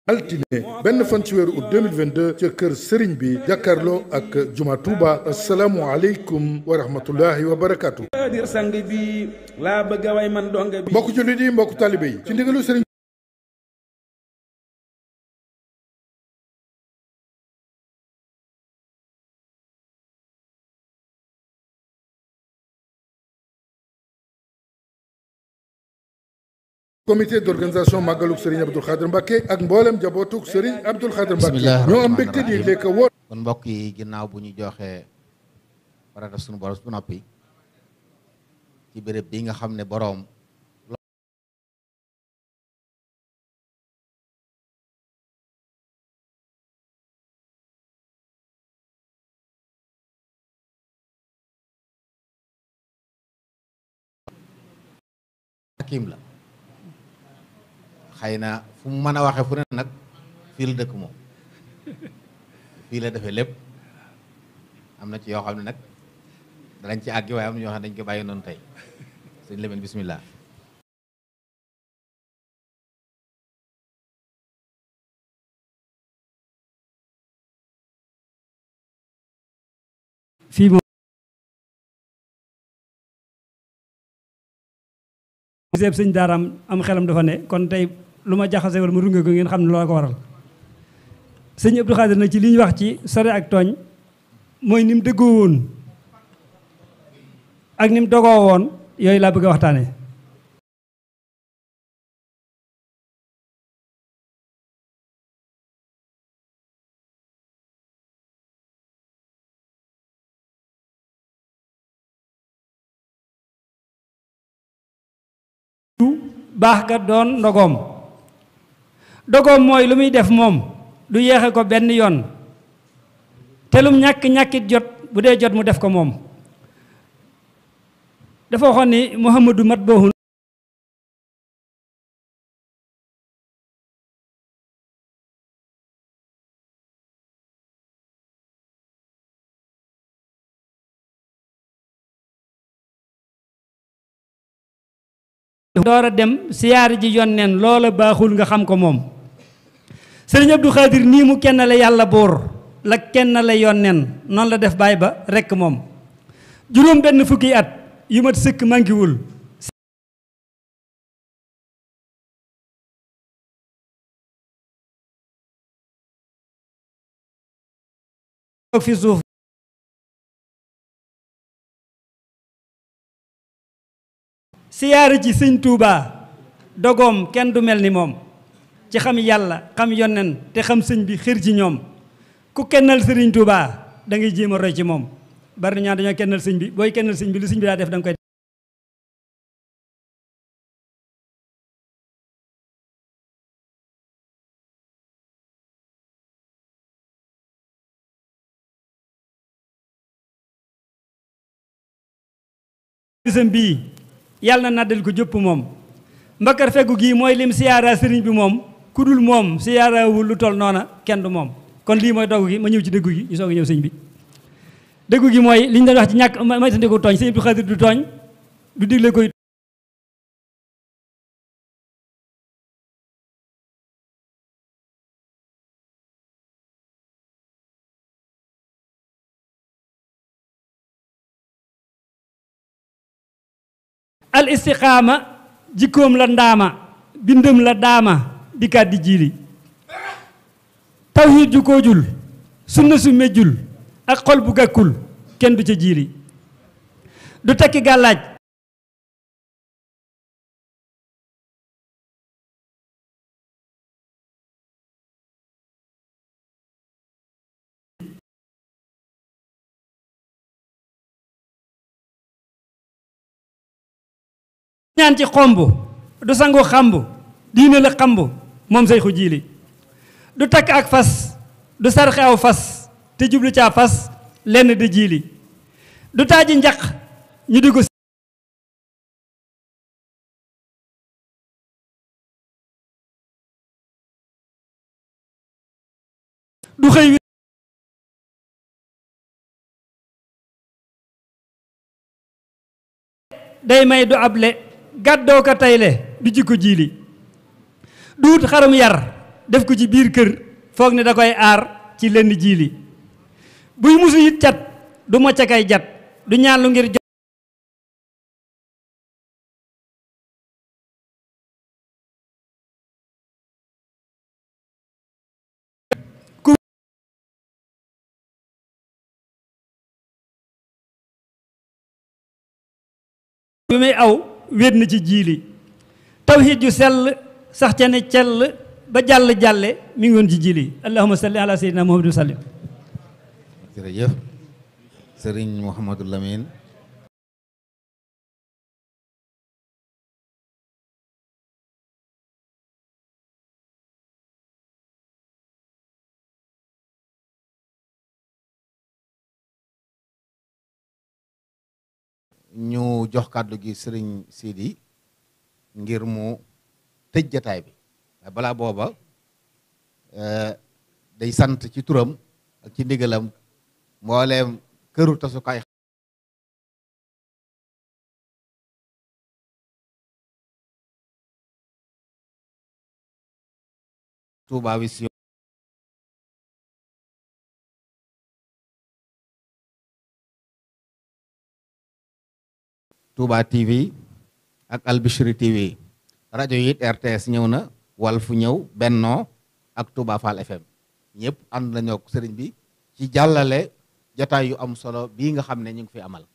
B: altine benn fan ci weeru
A: août 2022 ca kër sëriñ bi jàkkaarloo ak juma tuuba asalaamu aleykum wa rahmatullahi wa barakaatu. mbokk jullit
C: yi mbokk taalibe yi ci
B: ndigalu comité d'organisation màggaluk Serigne Abdoul Khadr Mbacké ak mboolem jabootug Serigne Abdoul Khadr
H: Mbacké ñoo am mbokk yi ginnaaw bu ñu joxee farata suñu
B: borom bu bi nga xam ne boroom hakim
H: xëy na fu mu mën a waxe fu ne nag fii la dëkk moom fii la defee lépp am na ci yoo xam ne nag
B: danañ ci àgg waaye am na dañ ko bàyyi noonu tey sëñ Lamine bismillah fii moom gisee sëñ daaram
L: am xelam dafa kon tey lu ma jaxase wala ma runge ko ngeen xam ne loola ko waral sëñ Abdou Khadir nag ci li wax ci sore ak tooñ mooy nim mu dëggoo woon
B: ak ni mu dogoo woon yooyu laa bëgg a waxtaanee. doon ndogoom dogoom mooy lu muy def moom du yéexe
L: ko benn yoon te ñàkk-ñàkkit jot bu dee jot mu def ko moom
B: dafa waxoon mat Muhammadu Matbuhun doora dem siyaar ji yonneen loola baaxul nga xam ko moom sëriñ Abdou Khadir nii mu
L: kenn la yàlla boor la kenn la yonneen noonu la def baay ba rekk moom
B: juróom benn fukki at yu sëkk mànkiwul siyaare ci sëñ Tuubaa
L: dogoom kenn du mel ni moom ci xam yàlla xam yonen te xam sëñ bi xiir ci ñoom ku kennal sëriñ Touba da ngay jéem a roy ci moom bari na ñaan dañoo kennal sëñ
B: bi booy kennal sëñ bi lu sëñ bi yàlla na naddal ko jëpp moom
L: mbakar fegu gii mooy lim siyaara sëriñ bi moom ku dul moom siyaarawul lu toll noona kenn du moom kon lii mooy dogu gi ma ñëw ci dëggu gi ñu soog a ñëw sëñ bi dëggu gi mooy li ñu doon wax ci ñàkk
B: may tandi ko tooñ sëñ Abdou Khadir du tooñ du digle koy al jikkoom la
L: ndaama bindam la daama di kàddi jiili tawxiid ju koo jul sunna su mejjul ak xol bu gàkkul kenn du ca jiili
B: du takki gàllaaj ñaan ci xomb du sangu xamb diine la xamb moom Seyxu Jiili du takk ak fas du sarxe aw fas te jublu caa fas lenn di jiili du taaji njaq ñu di ko du xëy day may du able gàddoo ko tayle du jikko
L: jiili duut xarum yar def ko ci biir kër foog ne da koy aar
B: ci lenn jiili buy musu it cat du mocca kay jat du ñaan lu ngir bi muy aw wéet na ci jiili tawxiid
L: ju sell sax ca ne cell ba jàll jàlle mi ngi woon ci jili allahuma
B: sallim
D: jërëjëf sëriñ Mouhamadou Lamine
B: ñu jox kàddu gi sëriñ Sidi ngir mu
H: tëj jataay bi waaye balaa booba euh, day sant
B: ci turam ak ci ndigalam mbooleem këru tasukaay Touba TV ak Albishri TV
H: rajo yi RTS ñëw na Walf ñëw Benno ak Touba Fall FM ñëpp
B: ànd nañoo ak sëriñ bi ci jàllale jotaay yu am solo bii nga xam ne ñu ngi fi amal.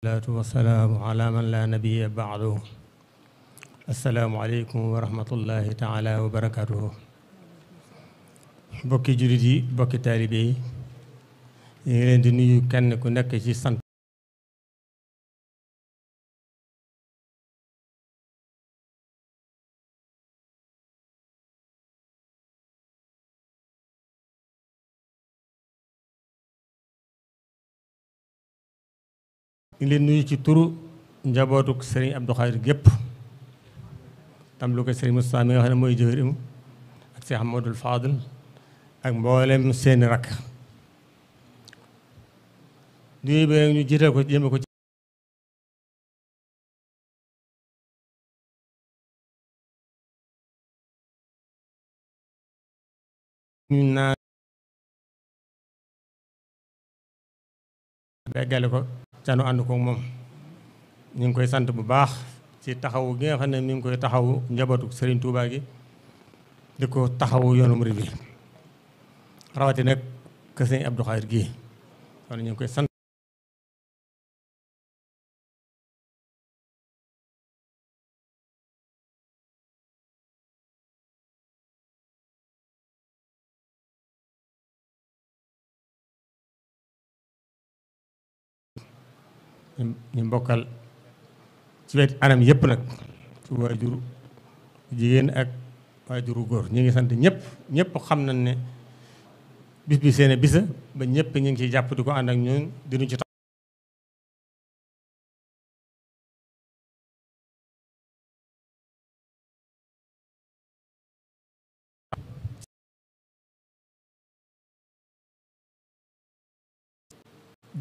B: salaatu wa salaamu ala man asalaamualeykum
G: wa rahmatullahi taala wa barakaatuhu bokki jullit yi
B: bokki taalibe yi leen di nuyu kenn ku nekk ci sant ñu leen nuyu ci turu njabootuk sëriñ Abdou Khadre gépp tàmbali
G: ko sëriñ Moustapha mi nga xam ne mooy jëwriñam ak Cheikh Amadou Fadel ak mboolem
B: seeni rakk nuyu bi ñu jiital ko jëme ko ci ñu naa beggale ko canu ànd ko
G: moom ñu ngi koy sant bu baax ci taxawu gi nga xam ne mi ngi koy taxawu njabootu Serigne Touba gi di ko taxawu yoonu murid bi rawati
B: nag kër Serigne Abdou gi wala ñu
D: ñu mbokkal ci wet anam yépp nag ci waajur
G: jigéen ak waajuru góor ñu ngi sant ñëpp ñëpp xam nañ ne
B: bis seen bisa ba ñëpp ñu ngi ciy jàpp di ko ànd ak ñun dinu ci tax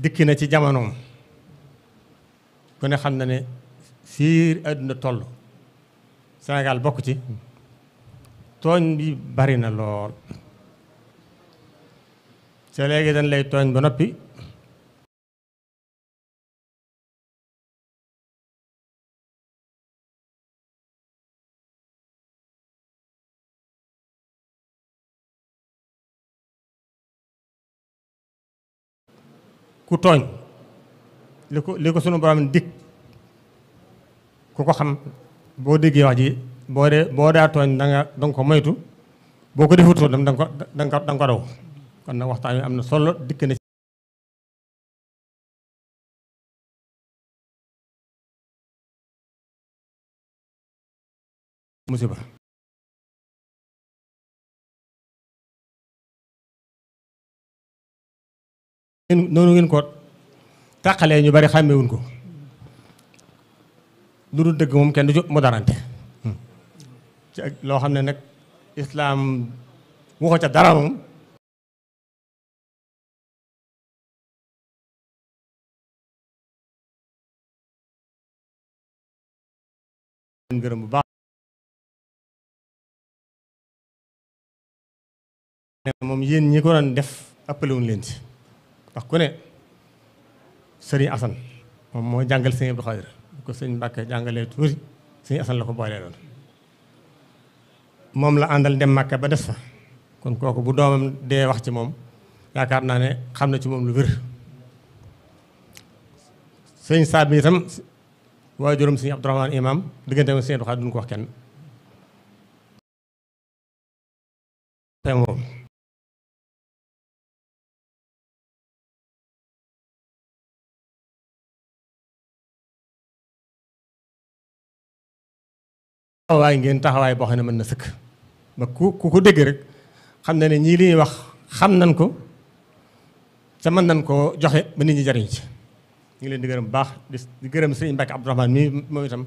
B: dikki na ci jamonoom
G: ku xam na ne fii àdduna toll Sénégal bokk ci tooñ bi bari na lool
B: te léegi dañ lay tooñ ba noppi ku tooñ li ko li
G: ko sunu borom dikk ku ko xam boo déggee wax ji boo dee boo daa tooñ da nga ko moytu boo ko defutoo dem da ko da
B: kon nag waxtaan wi am na solo dikk na musiba noonu ngeen ko tàqalee ñu bari xàmmewuñ
G: ko lu dul dëgg moom kenn du mu darante hmm.
B: loo xam ne nag islaam waxo ca dara moom gërëm bu baax moom yéen ñi ko daan def appelewuñ leen si wax ku ne sëriñ Asan
G: moom moo jàngal sëriñ Abdou Xaadir ko sëñ Mbàkke jàngalee tuuri sëñ Asan la ko boolee loon moom la àndal dem Màkka ba def fa kon kooku bu doomam dee wax ci moom yaakaar naa ne xam na ci moom lu wér sëñ Saad bi itam waajuram sëñ Abdourahmaan Imaam diggante ma sëñ Abdu Xaadir duñ kenn
B: taxawaay ngeen taxawaay boo xam ne mën na sëkk ba ku ku ko dégg rek xam na ne ñii li wax xam nañ
G: ko sa mën nañ koo joxe ba nit ñi jariñ ci ñu ngi leen di gërëm bu baax
B: di gërëm sëñ Mbacke Abdourahmane mi moom itam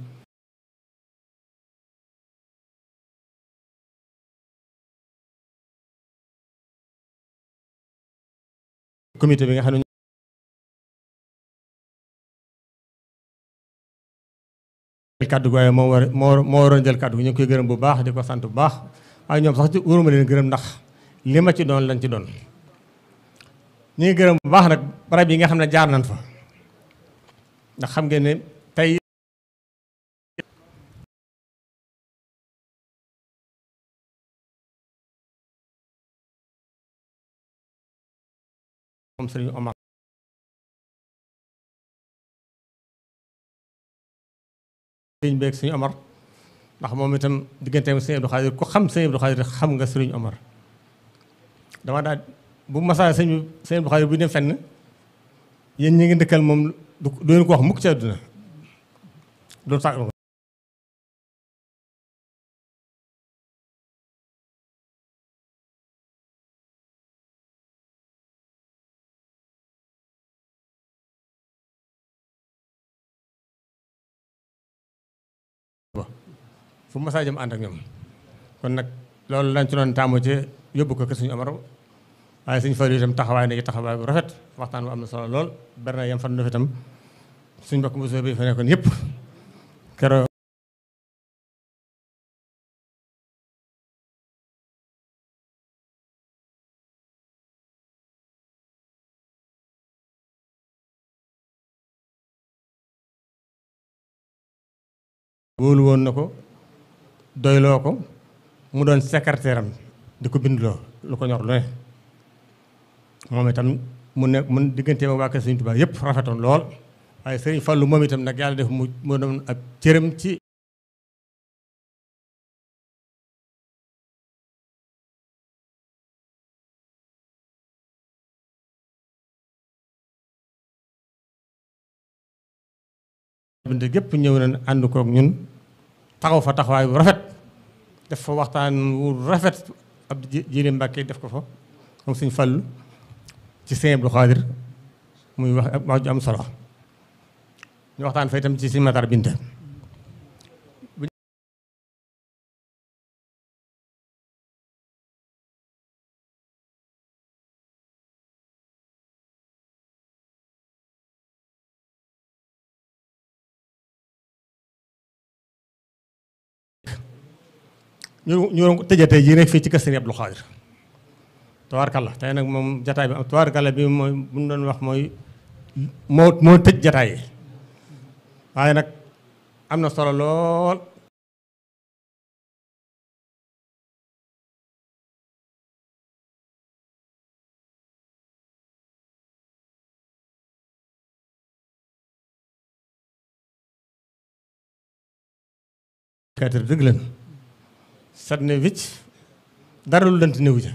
B: kaddu gi waaye moo war moo moo waroon jël kaddu gi ñu koy gërëm
G: bu baax di ko sant bu baax waaye ñoom sax ci wóoruma leen gërëm ndax li ma ci doon lañ ci doon ñu ngi gërëm bu baax nag barab yi nga xam ne jaar nañ fa
B: ndax xam ngeen ne tey sëñ beeg sëñ Omar ndax moom itam
G: digganteem sëñ Abdou Khadir ku xam sëñ Abdou Khadir xam nga sëriñ Omar dama daal bu masaa sëñ bi sëñ Abdou Khadir bu dem fenn yéen ñi ngi dëkkal moom du leen ko wax
B: mukk ci àdduna loolu tax fu mu masaa jëm ànd ak
G: ñoom kon nag loolu lañ ci doon taamu ci yóbbu ko kër suñu Amar waaye suñu Faliilu itam taxawaay na taxawaay bu rafet waxtaan bu am na solo lool bari na yam fan def itam suñ
B: mbokk mos bi fa nekkoon yëpp keroog wóolu woon na ko doyloo ko mu doon secrétaire di ko bindloo lu ko ñor lu ne
G: moom itam mu ne mun diggante ma waa kër Sëriñ Tuubaa yëpp rafetoon lool waaye Sëriñ
B: falu moom itam nag yàlla def mu mu doon ab cëram ci gépp ñëw nañ ànd kook ñun taxaw fa taxawaayu rafet
G: def fa waxtaan wu rafet Abdou Jili Mbàkke def ko fa moom suñ Fallu ci Sëñ Abdou Xaadir muy wax wax ju am solo
B: ñu waxtaan fa itam ci Sëñ Matar Binta ñu ñu tëjee tey jii rek fii ci kër Serigne Abdou Khadir tabaarkalla tey nag moom
G: jataay bi tabaarkalla bi mooy bu ñu doon wax mooy moo moo tëj jataay
B: waaye nag am na solo lool. kàttan dëgg sat ne wicc dara lu lënt néew ja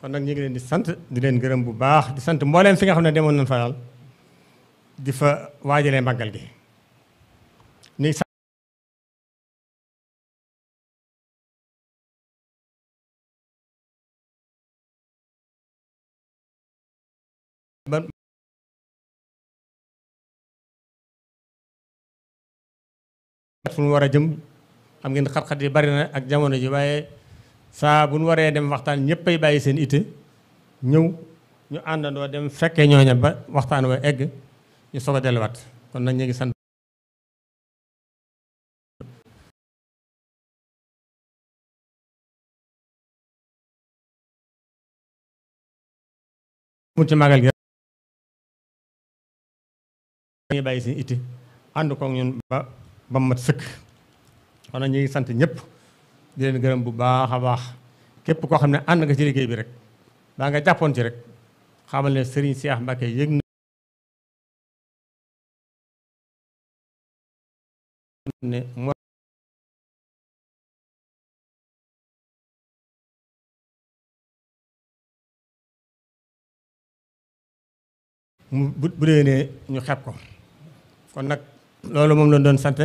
B: kon nag ñu ngi leen di sant
G: di leen gërëm bu baax di sant mbooleem fi nga xam ne demoon nañ fa daal di fa waajalee
B: màggal gi ni war a jëm xam ngeen xat-xat yi bari
G: na ak jamono ji waaye saa bu nu waree dem waxtaan ñëppay bàyyi seen itte ñëw ñu àndandoo dem fekkee ñooña ba waxtaan wa egg ñu soog a delluwaat
I: kon
B: nag ñu sant. mu ci magal gi ñu bàyyi seen itte ànd koog ñun ba ba mat sëkk. kon nag ñu ngi sant ñëpp
G: di leen gërëm bu baax a baax képp koo xam ne ànd nga ci liggéey bi rek baa nga jàppoon ci
B: rek xamal ne Serigne Cheikh Mbacke yëg na ne moo bu bu ne ñu xeeb ko
G: kon nag loolu moom lañ doon sante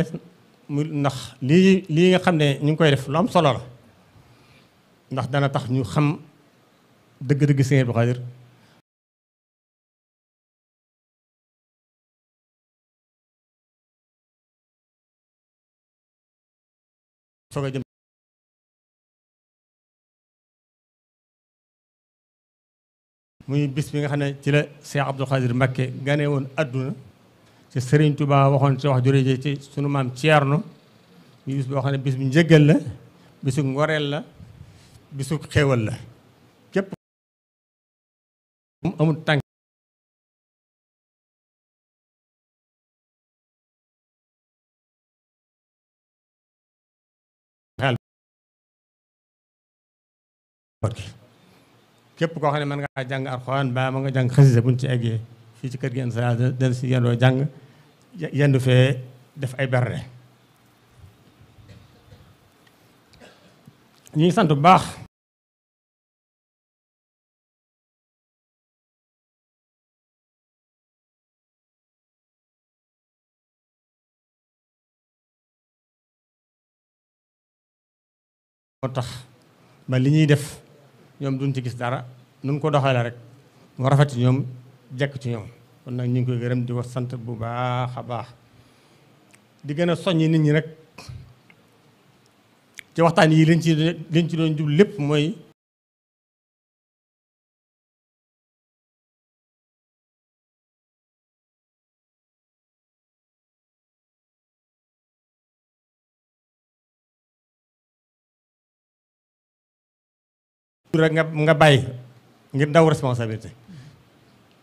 G: mu ndax lii lii nga xam ne ñu ngi koy def lu
B: am solo la ndax dana tax ñu xam dëgg-dëgg Sëriñ muy bis bi nga xam ne ci la Cheikh Abdou Khadr Mbacké gane woon àdduna te Serigne
G: Touba waxoon ci wax jurëjë ci sunu maam Thierno ñu bis boo xam ne bis bu njëgal la
B: bisu ngoreel la bisu xéewal képp koo xam ne mën ngaa
G: jàng alxuraan ba ma nga jàng xasida buñ ci eggee fii ci kër gi inshallah dana si yendoo jàng yendu fee def ay berne
B: ñu ngi sant bu baax moo tax ba li ñuy def ñoom duñ ci gis dara nun ko doxalee rek
G: mu rafet ci ñoom jekk ci ñoom kon nag ñu ngi koy gërëm di ko sant bu baax a baax di gën a soññ nit ñi rek ci waxtaan
B: yi liñ ci liñ ci doon jub lépp mooy nga nga bàyyi ngir daw
G: responsabilité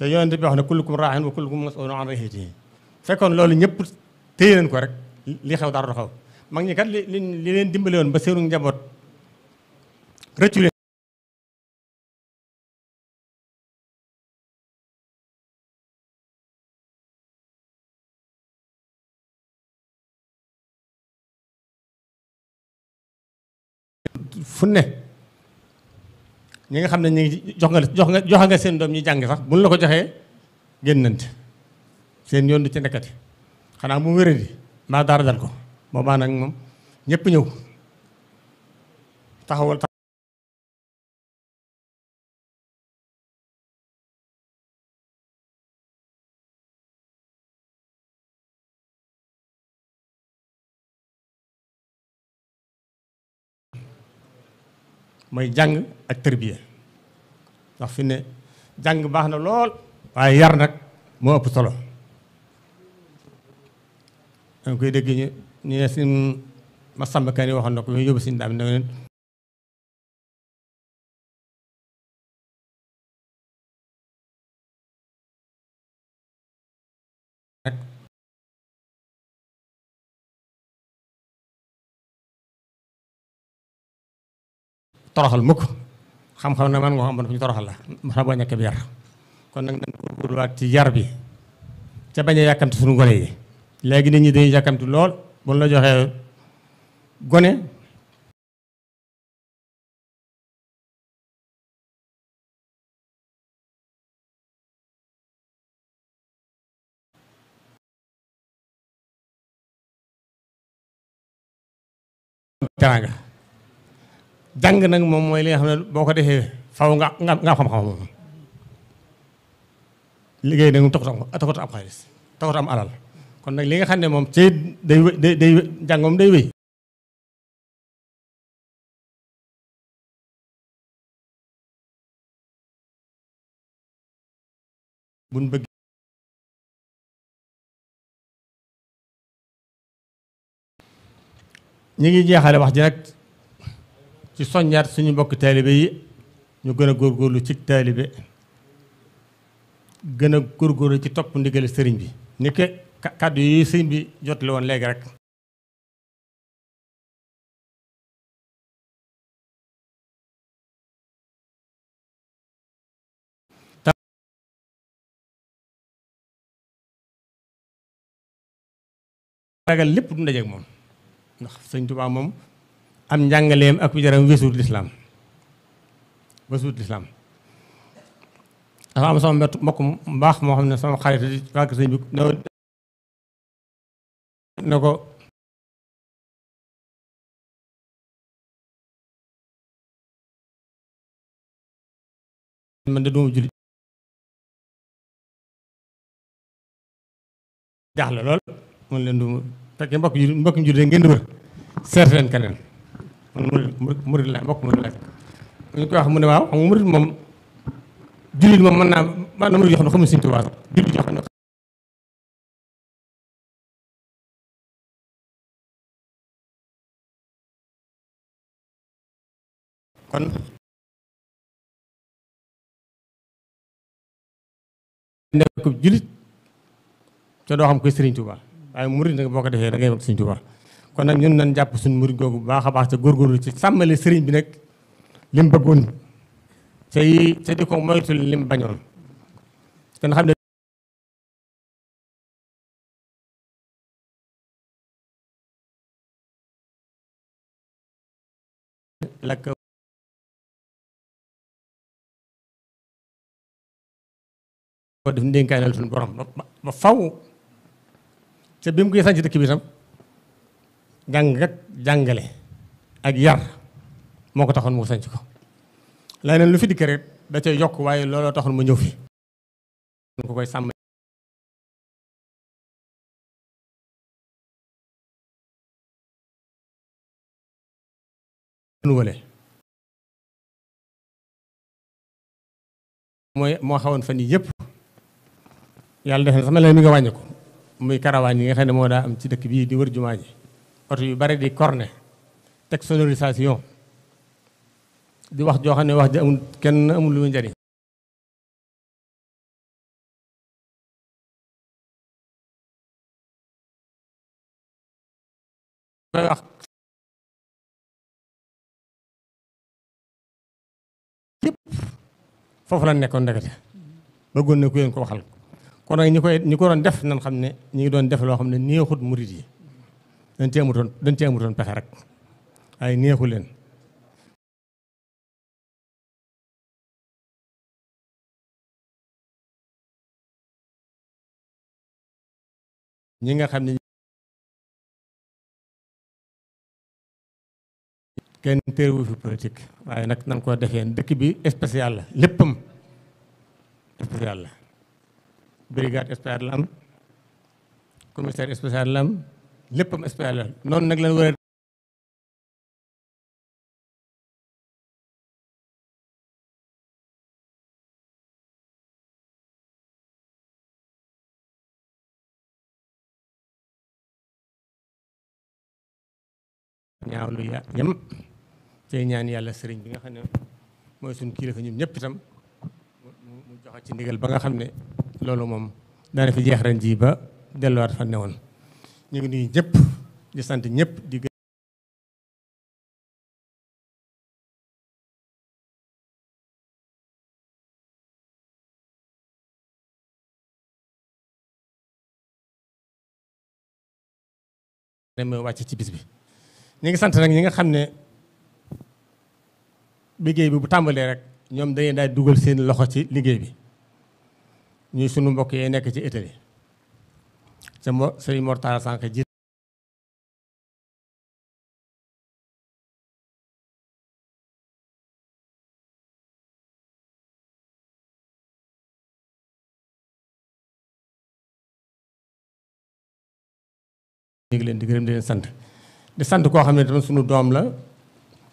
G: te yonent bi wax ne kullukum raaxin wa kullukum mas'uulun an ra'iyyatihi fekkoon loolu ñëpp téye nañ ko rek li xew dara du xew mag ñi kat li li leen dimbale ba seenu
B: njaboot rëccu leen fu ne ñi nga xam ne ñu ngi jox nga jox nga jox
G: nga seen doom ñi jàng sax buñ la ko joxee génnante seen yoon du ci nekkati
B: xanaa mu wéré di mbaa daara dal ko moo boobaa nag moom ñëpp ñëw taxawal mooy jàng ak tërbiya ndax fi ne
G: jàng baax na lool waaye yar nag moo ëpp solo
B: danga koy dégg ñu ñu ne si ma sàmbkan waxoon na ko yóbbu si ndaam ne toroxal mukk xam-xam na man nga xam ne fu ñu toroxal la xam boo ñàkk
G: bi yar kon nag nañ ko góorluwaat ci yar bi ca bañ a yàkkamti suñu gone yi
B: léegi nit ñi dañuy yàkkamti lool bu la joxee gone teraanga jàng nag moom mooy li nga xam ne boo ko defee faw nga nga xam-xam moom
G: liggéey nag moom taxut a taxut am xaalis taxut am alal kon
B: nag li nga xam ne moom ci day day day day wéy buñ bëgg ñu ngi jeexale wax ji rek
G: ci soññaat suñu mbokk taalibe yi ñu gën a góorlu ci taalibe gën a góorgóorlu ci topp ndigal sëriñ bi ni kàddu yi
B: sëriñ bi jotale woon léegi rek ndax sëñ moom am
G: njàngaleem ak yaram wesuut lislaam wesuut lislaam
B: dafa am sama mbokk mbaax moo xam ne sama xarit waa sëñ bi na ko man doomu jullit jaaxle lool mun leen du fekkee mbokk ju mbokk ju de ngeen di wër seet leen keneen man
G: murid murid la mbokk murid la ñu koy wax mu ne waaw xam nga murid moom jullit
B: moom mën naa mën na murid yoo xam ne xamul Sëriñ Tuubaa jullit yoo xam ne kon nekk jullit
G: te boo ko defee da ngay wax Tuubaa kon nag ñun nañ jàpp suñ murid googu bu baax a baax te góorgóorlu ci sàmmale sëriñ bi nag lim bëggoon te yi te di ko moytul lim
B: bañoon te xam ne lakk ko def ndénkaanal suñu borom ba faw
G: te bi mu koy sanc dëkk bi jàng jàngale ak yar
B: moo ko taxoon mu sanc ko leneen lu fi dikk rek da cay yokk waaye looloo taxoon ma ñëw fi ko moo xawoon fa yii yëpp yàlla def na sama leen mi nga wàññi ko muy karawaan yi
G: nga xam ne moo daa am ci dëkk bii di wër jumaa ji oto yu bari di corne teg
B: wax joo xam ne wax ji amul kenn amul foofu la nekkoon ndekete
G: bëggoon na ku yéen ko waxal kon nag ñi koy ñi ko doon def nan xam ne ñi doon def xam
B: ne neexut murit yi dañ ci amutoon dañ ci amutoon pexe rek ay neexu leen ñi nga xam ne kenn teewu fi politique waaye nag nan ko defee dëkk bi spécial la léppam
G: spécial la brigade spécial la am commissaire
B: spécial la am léppam spécial noonu nag lañ war a
G: tey ñaan yàlla sëriñ bi nga xam ne mooy suñ kilifa ñun ñëpp itam mu joxe ci ndigal ba nga xam ne loolu moom daana fi jeex ren ji ba fa ne
B: ñu ngi nuyu ñëpp di sant ñëpp di gë wàcc ci bis bi ñu ngi sant nag ñi nga xam ne
G: liggéey bi bu tàmbalee rek ñoom dañuy daal dugal seeni loxo ci liggéey bi
B: ñuy sunu mbokk yee nekk ci Italie sa Sànq ji leen di gërëm di leen sant di sant koo xam ne tam sunu doom la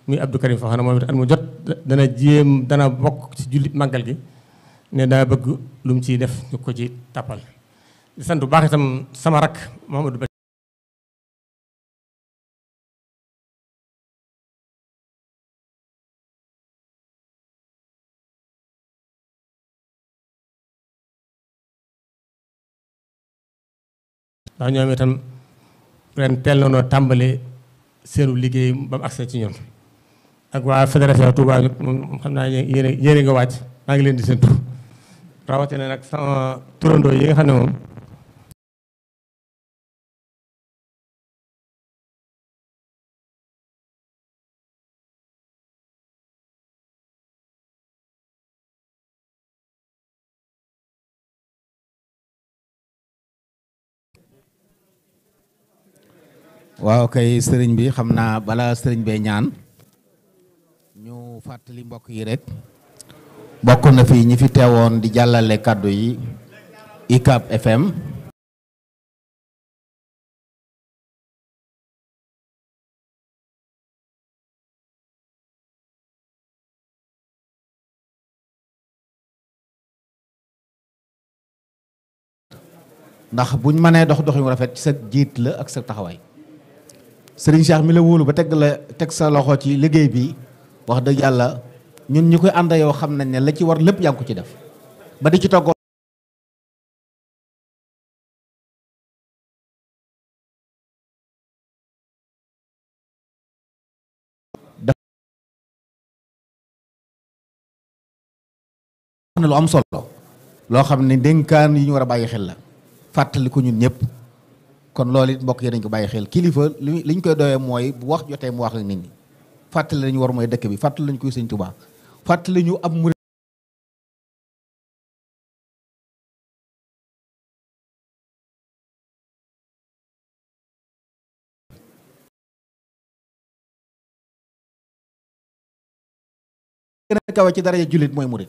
G: muy Abdou Karim Faxana moom it at mu jot dana jéem dana bokk ci jullit màggal gi ne
B: daa bëgg lu mu ciy def ñu ko ci tàppal di sant bu baax itam ñoom itam ren teel na noo tàmbali seenu liggéey ba mu ci ñoom
G: ak waa fédération Touba moom xam naa yéen yéen nga wàcc maa ngi leen di seen tur
B: rawatina nag sama turandoo yi nga xam ne moom
H: waaw kay sëriñ bi xam naa balaa sëriñ bee ñaan ñu fàttali mbokk yi rek bokk na fi ñi fi teewoon
B: di jàllale kàddu yi UCAB FM ndax buñ mënee dox doxin rafet ci set
H: jiit la ak sa taxawaay sëriñ Cheikh mi la wóolu ba teg la teg sa loxo ci liggéey
B: bi wax dëgg yàlla ñun ñi koy ànd yow xam nañ ne la ci war lépp yaa ko ci def ba di ci toggoo na lu am solo loo xam ne dénkaan yi ñu war a bàyyi xel la fàttaliku ko ñun ñëpp
H: kon loolu it mbokk yi dañ ko bàyyi xel kilifa li liñ koy doyee mooy bu wax jotee mu wax ak nit ñi fàttali
B: lañu war mooy dëkk bi fàttali lañu koy sëñ Tuubaa fàttali ñu ab murid ci daraja jullit mooy murid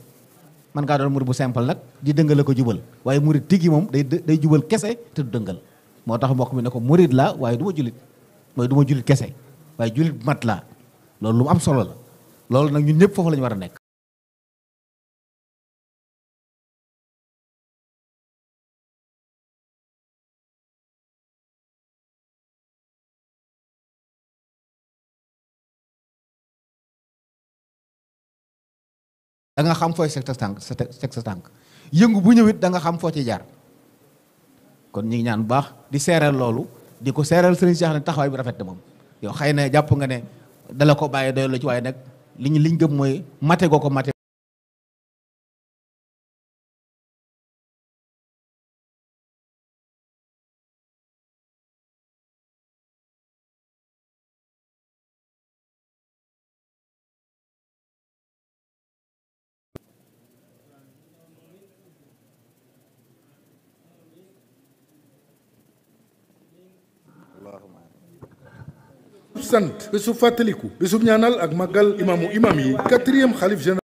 B: man ngaa doon murid bu
H: simple nag di dëngale ko jubal waaye murid tigi moom day day jubal kese te du dëngal moo tax mbokk mi ne ko morit la waaye du ma jullit mooy du ma jullit kese waaye jullit mat la loolu lu
B: am solo la loolu nag ñun ñëpp foofu la war a nekk. da xam fooy teg sa tànk
H: yëngu bu ñëwit da nga xam foo ci jaar. kon ñu ngi ñaan bu baax di seeral loolu di ko seeral sëriñ Cheikh ne taxawaay bi rafet na moom yow xay na jàpp nga ne dala ko bàyyi doy
B: la ci waaye nag li ñu liñ gëm mooy mate goo ko mate
A: sant bésub fàttaliku bésub ñaanal
H: ak
B: màggal imaamu imaam yi quatrième xalif général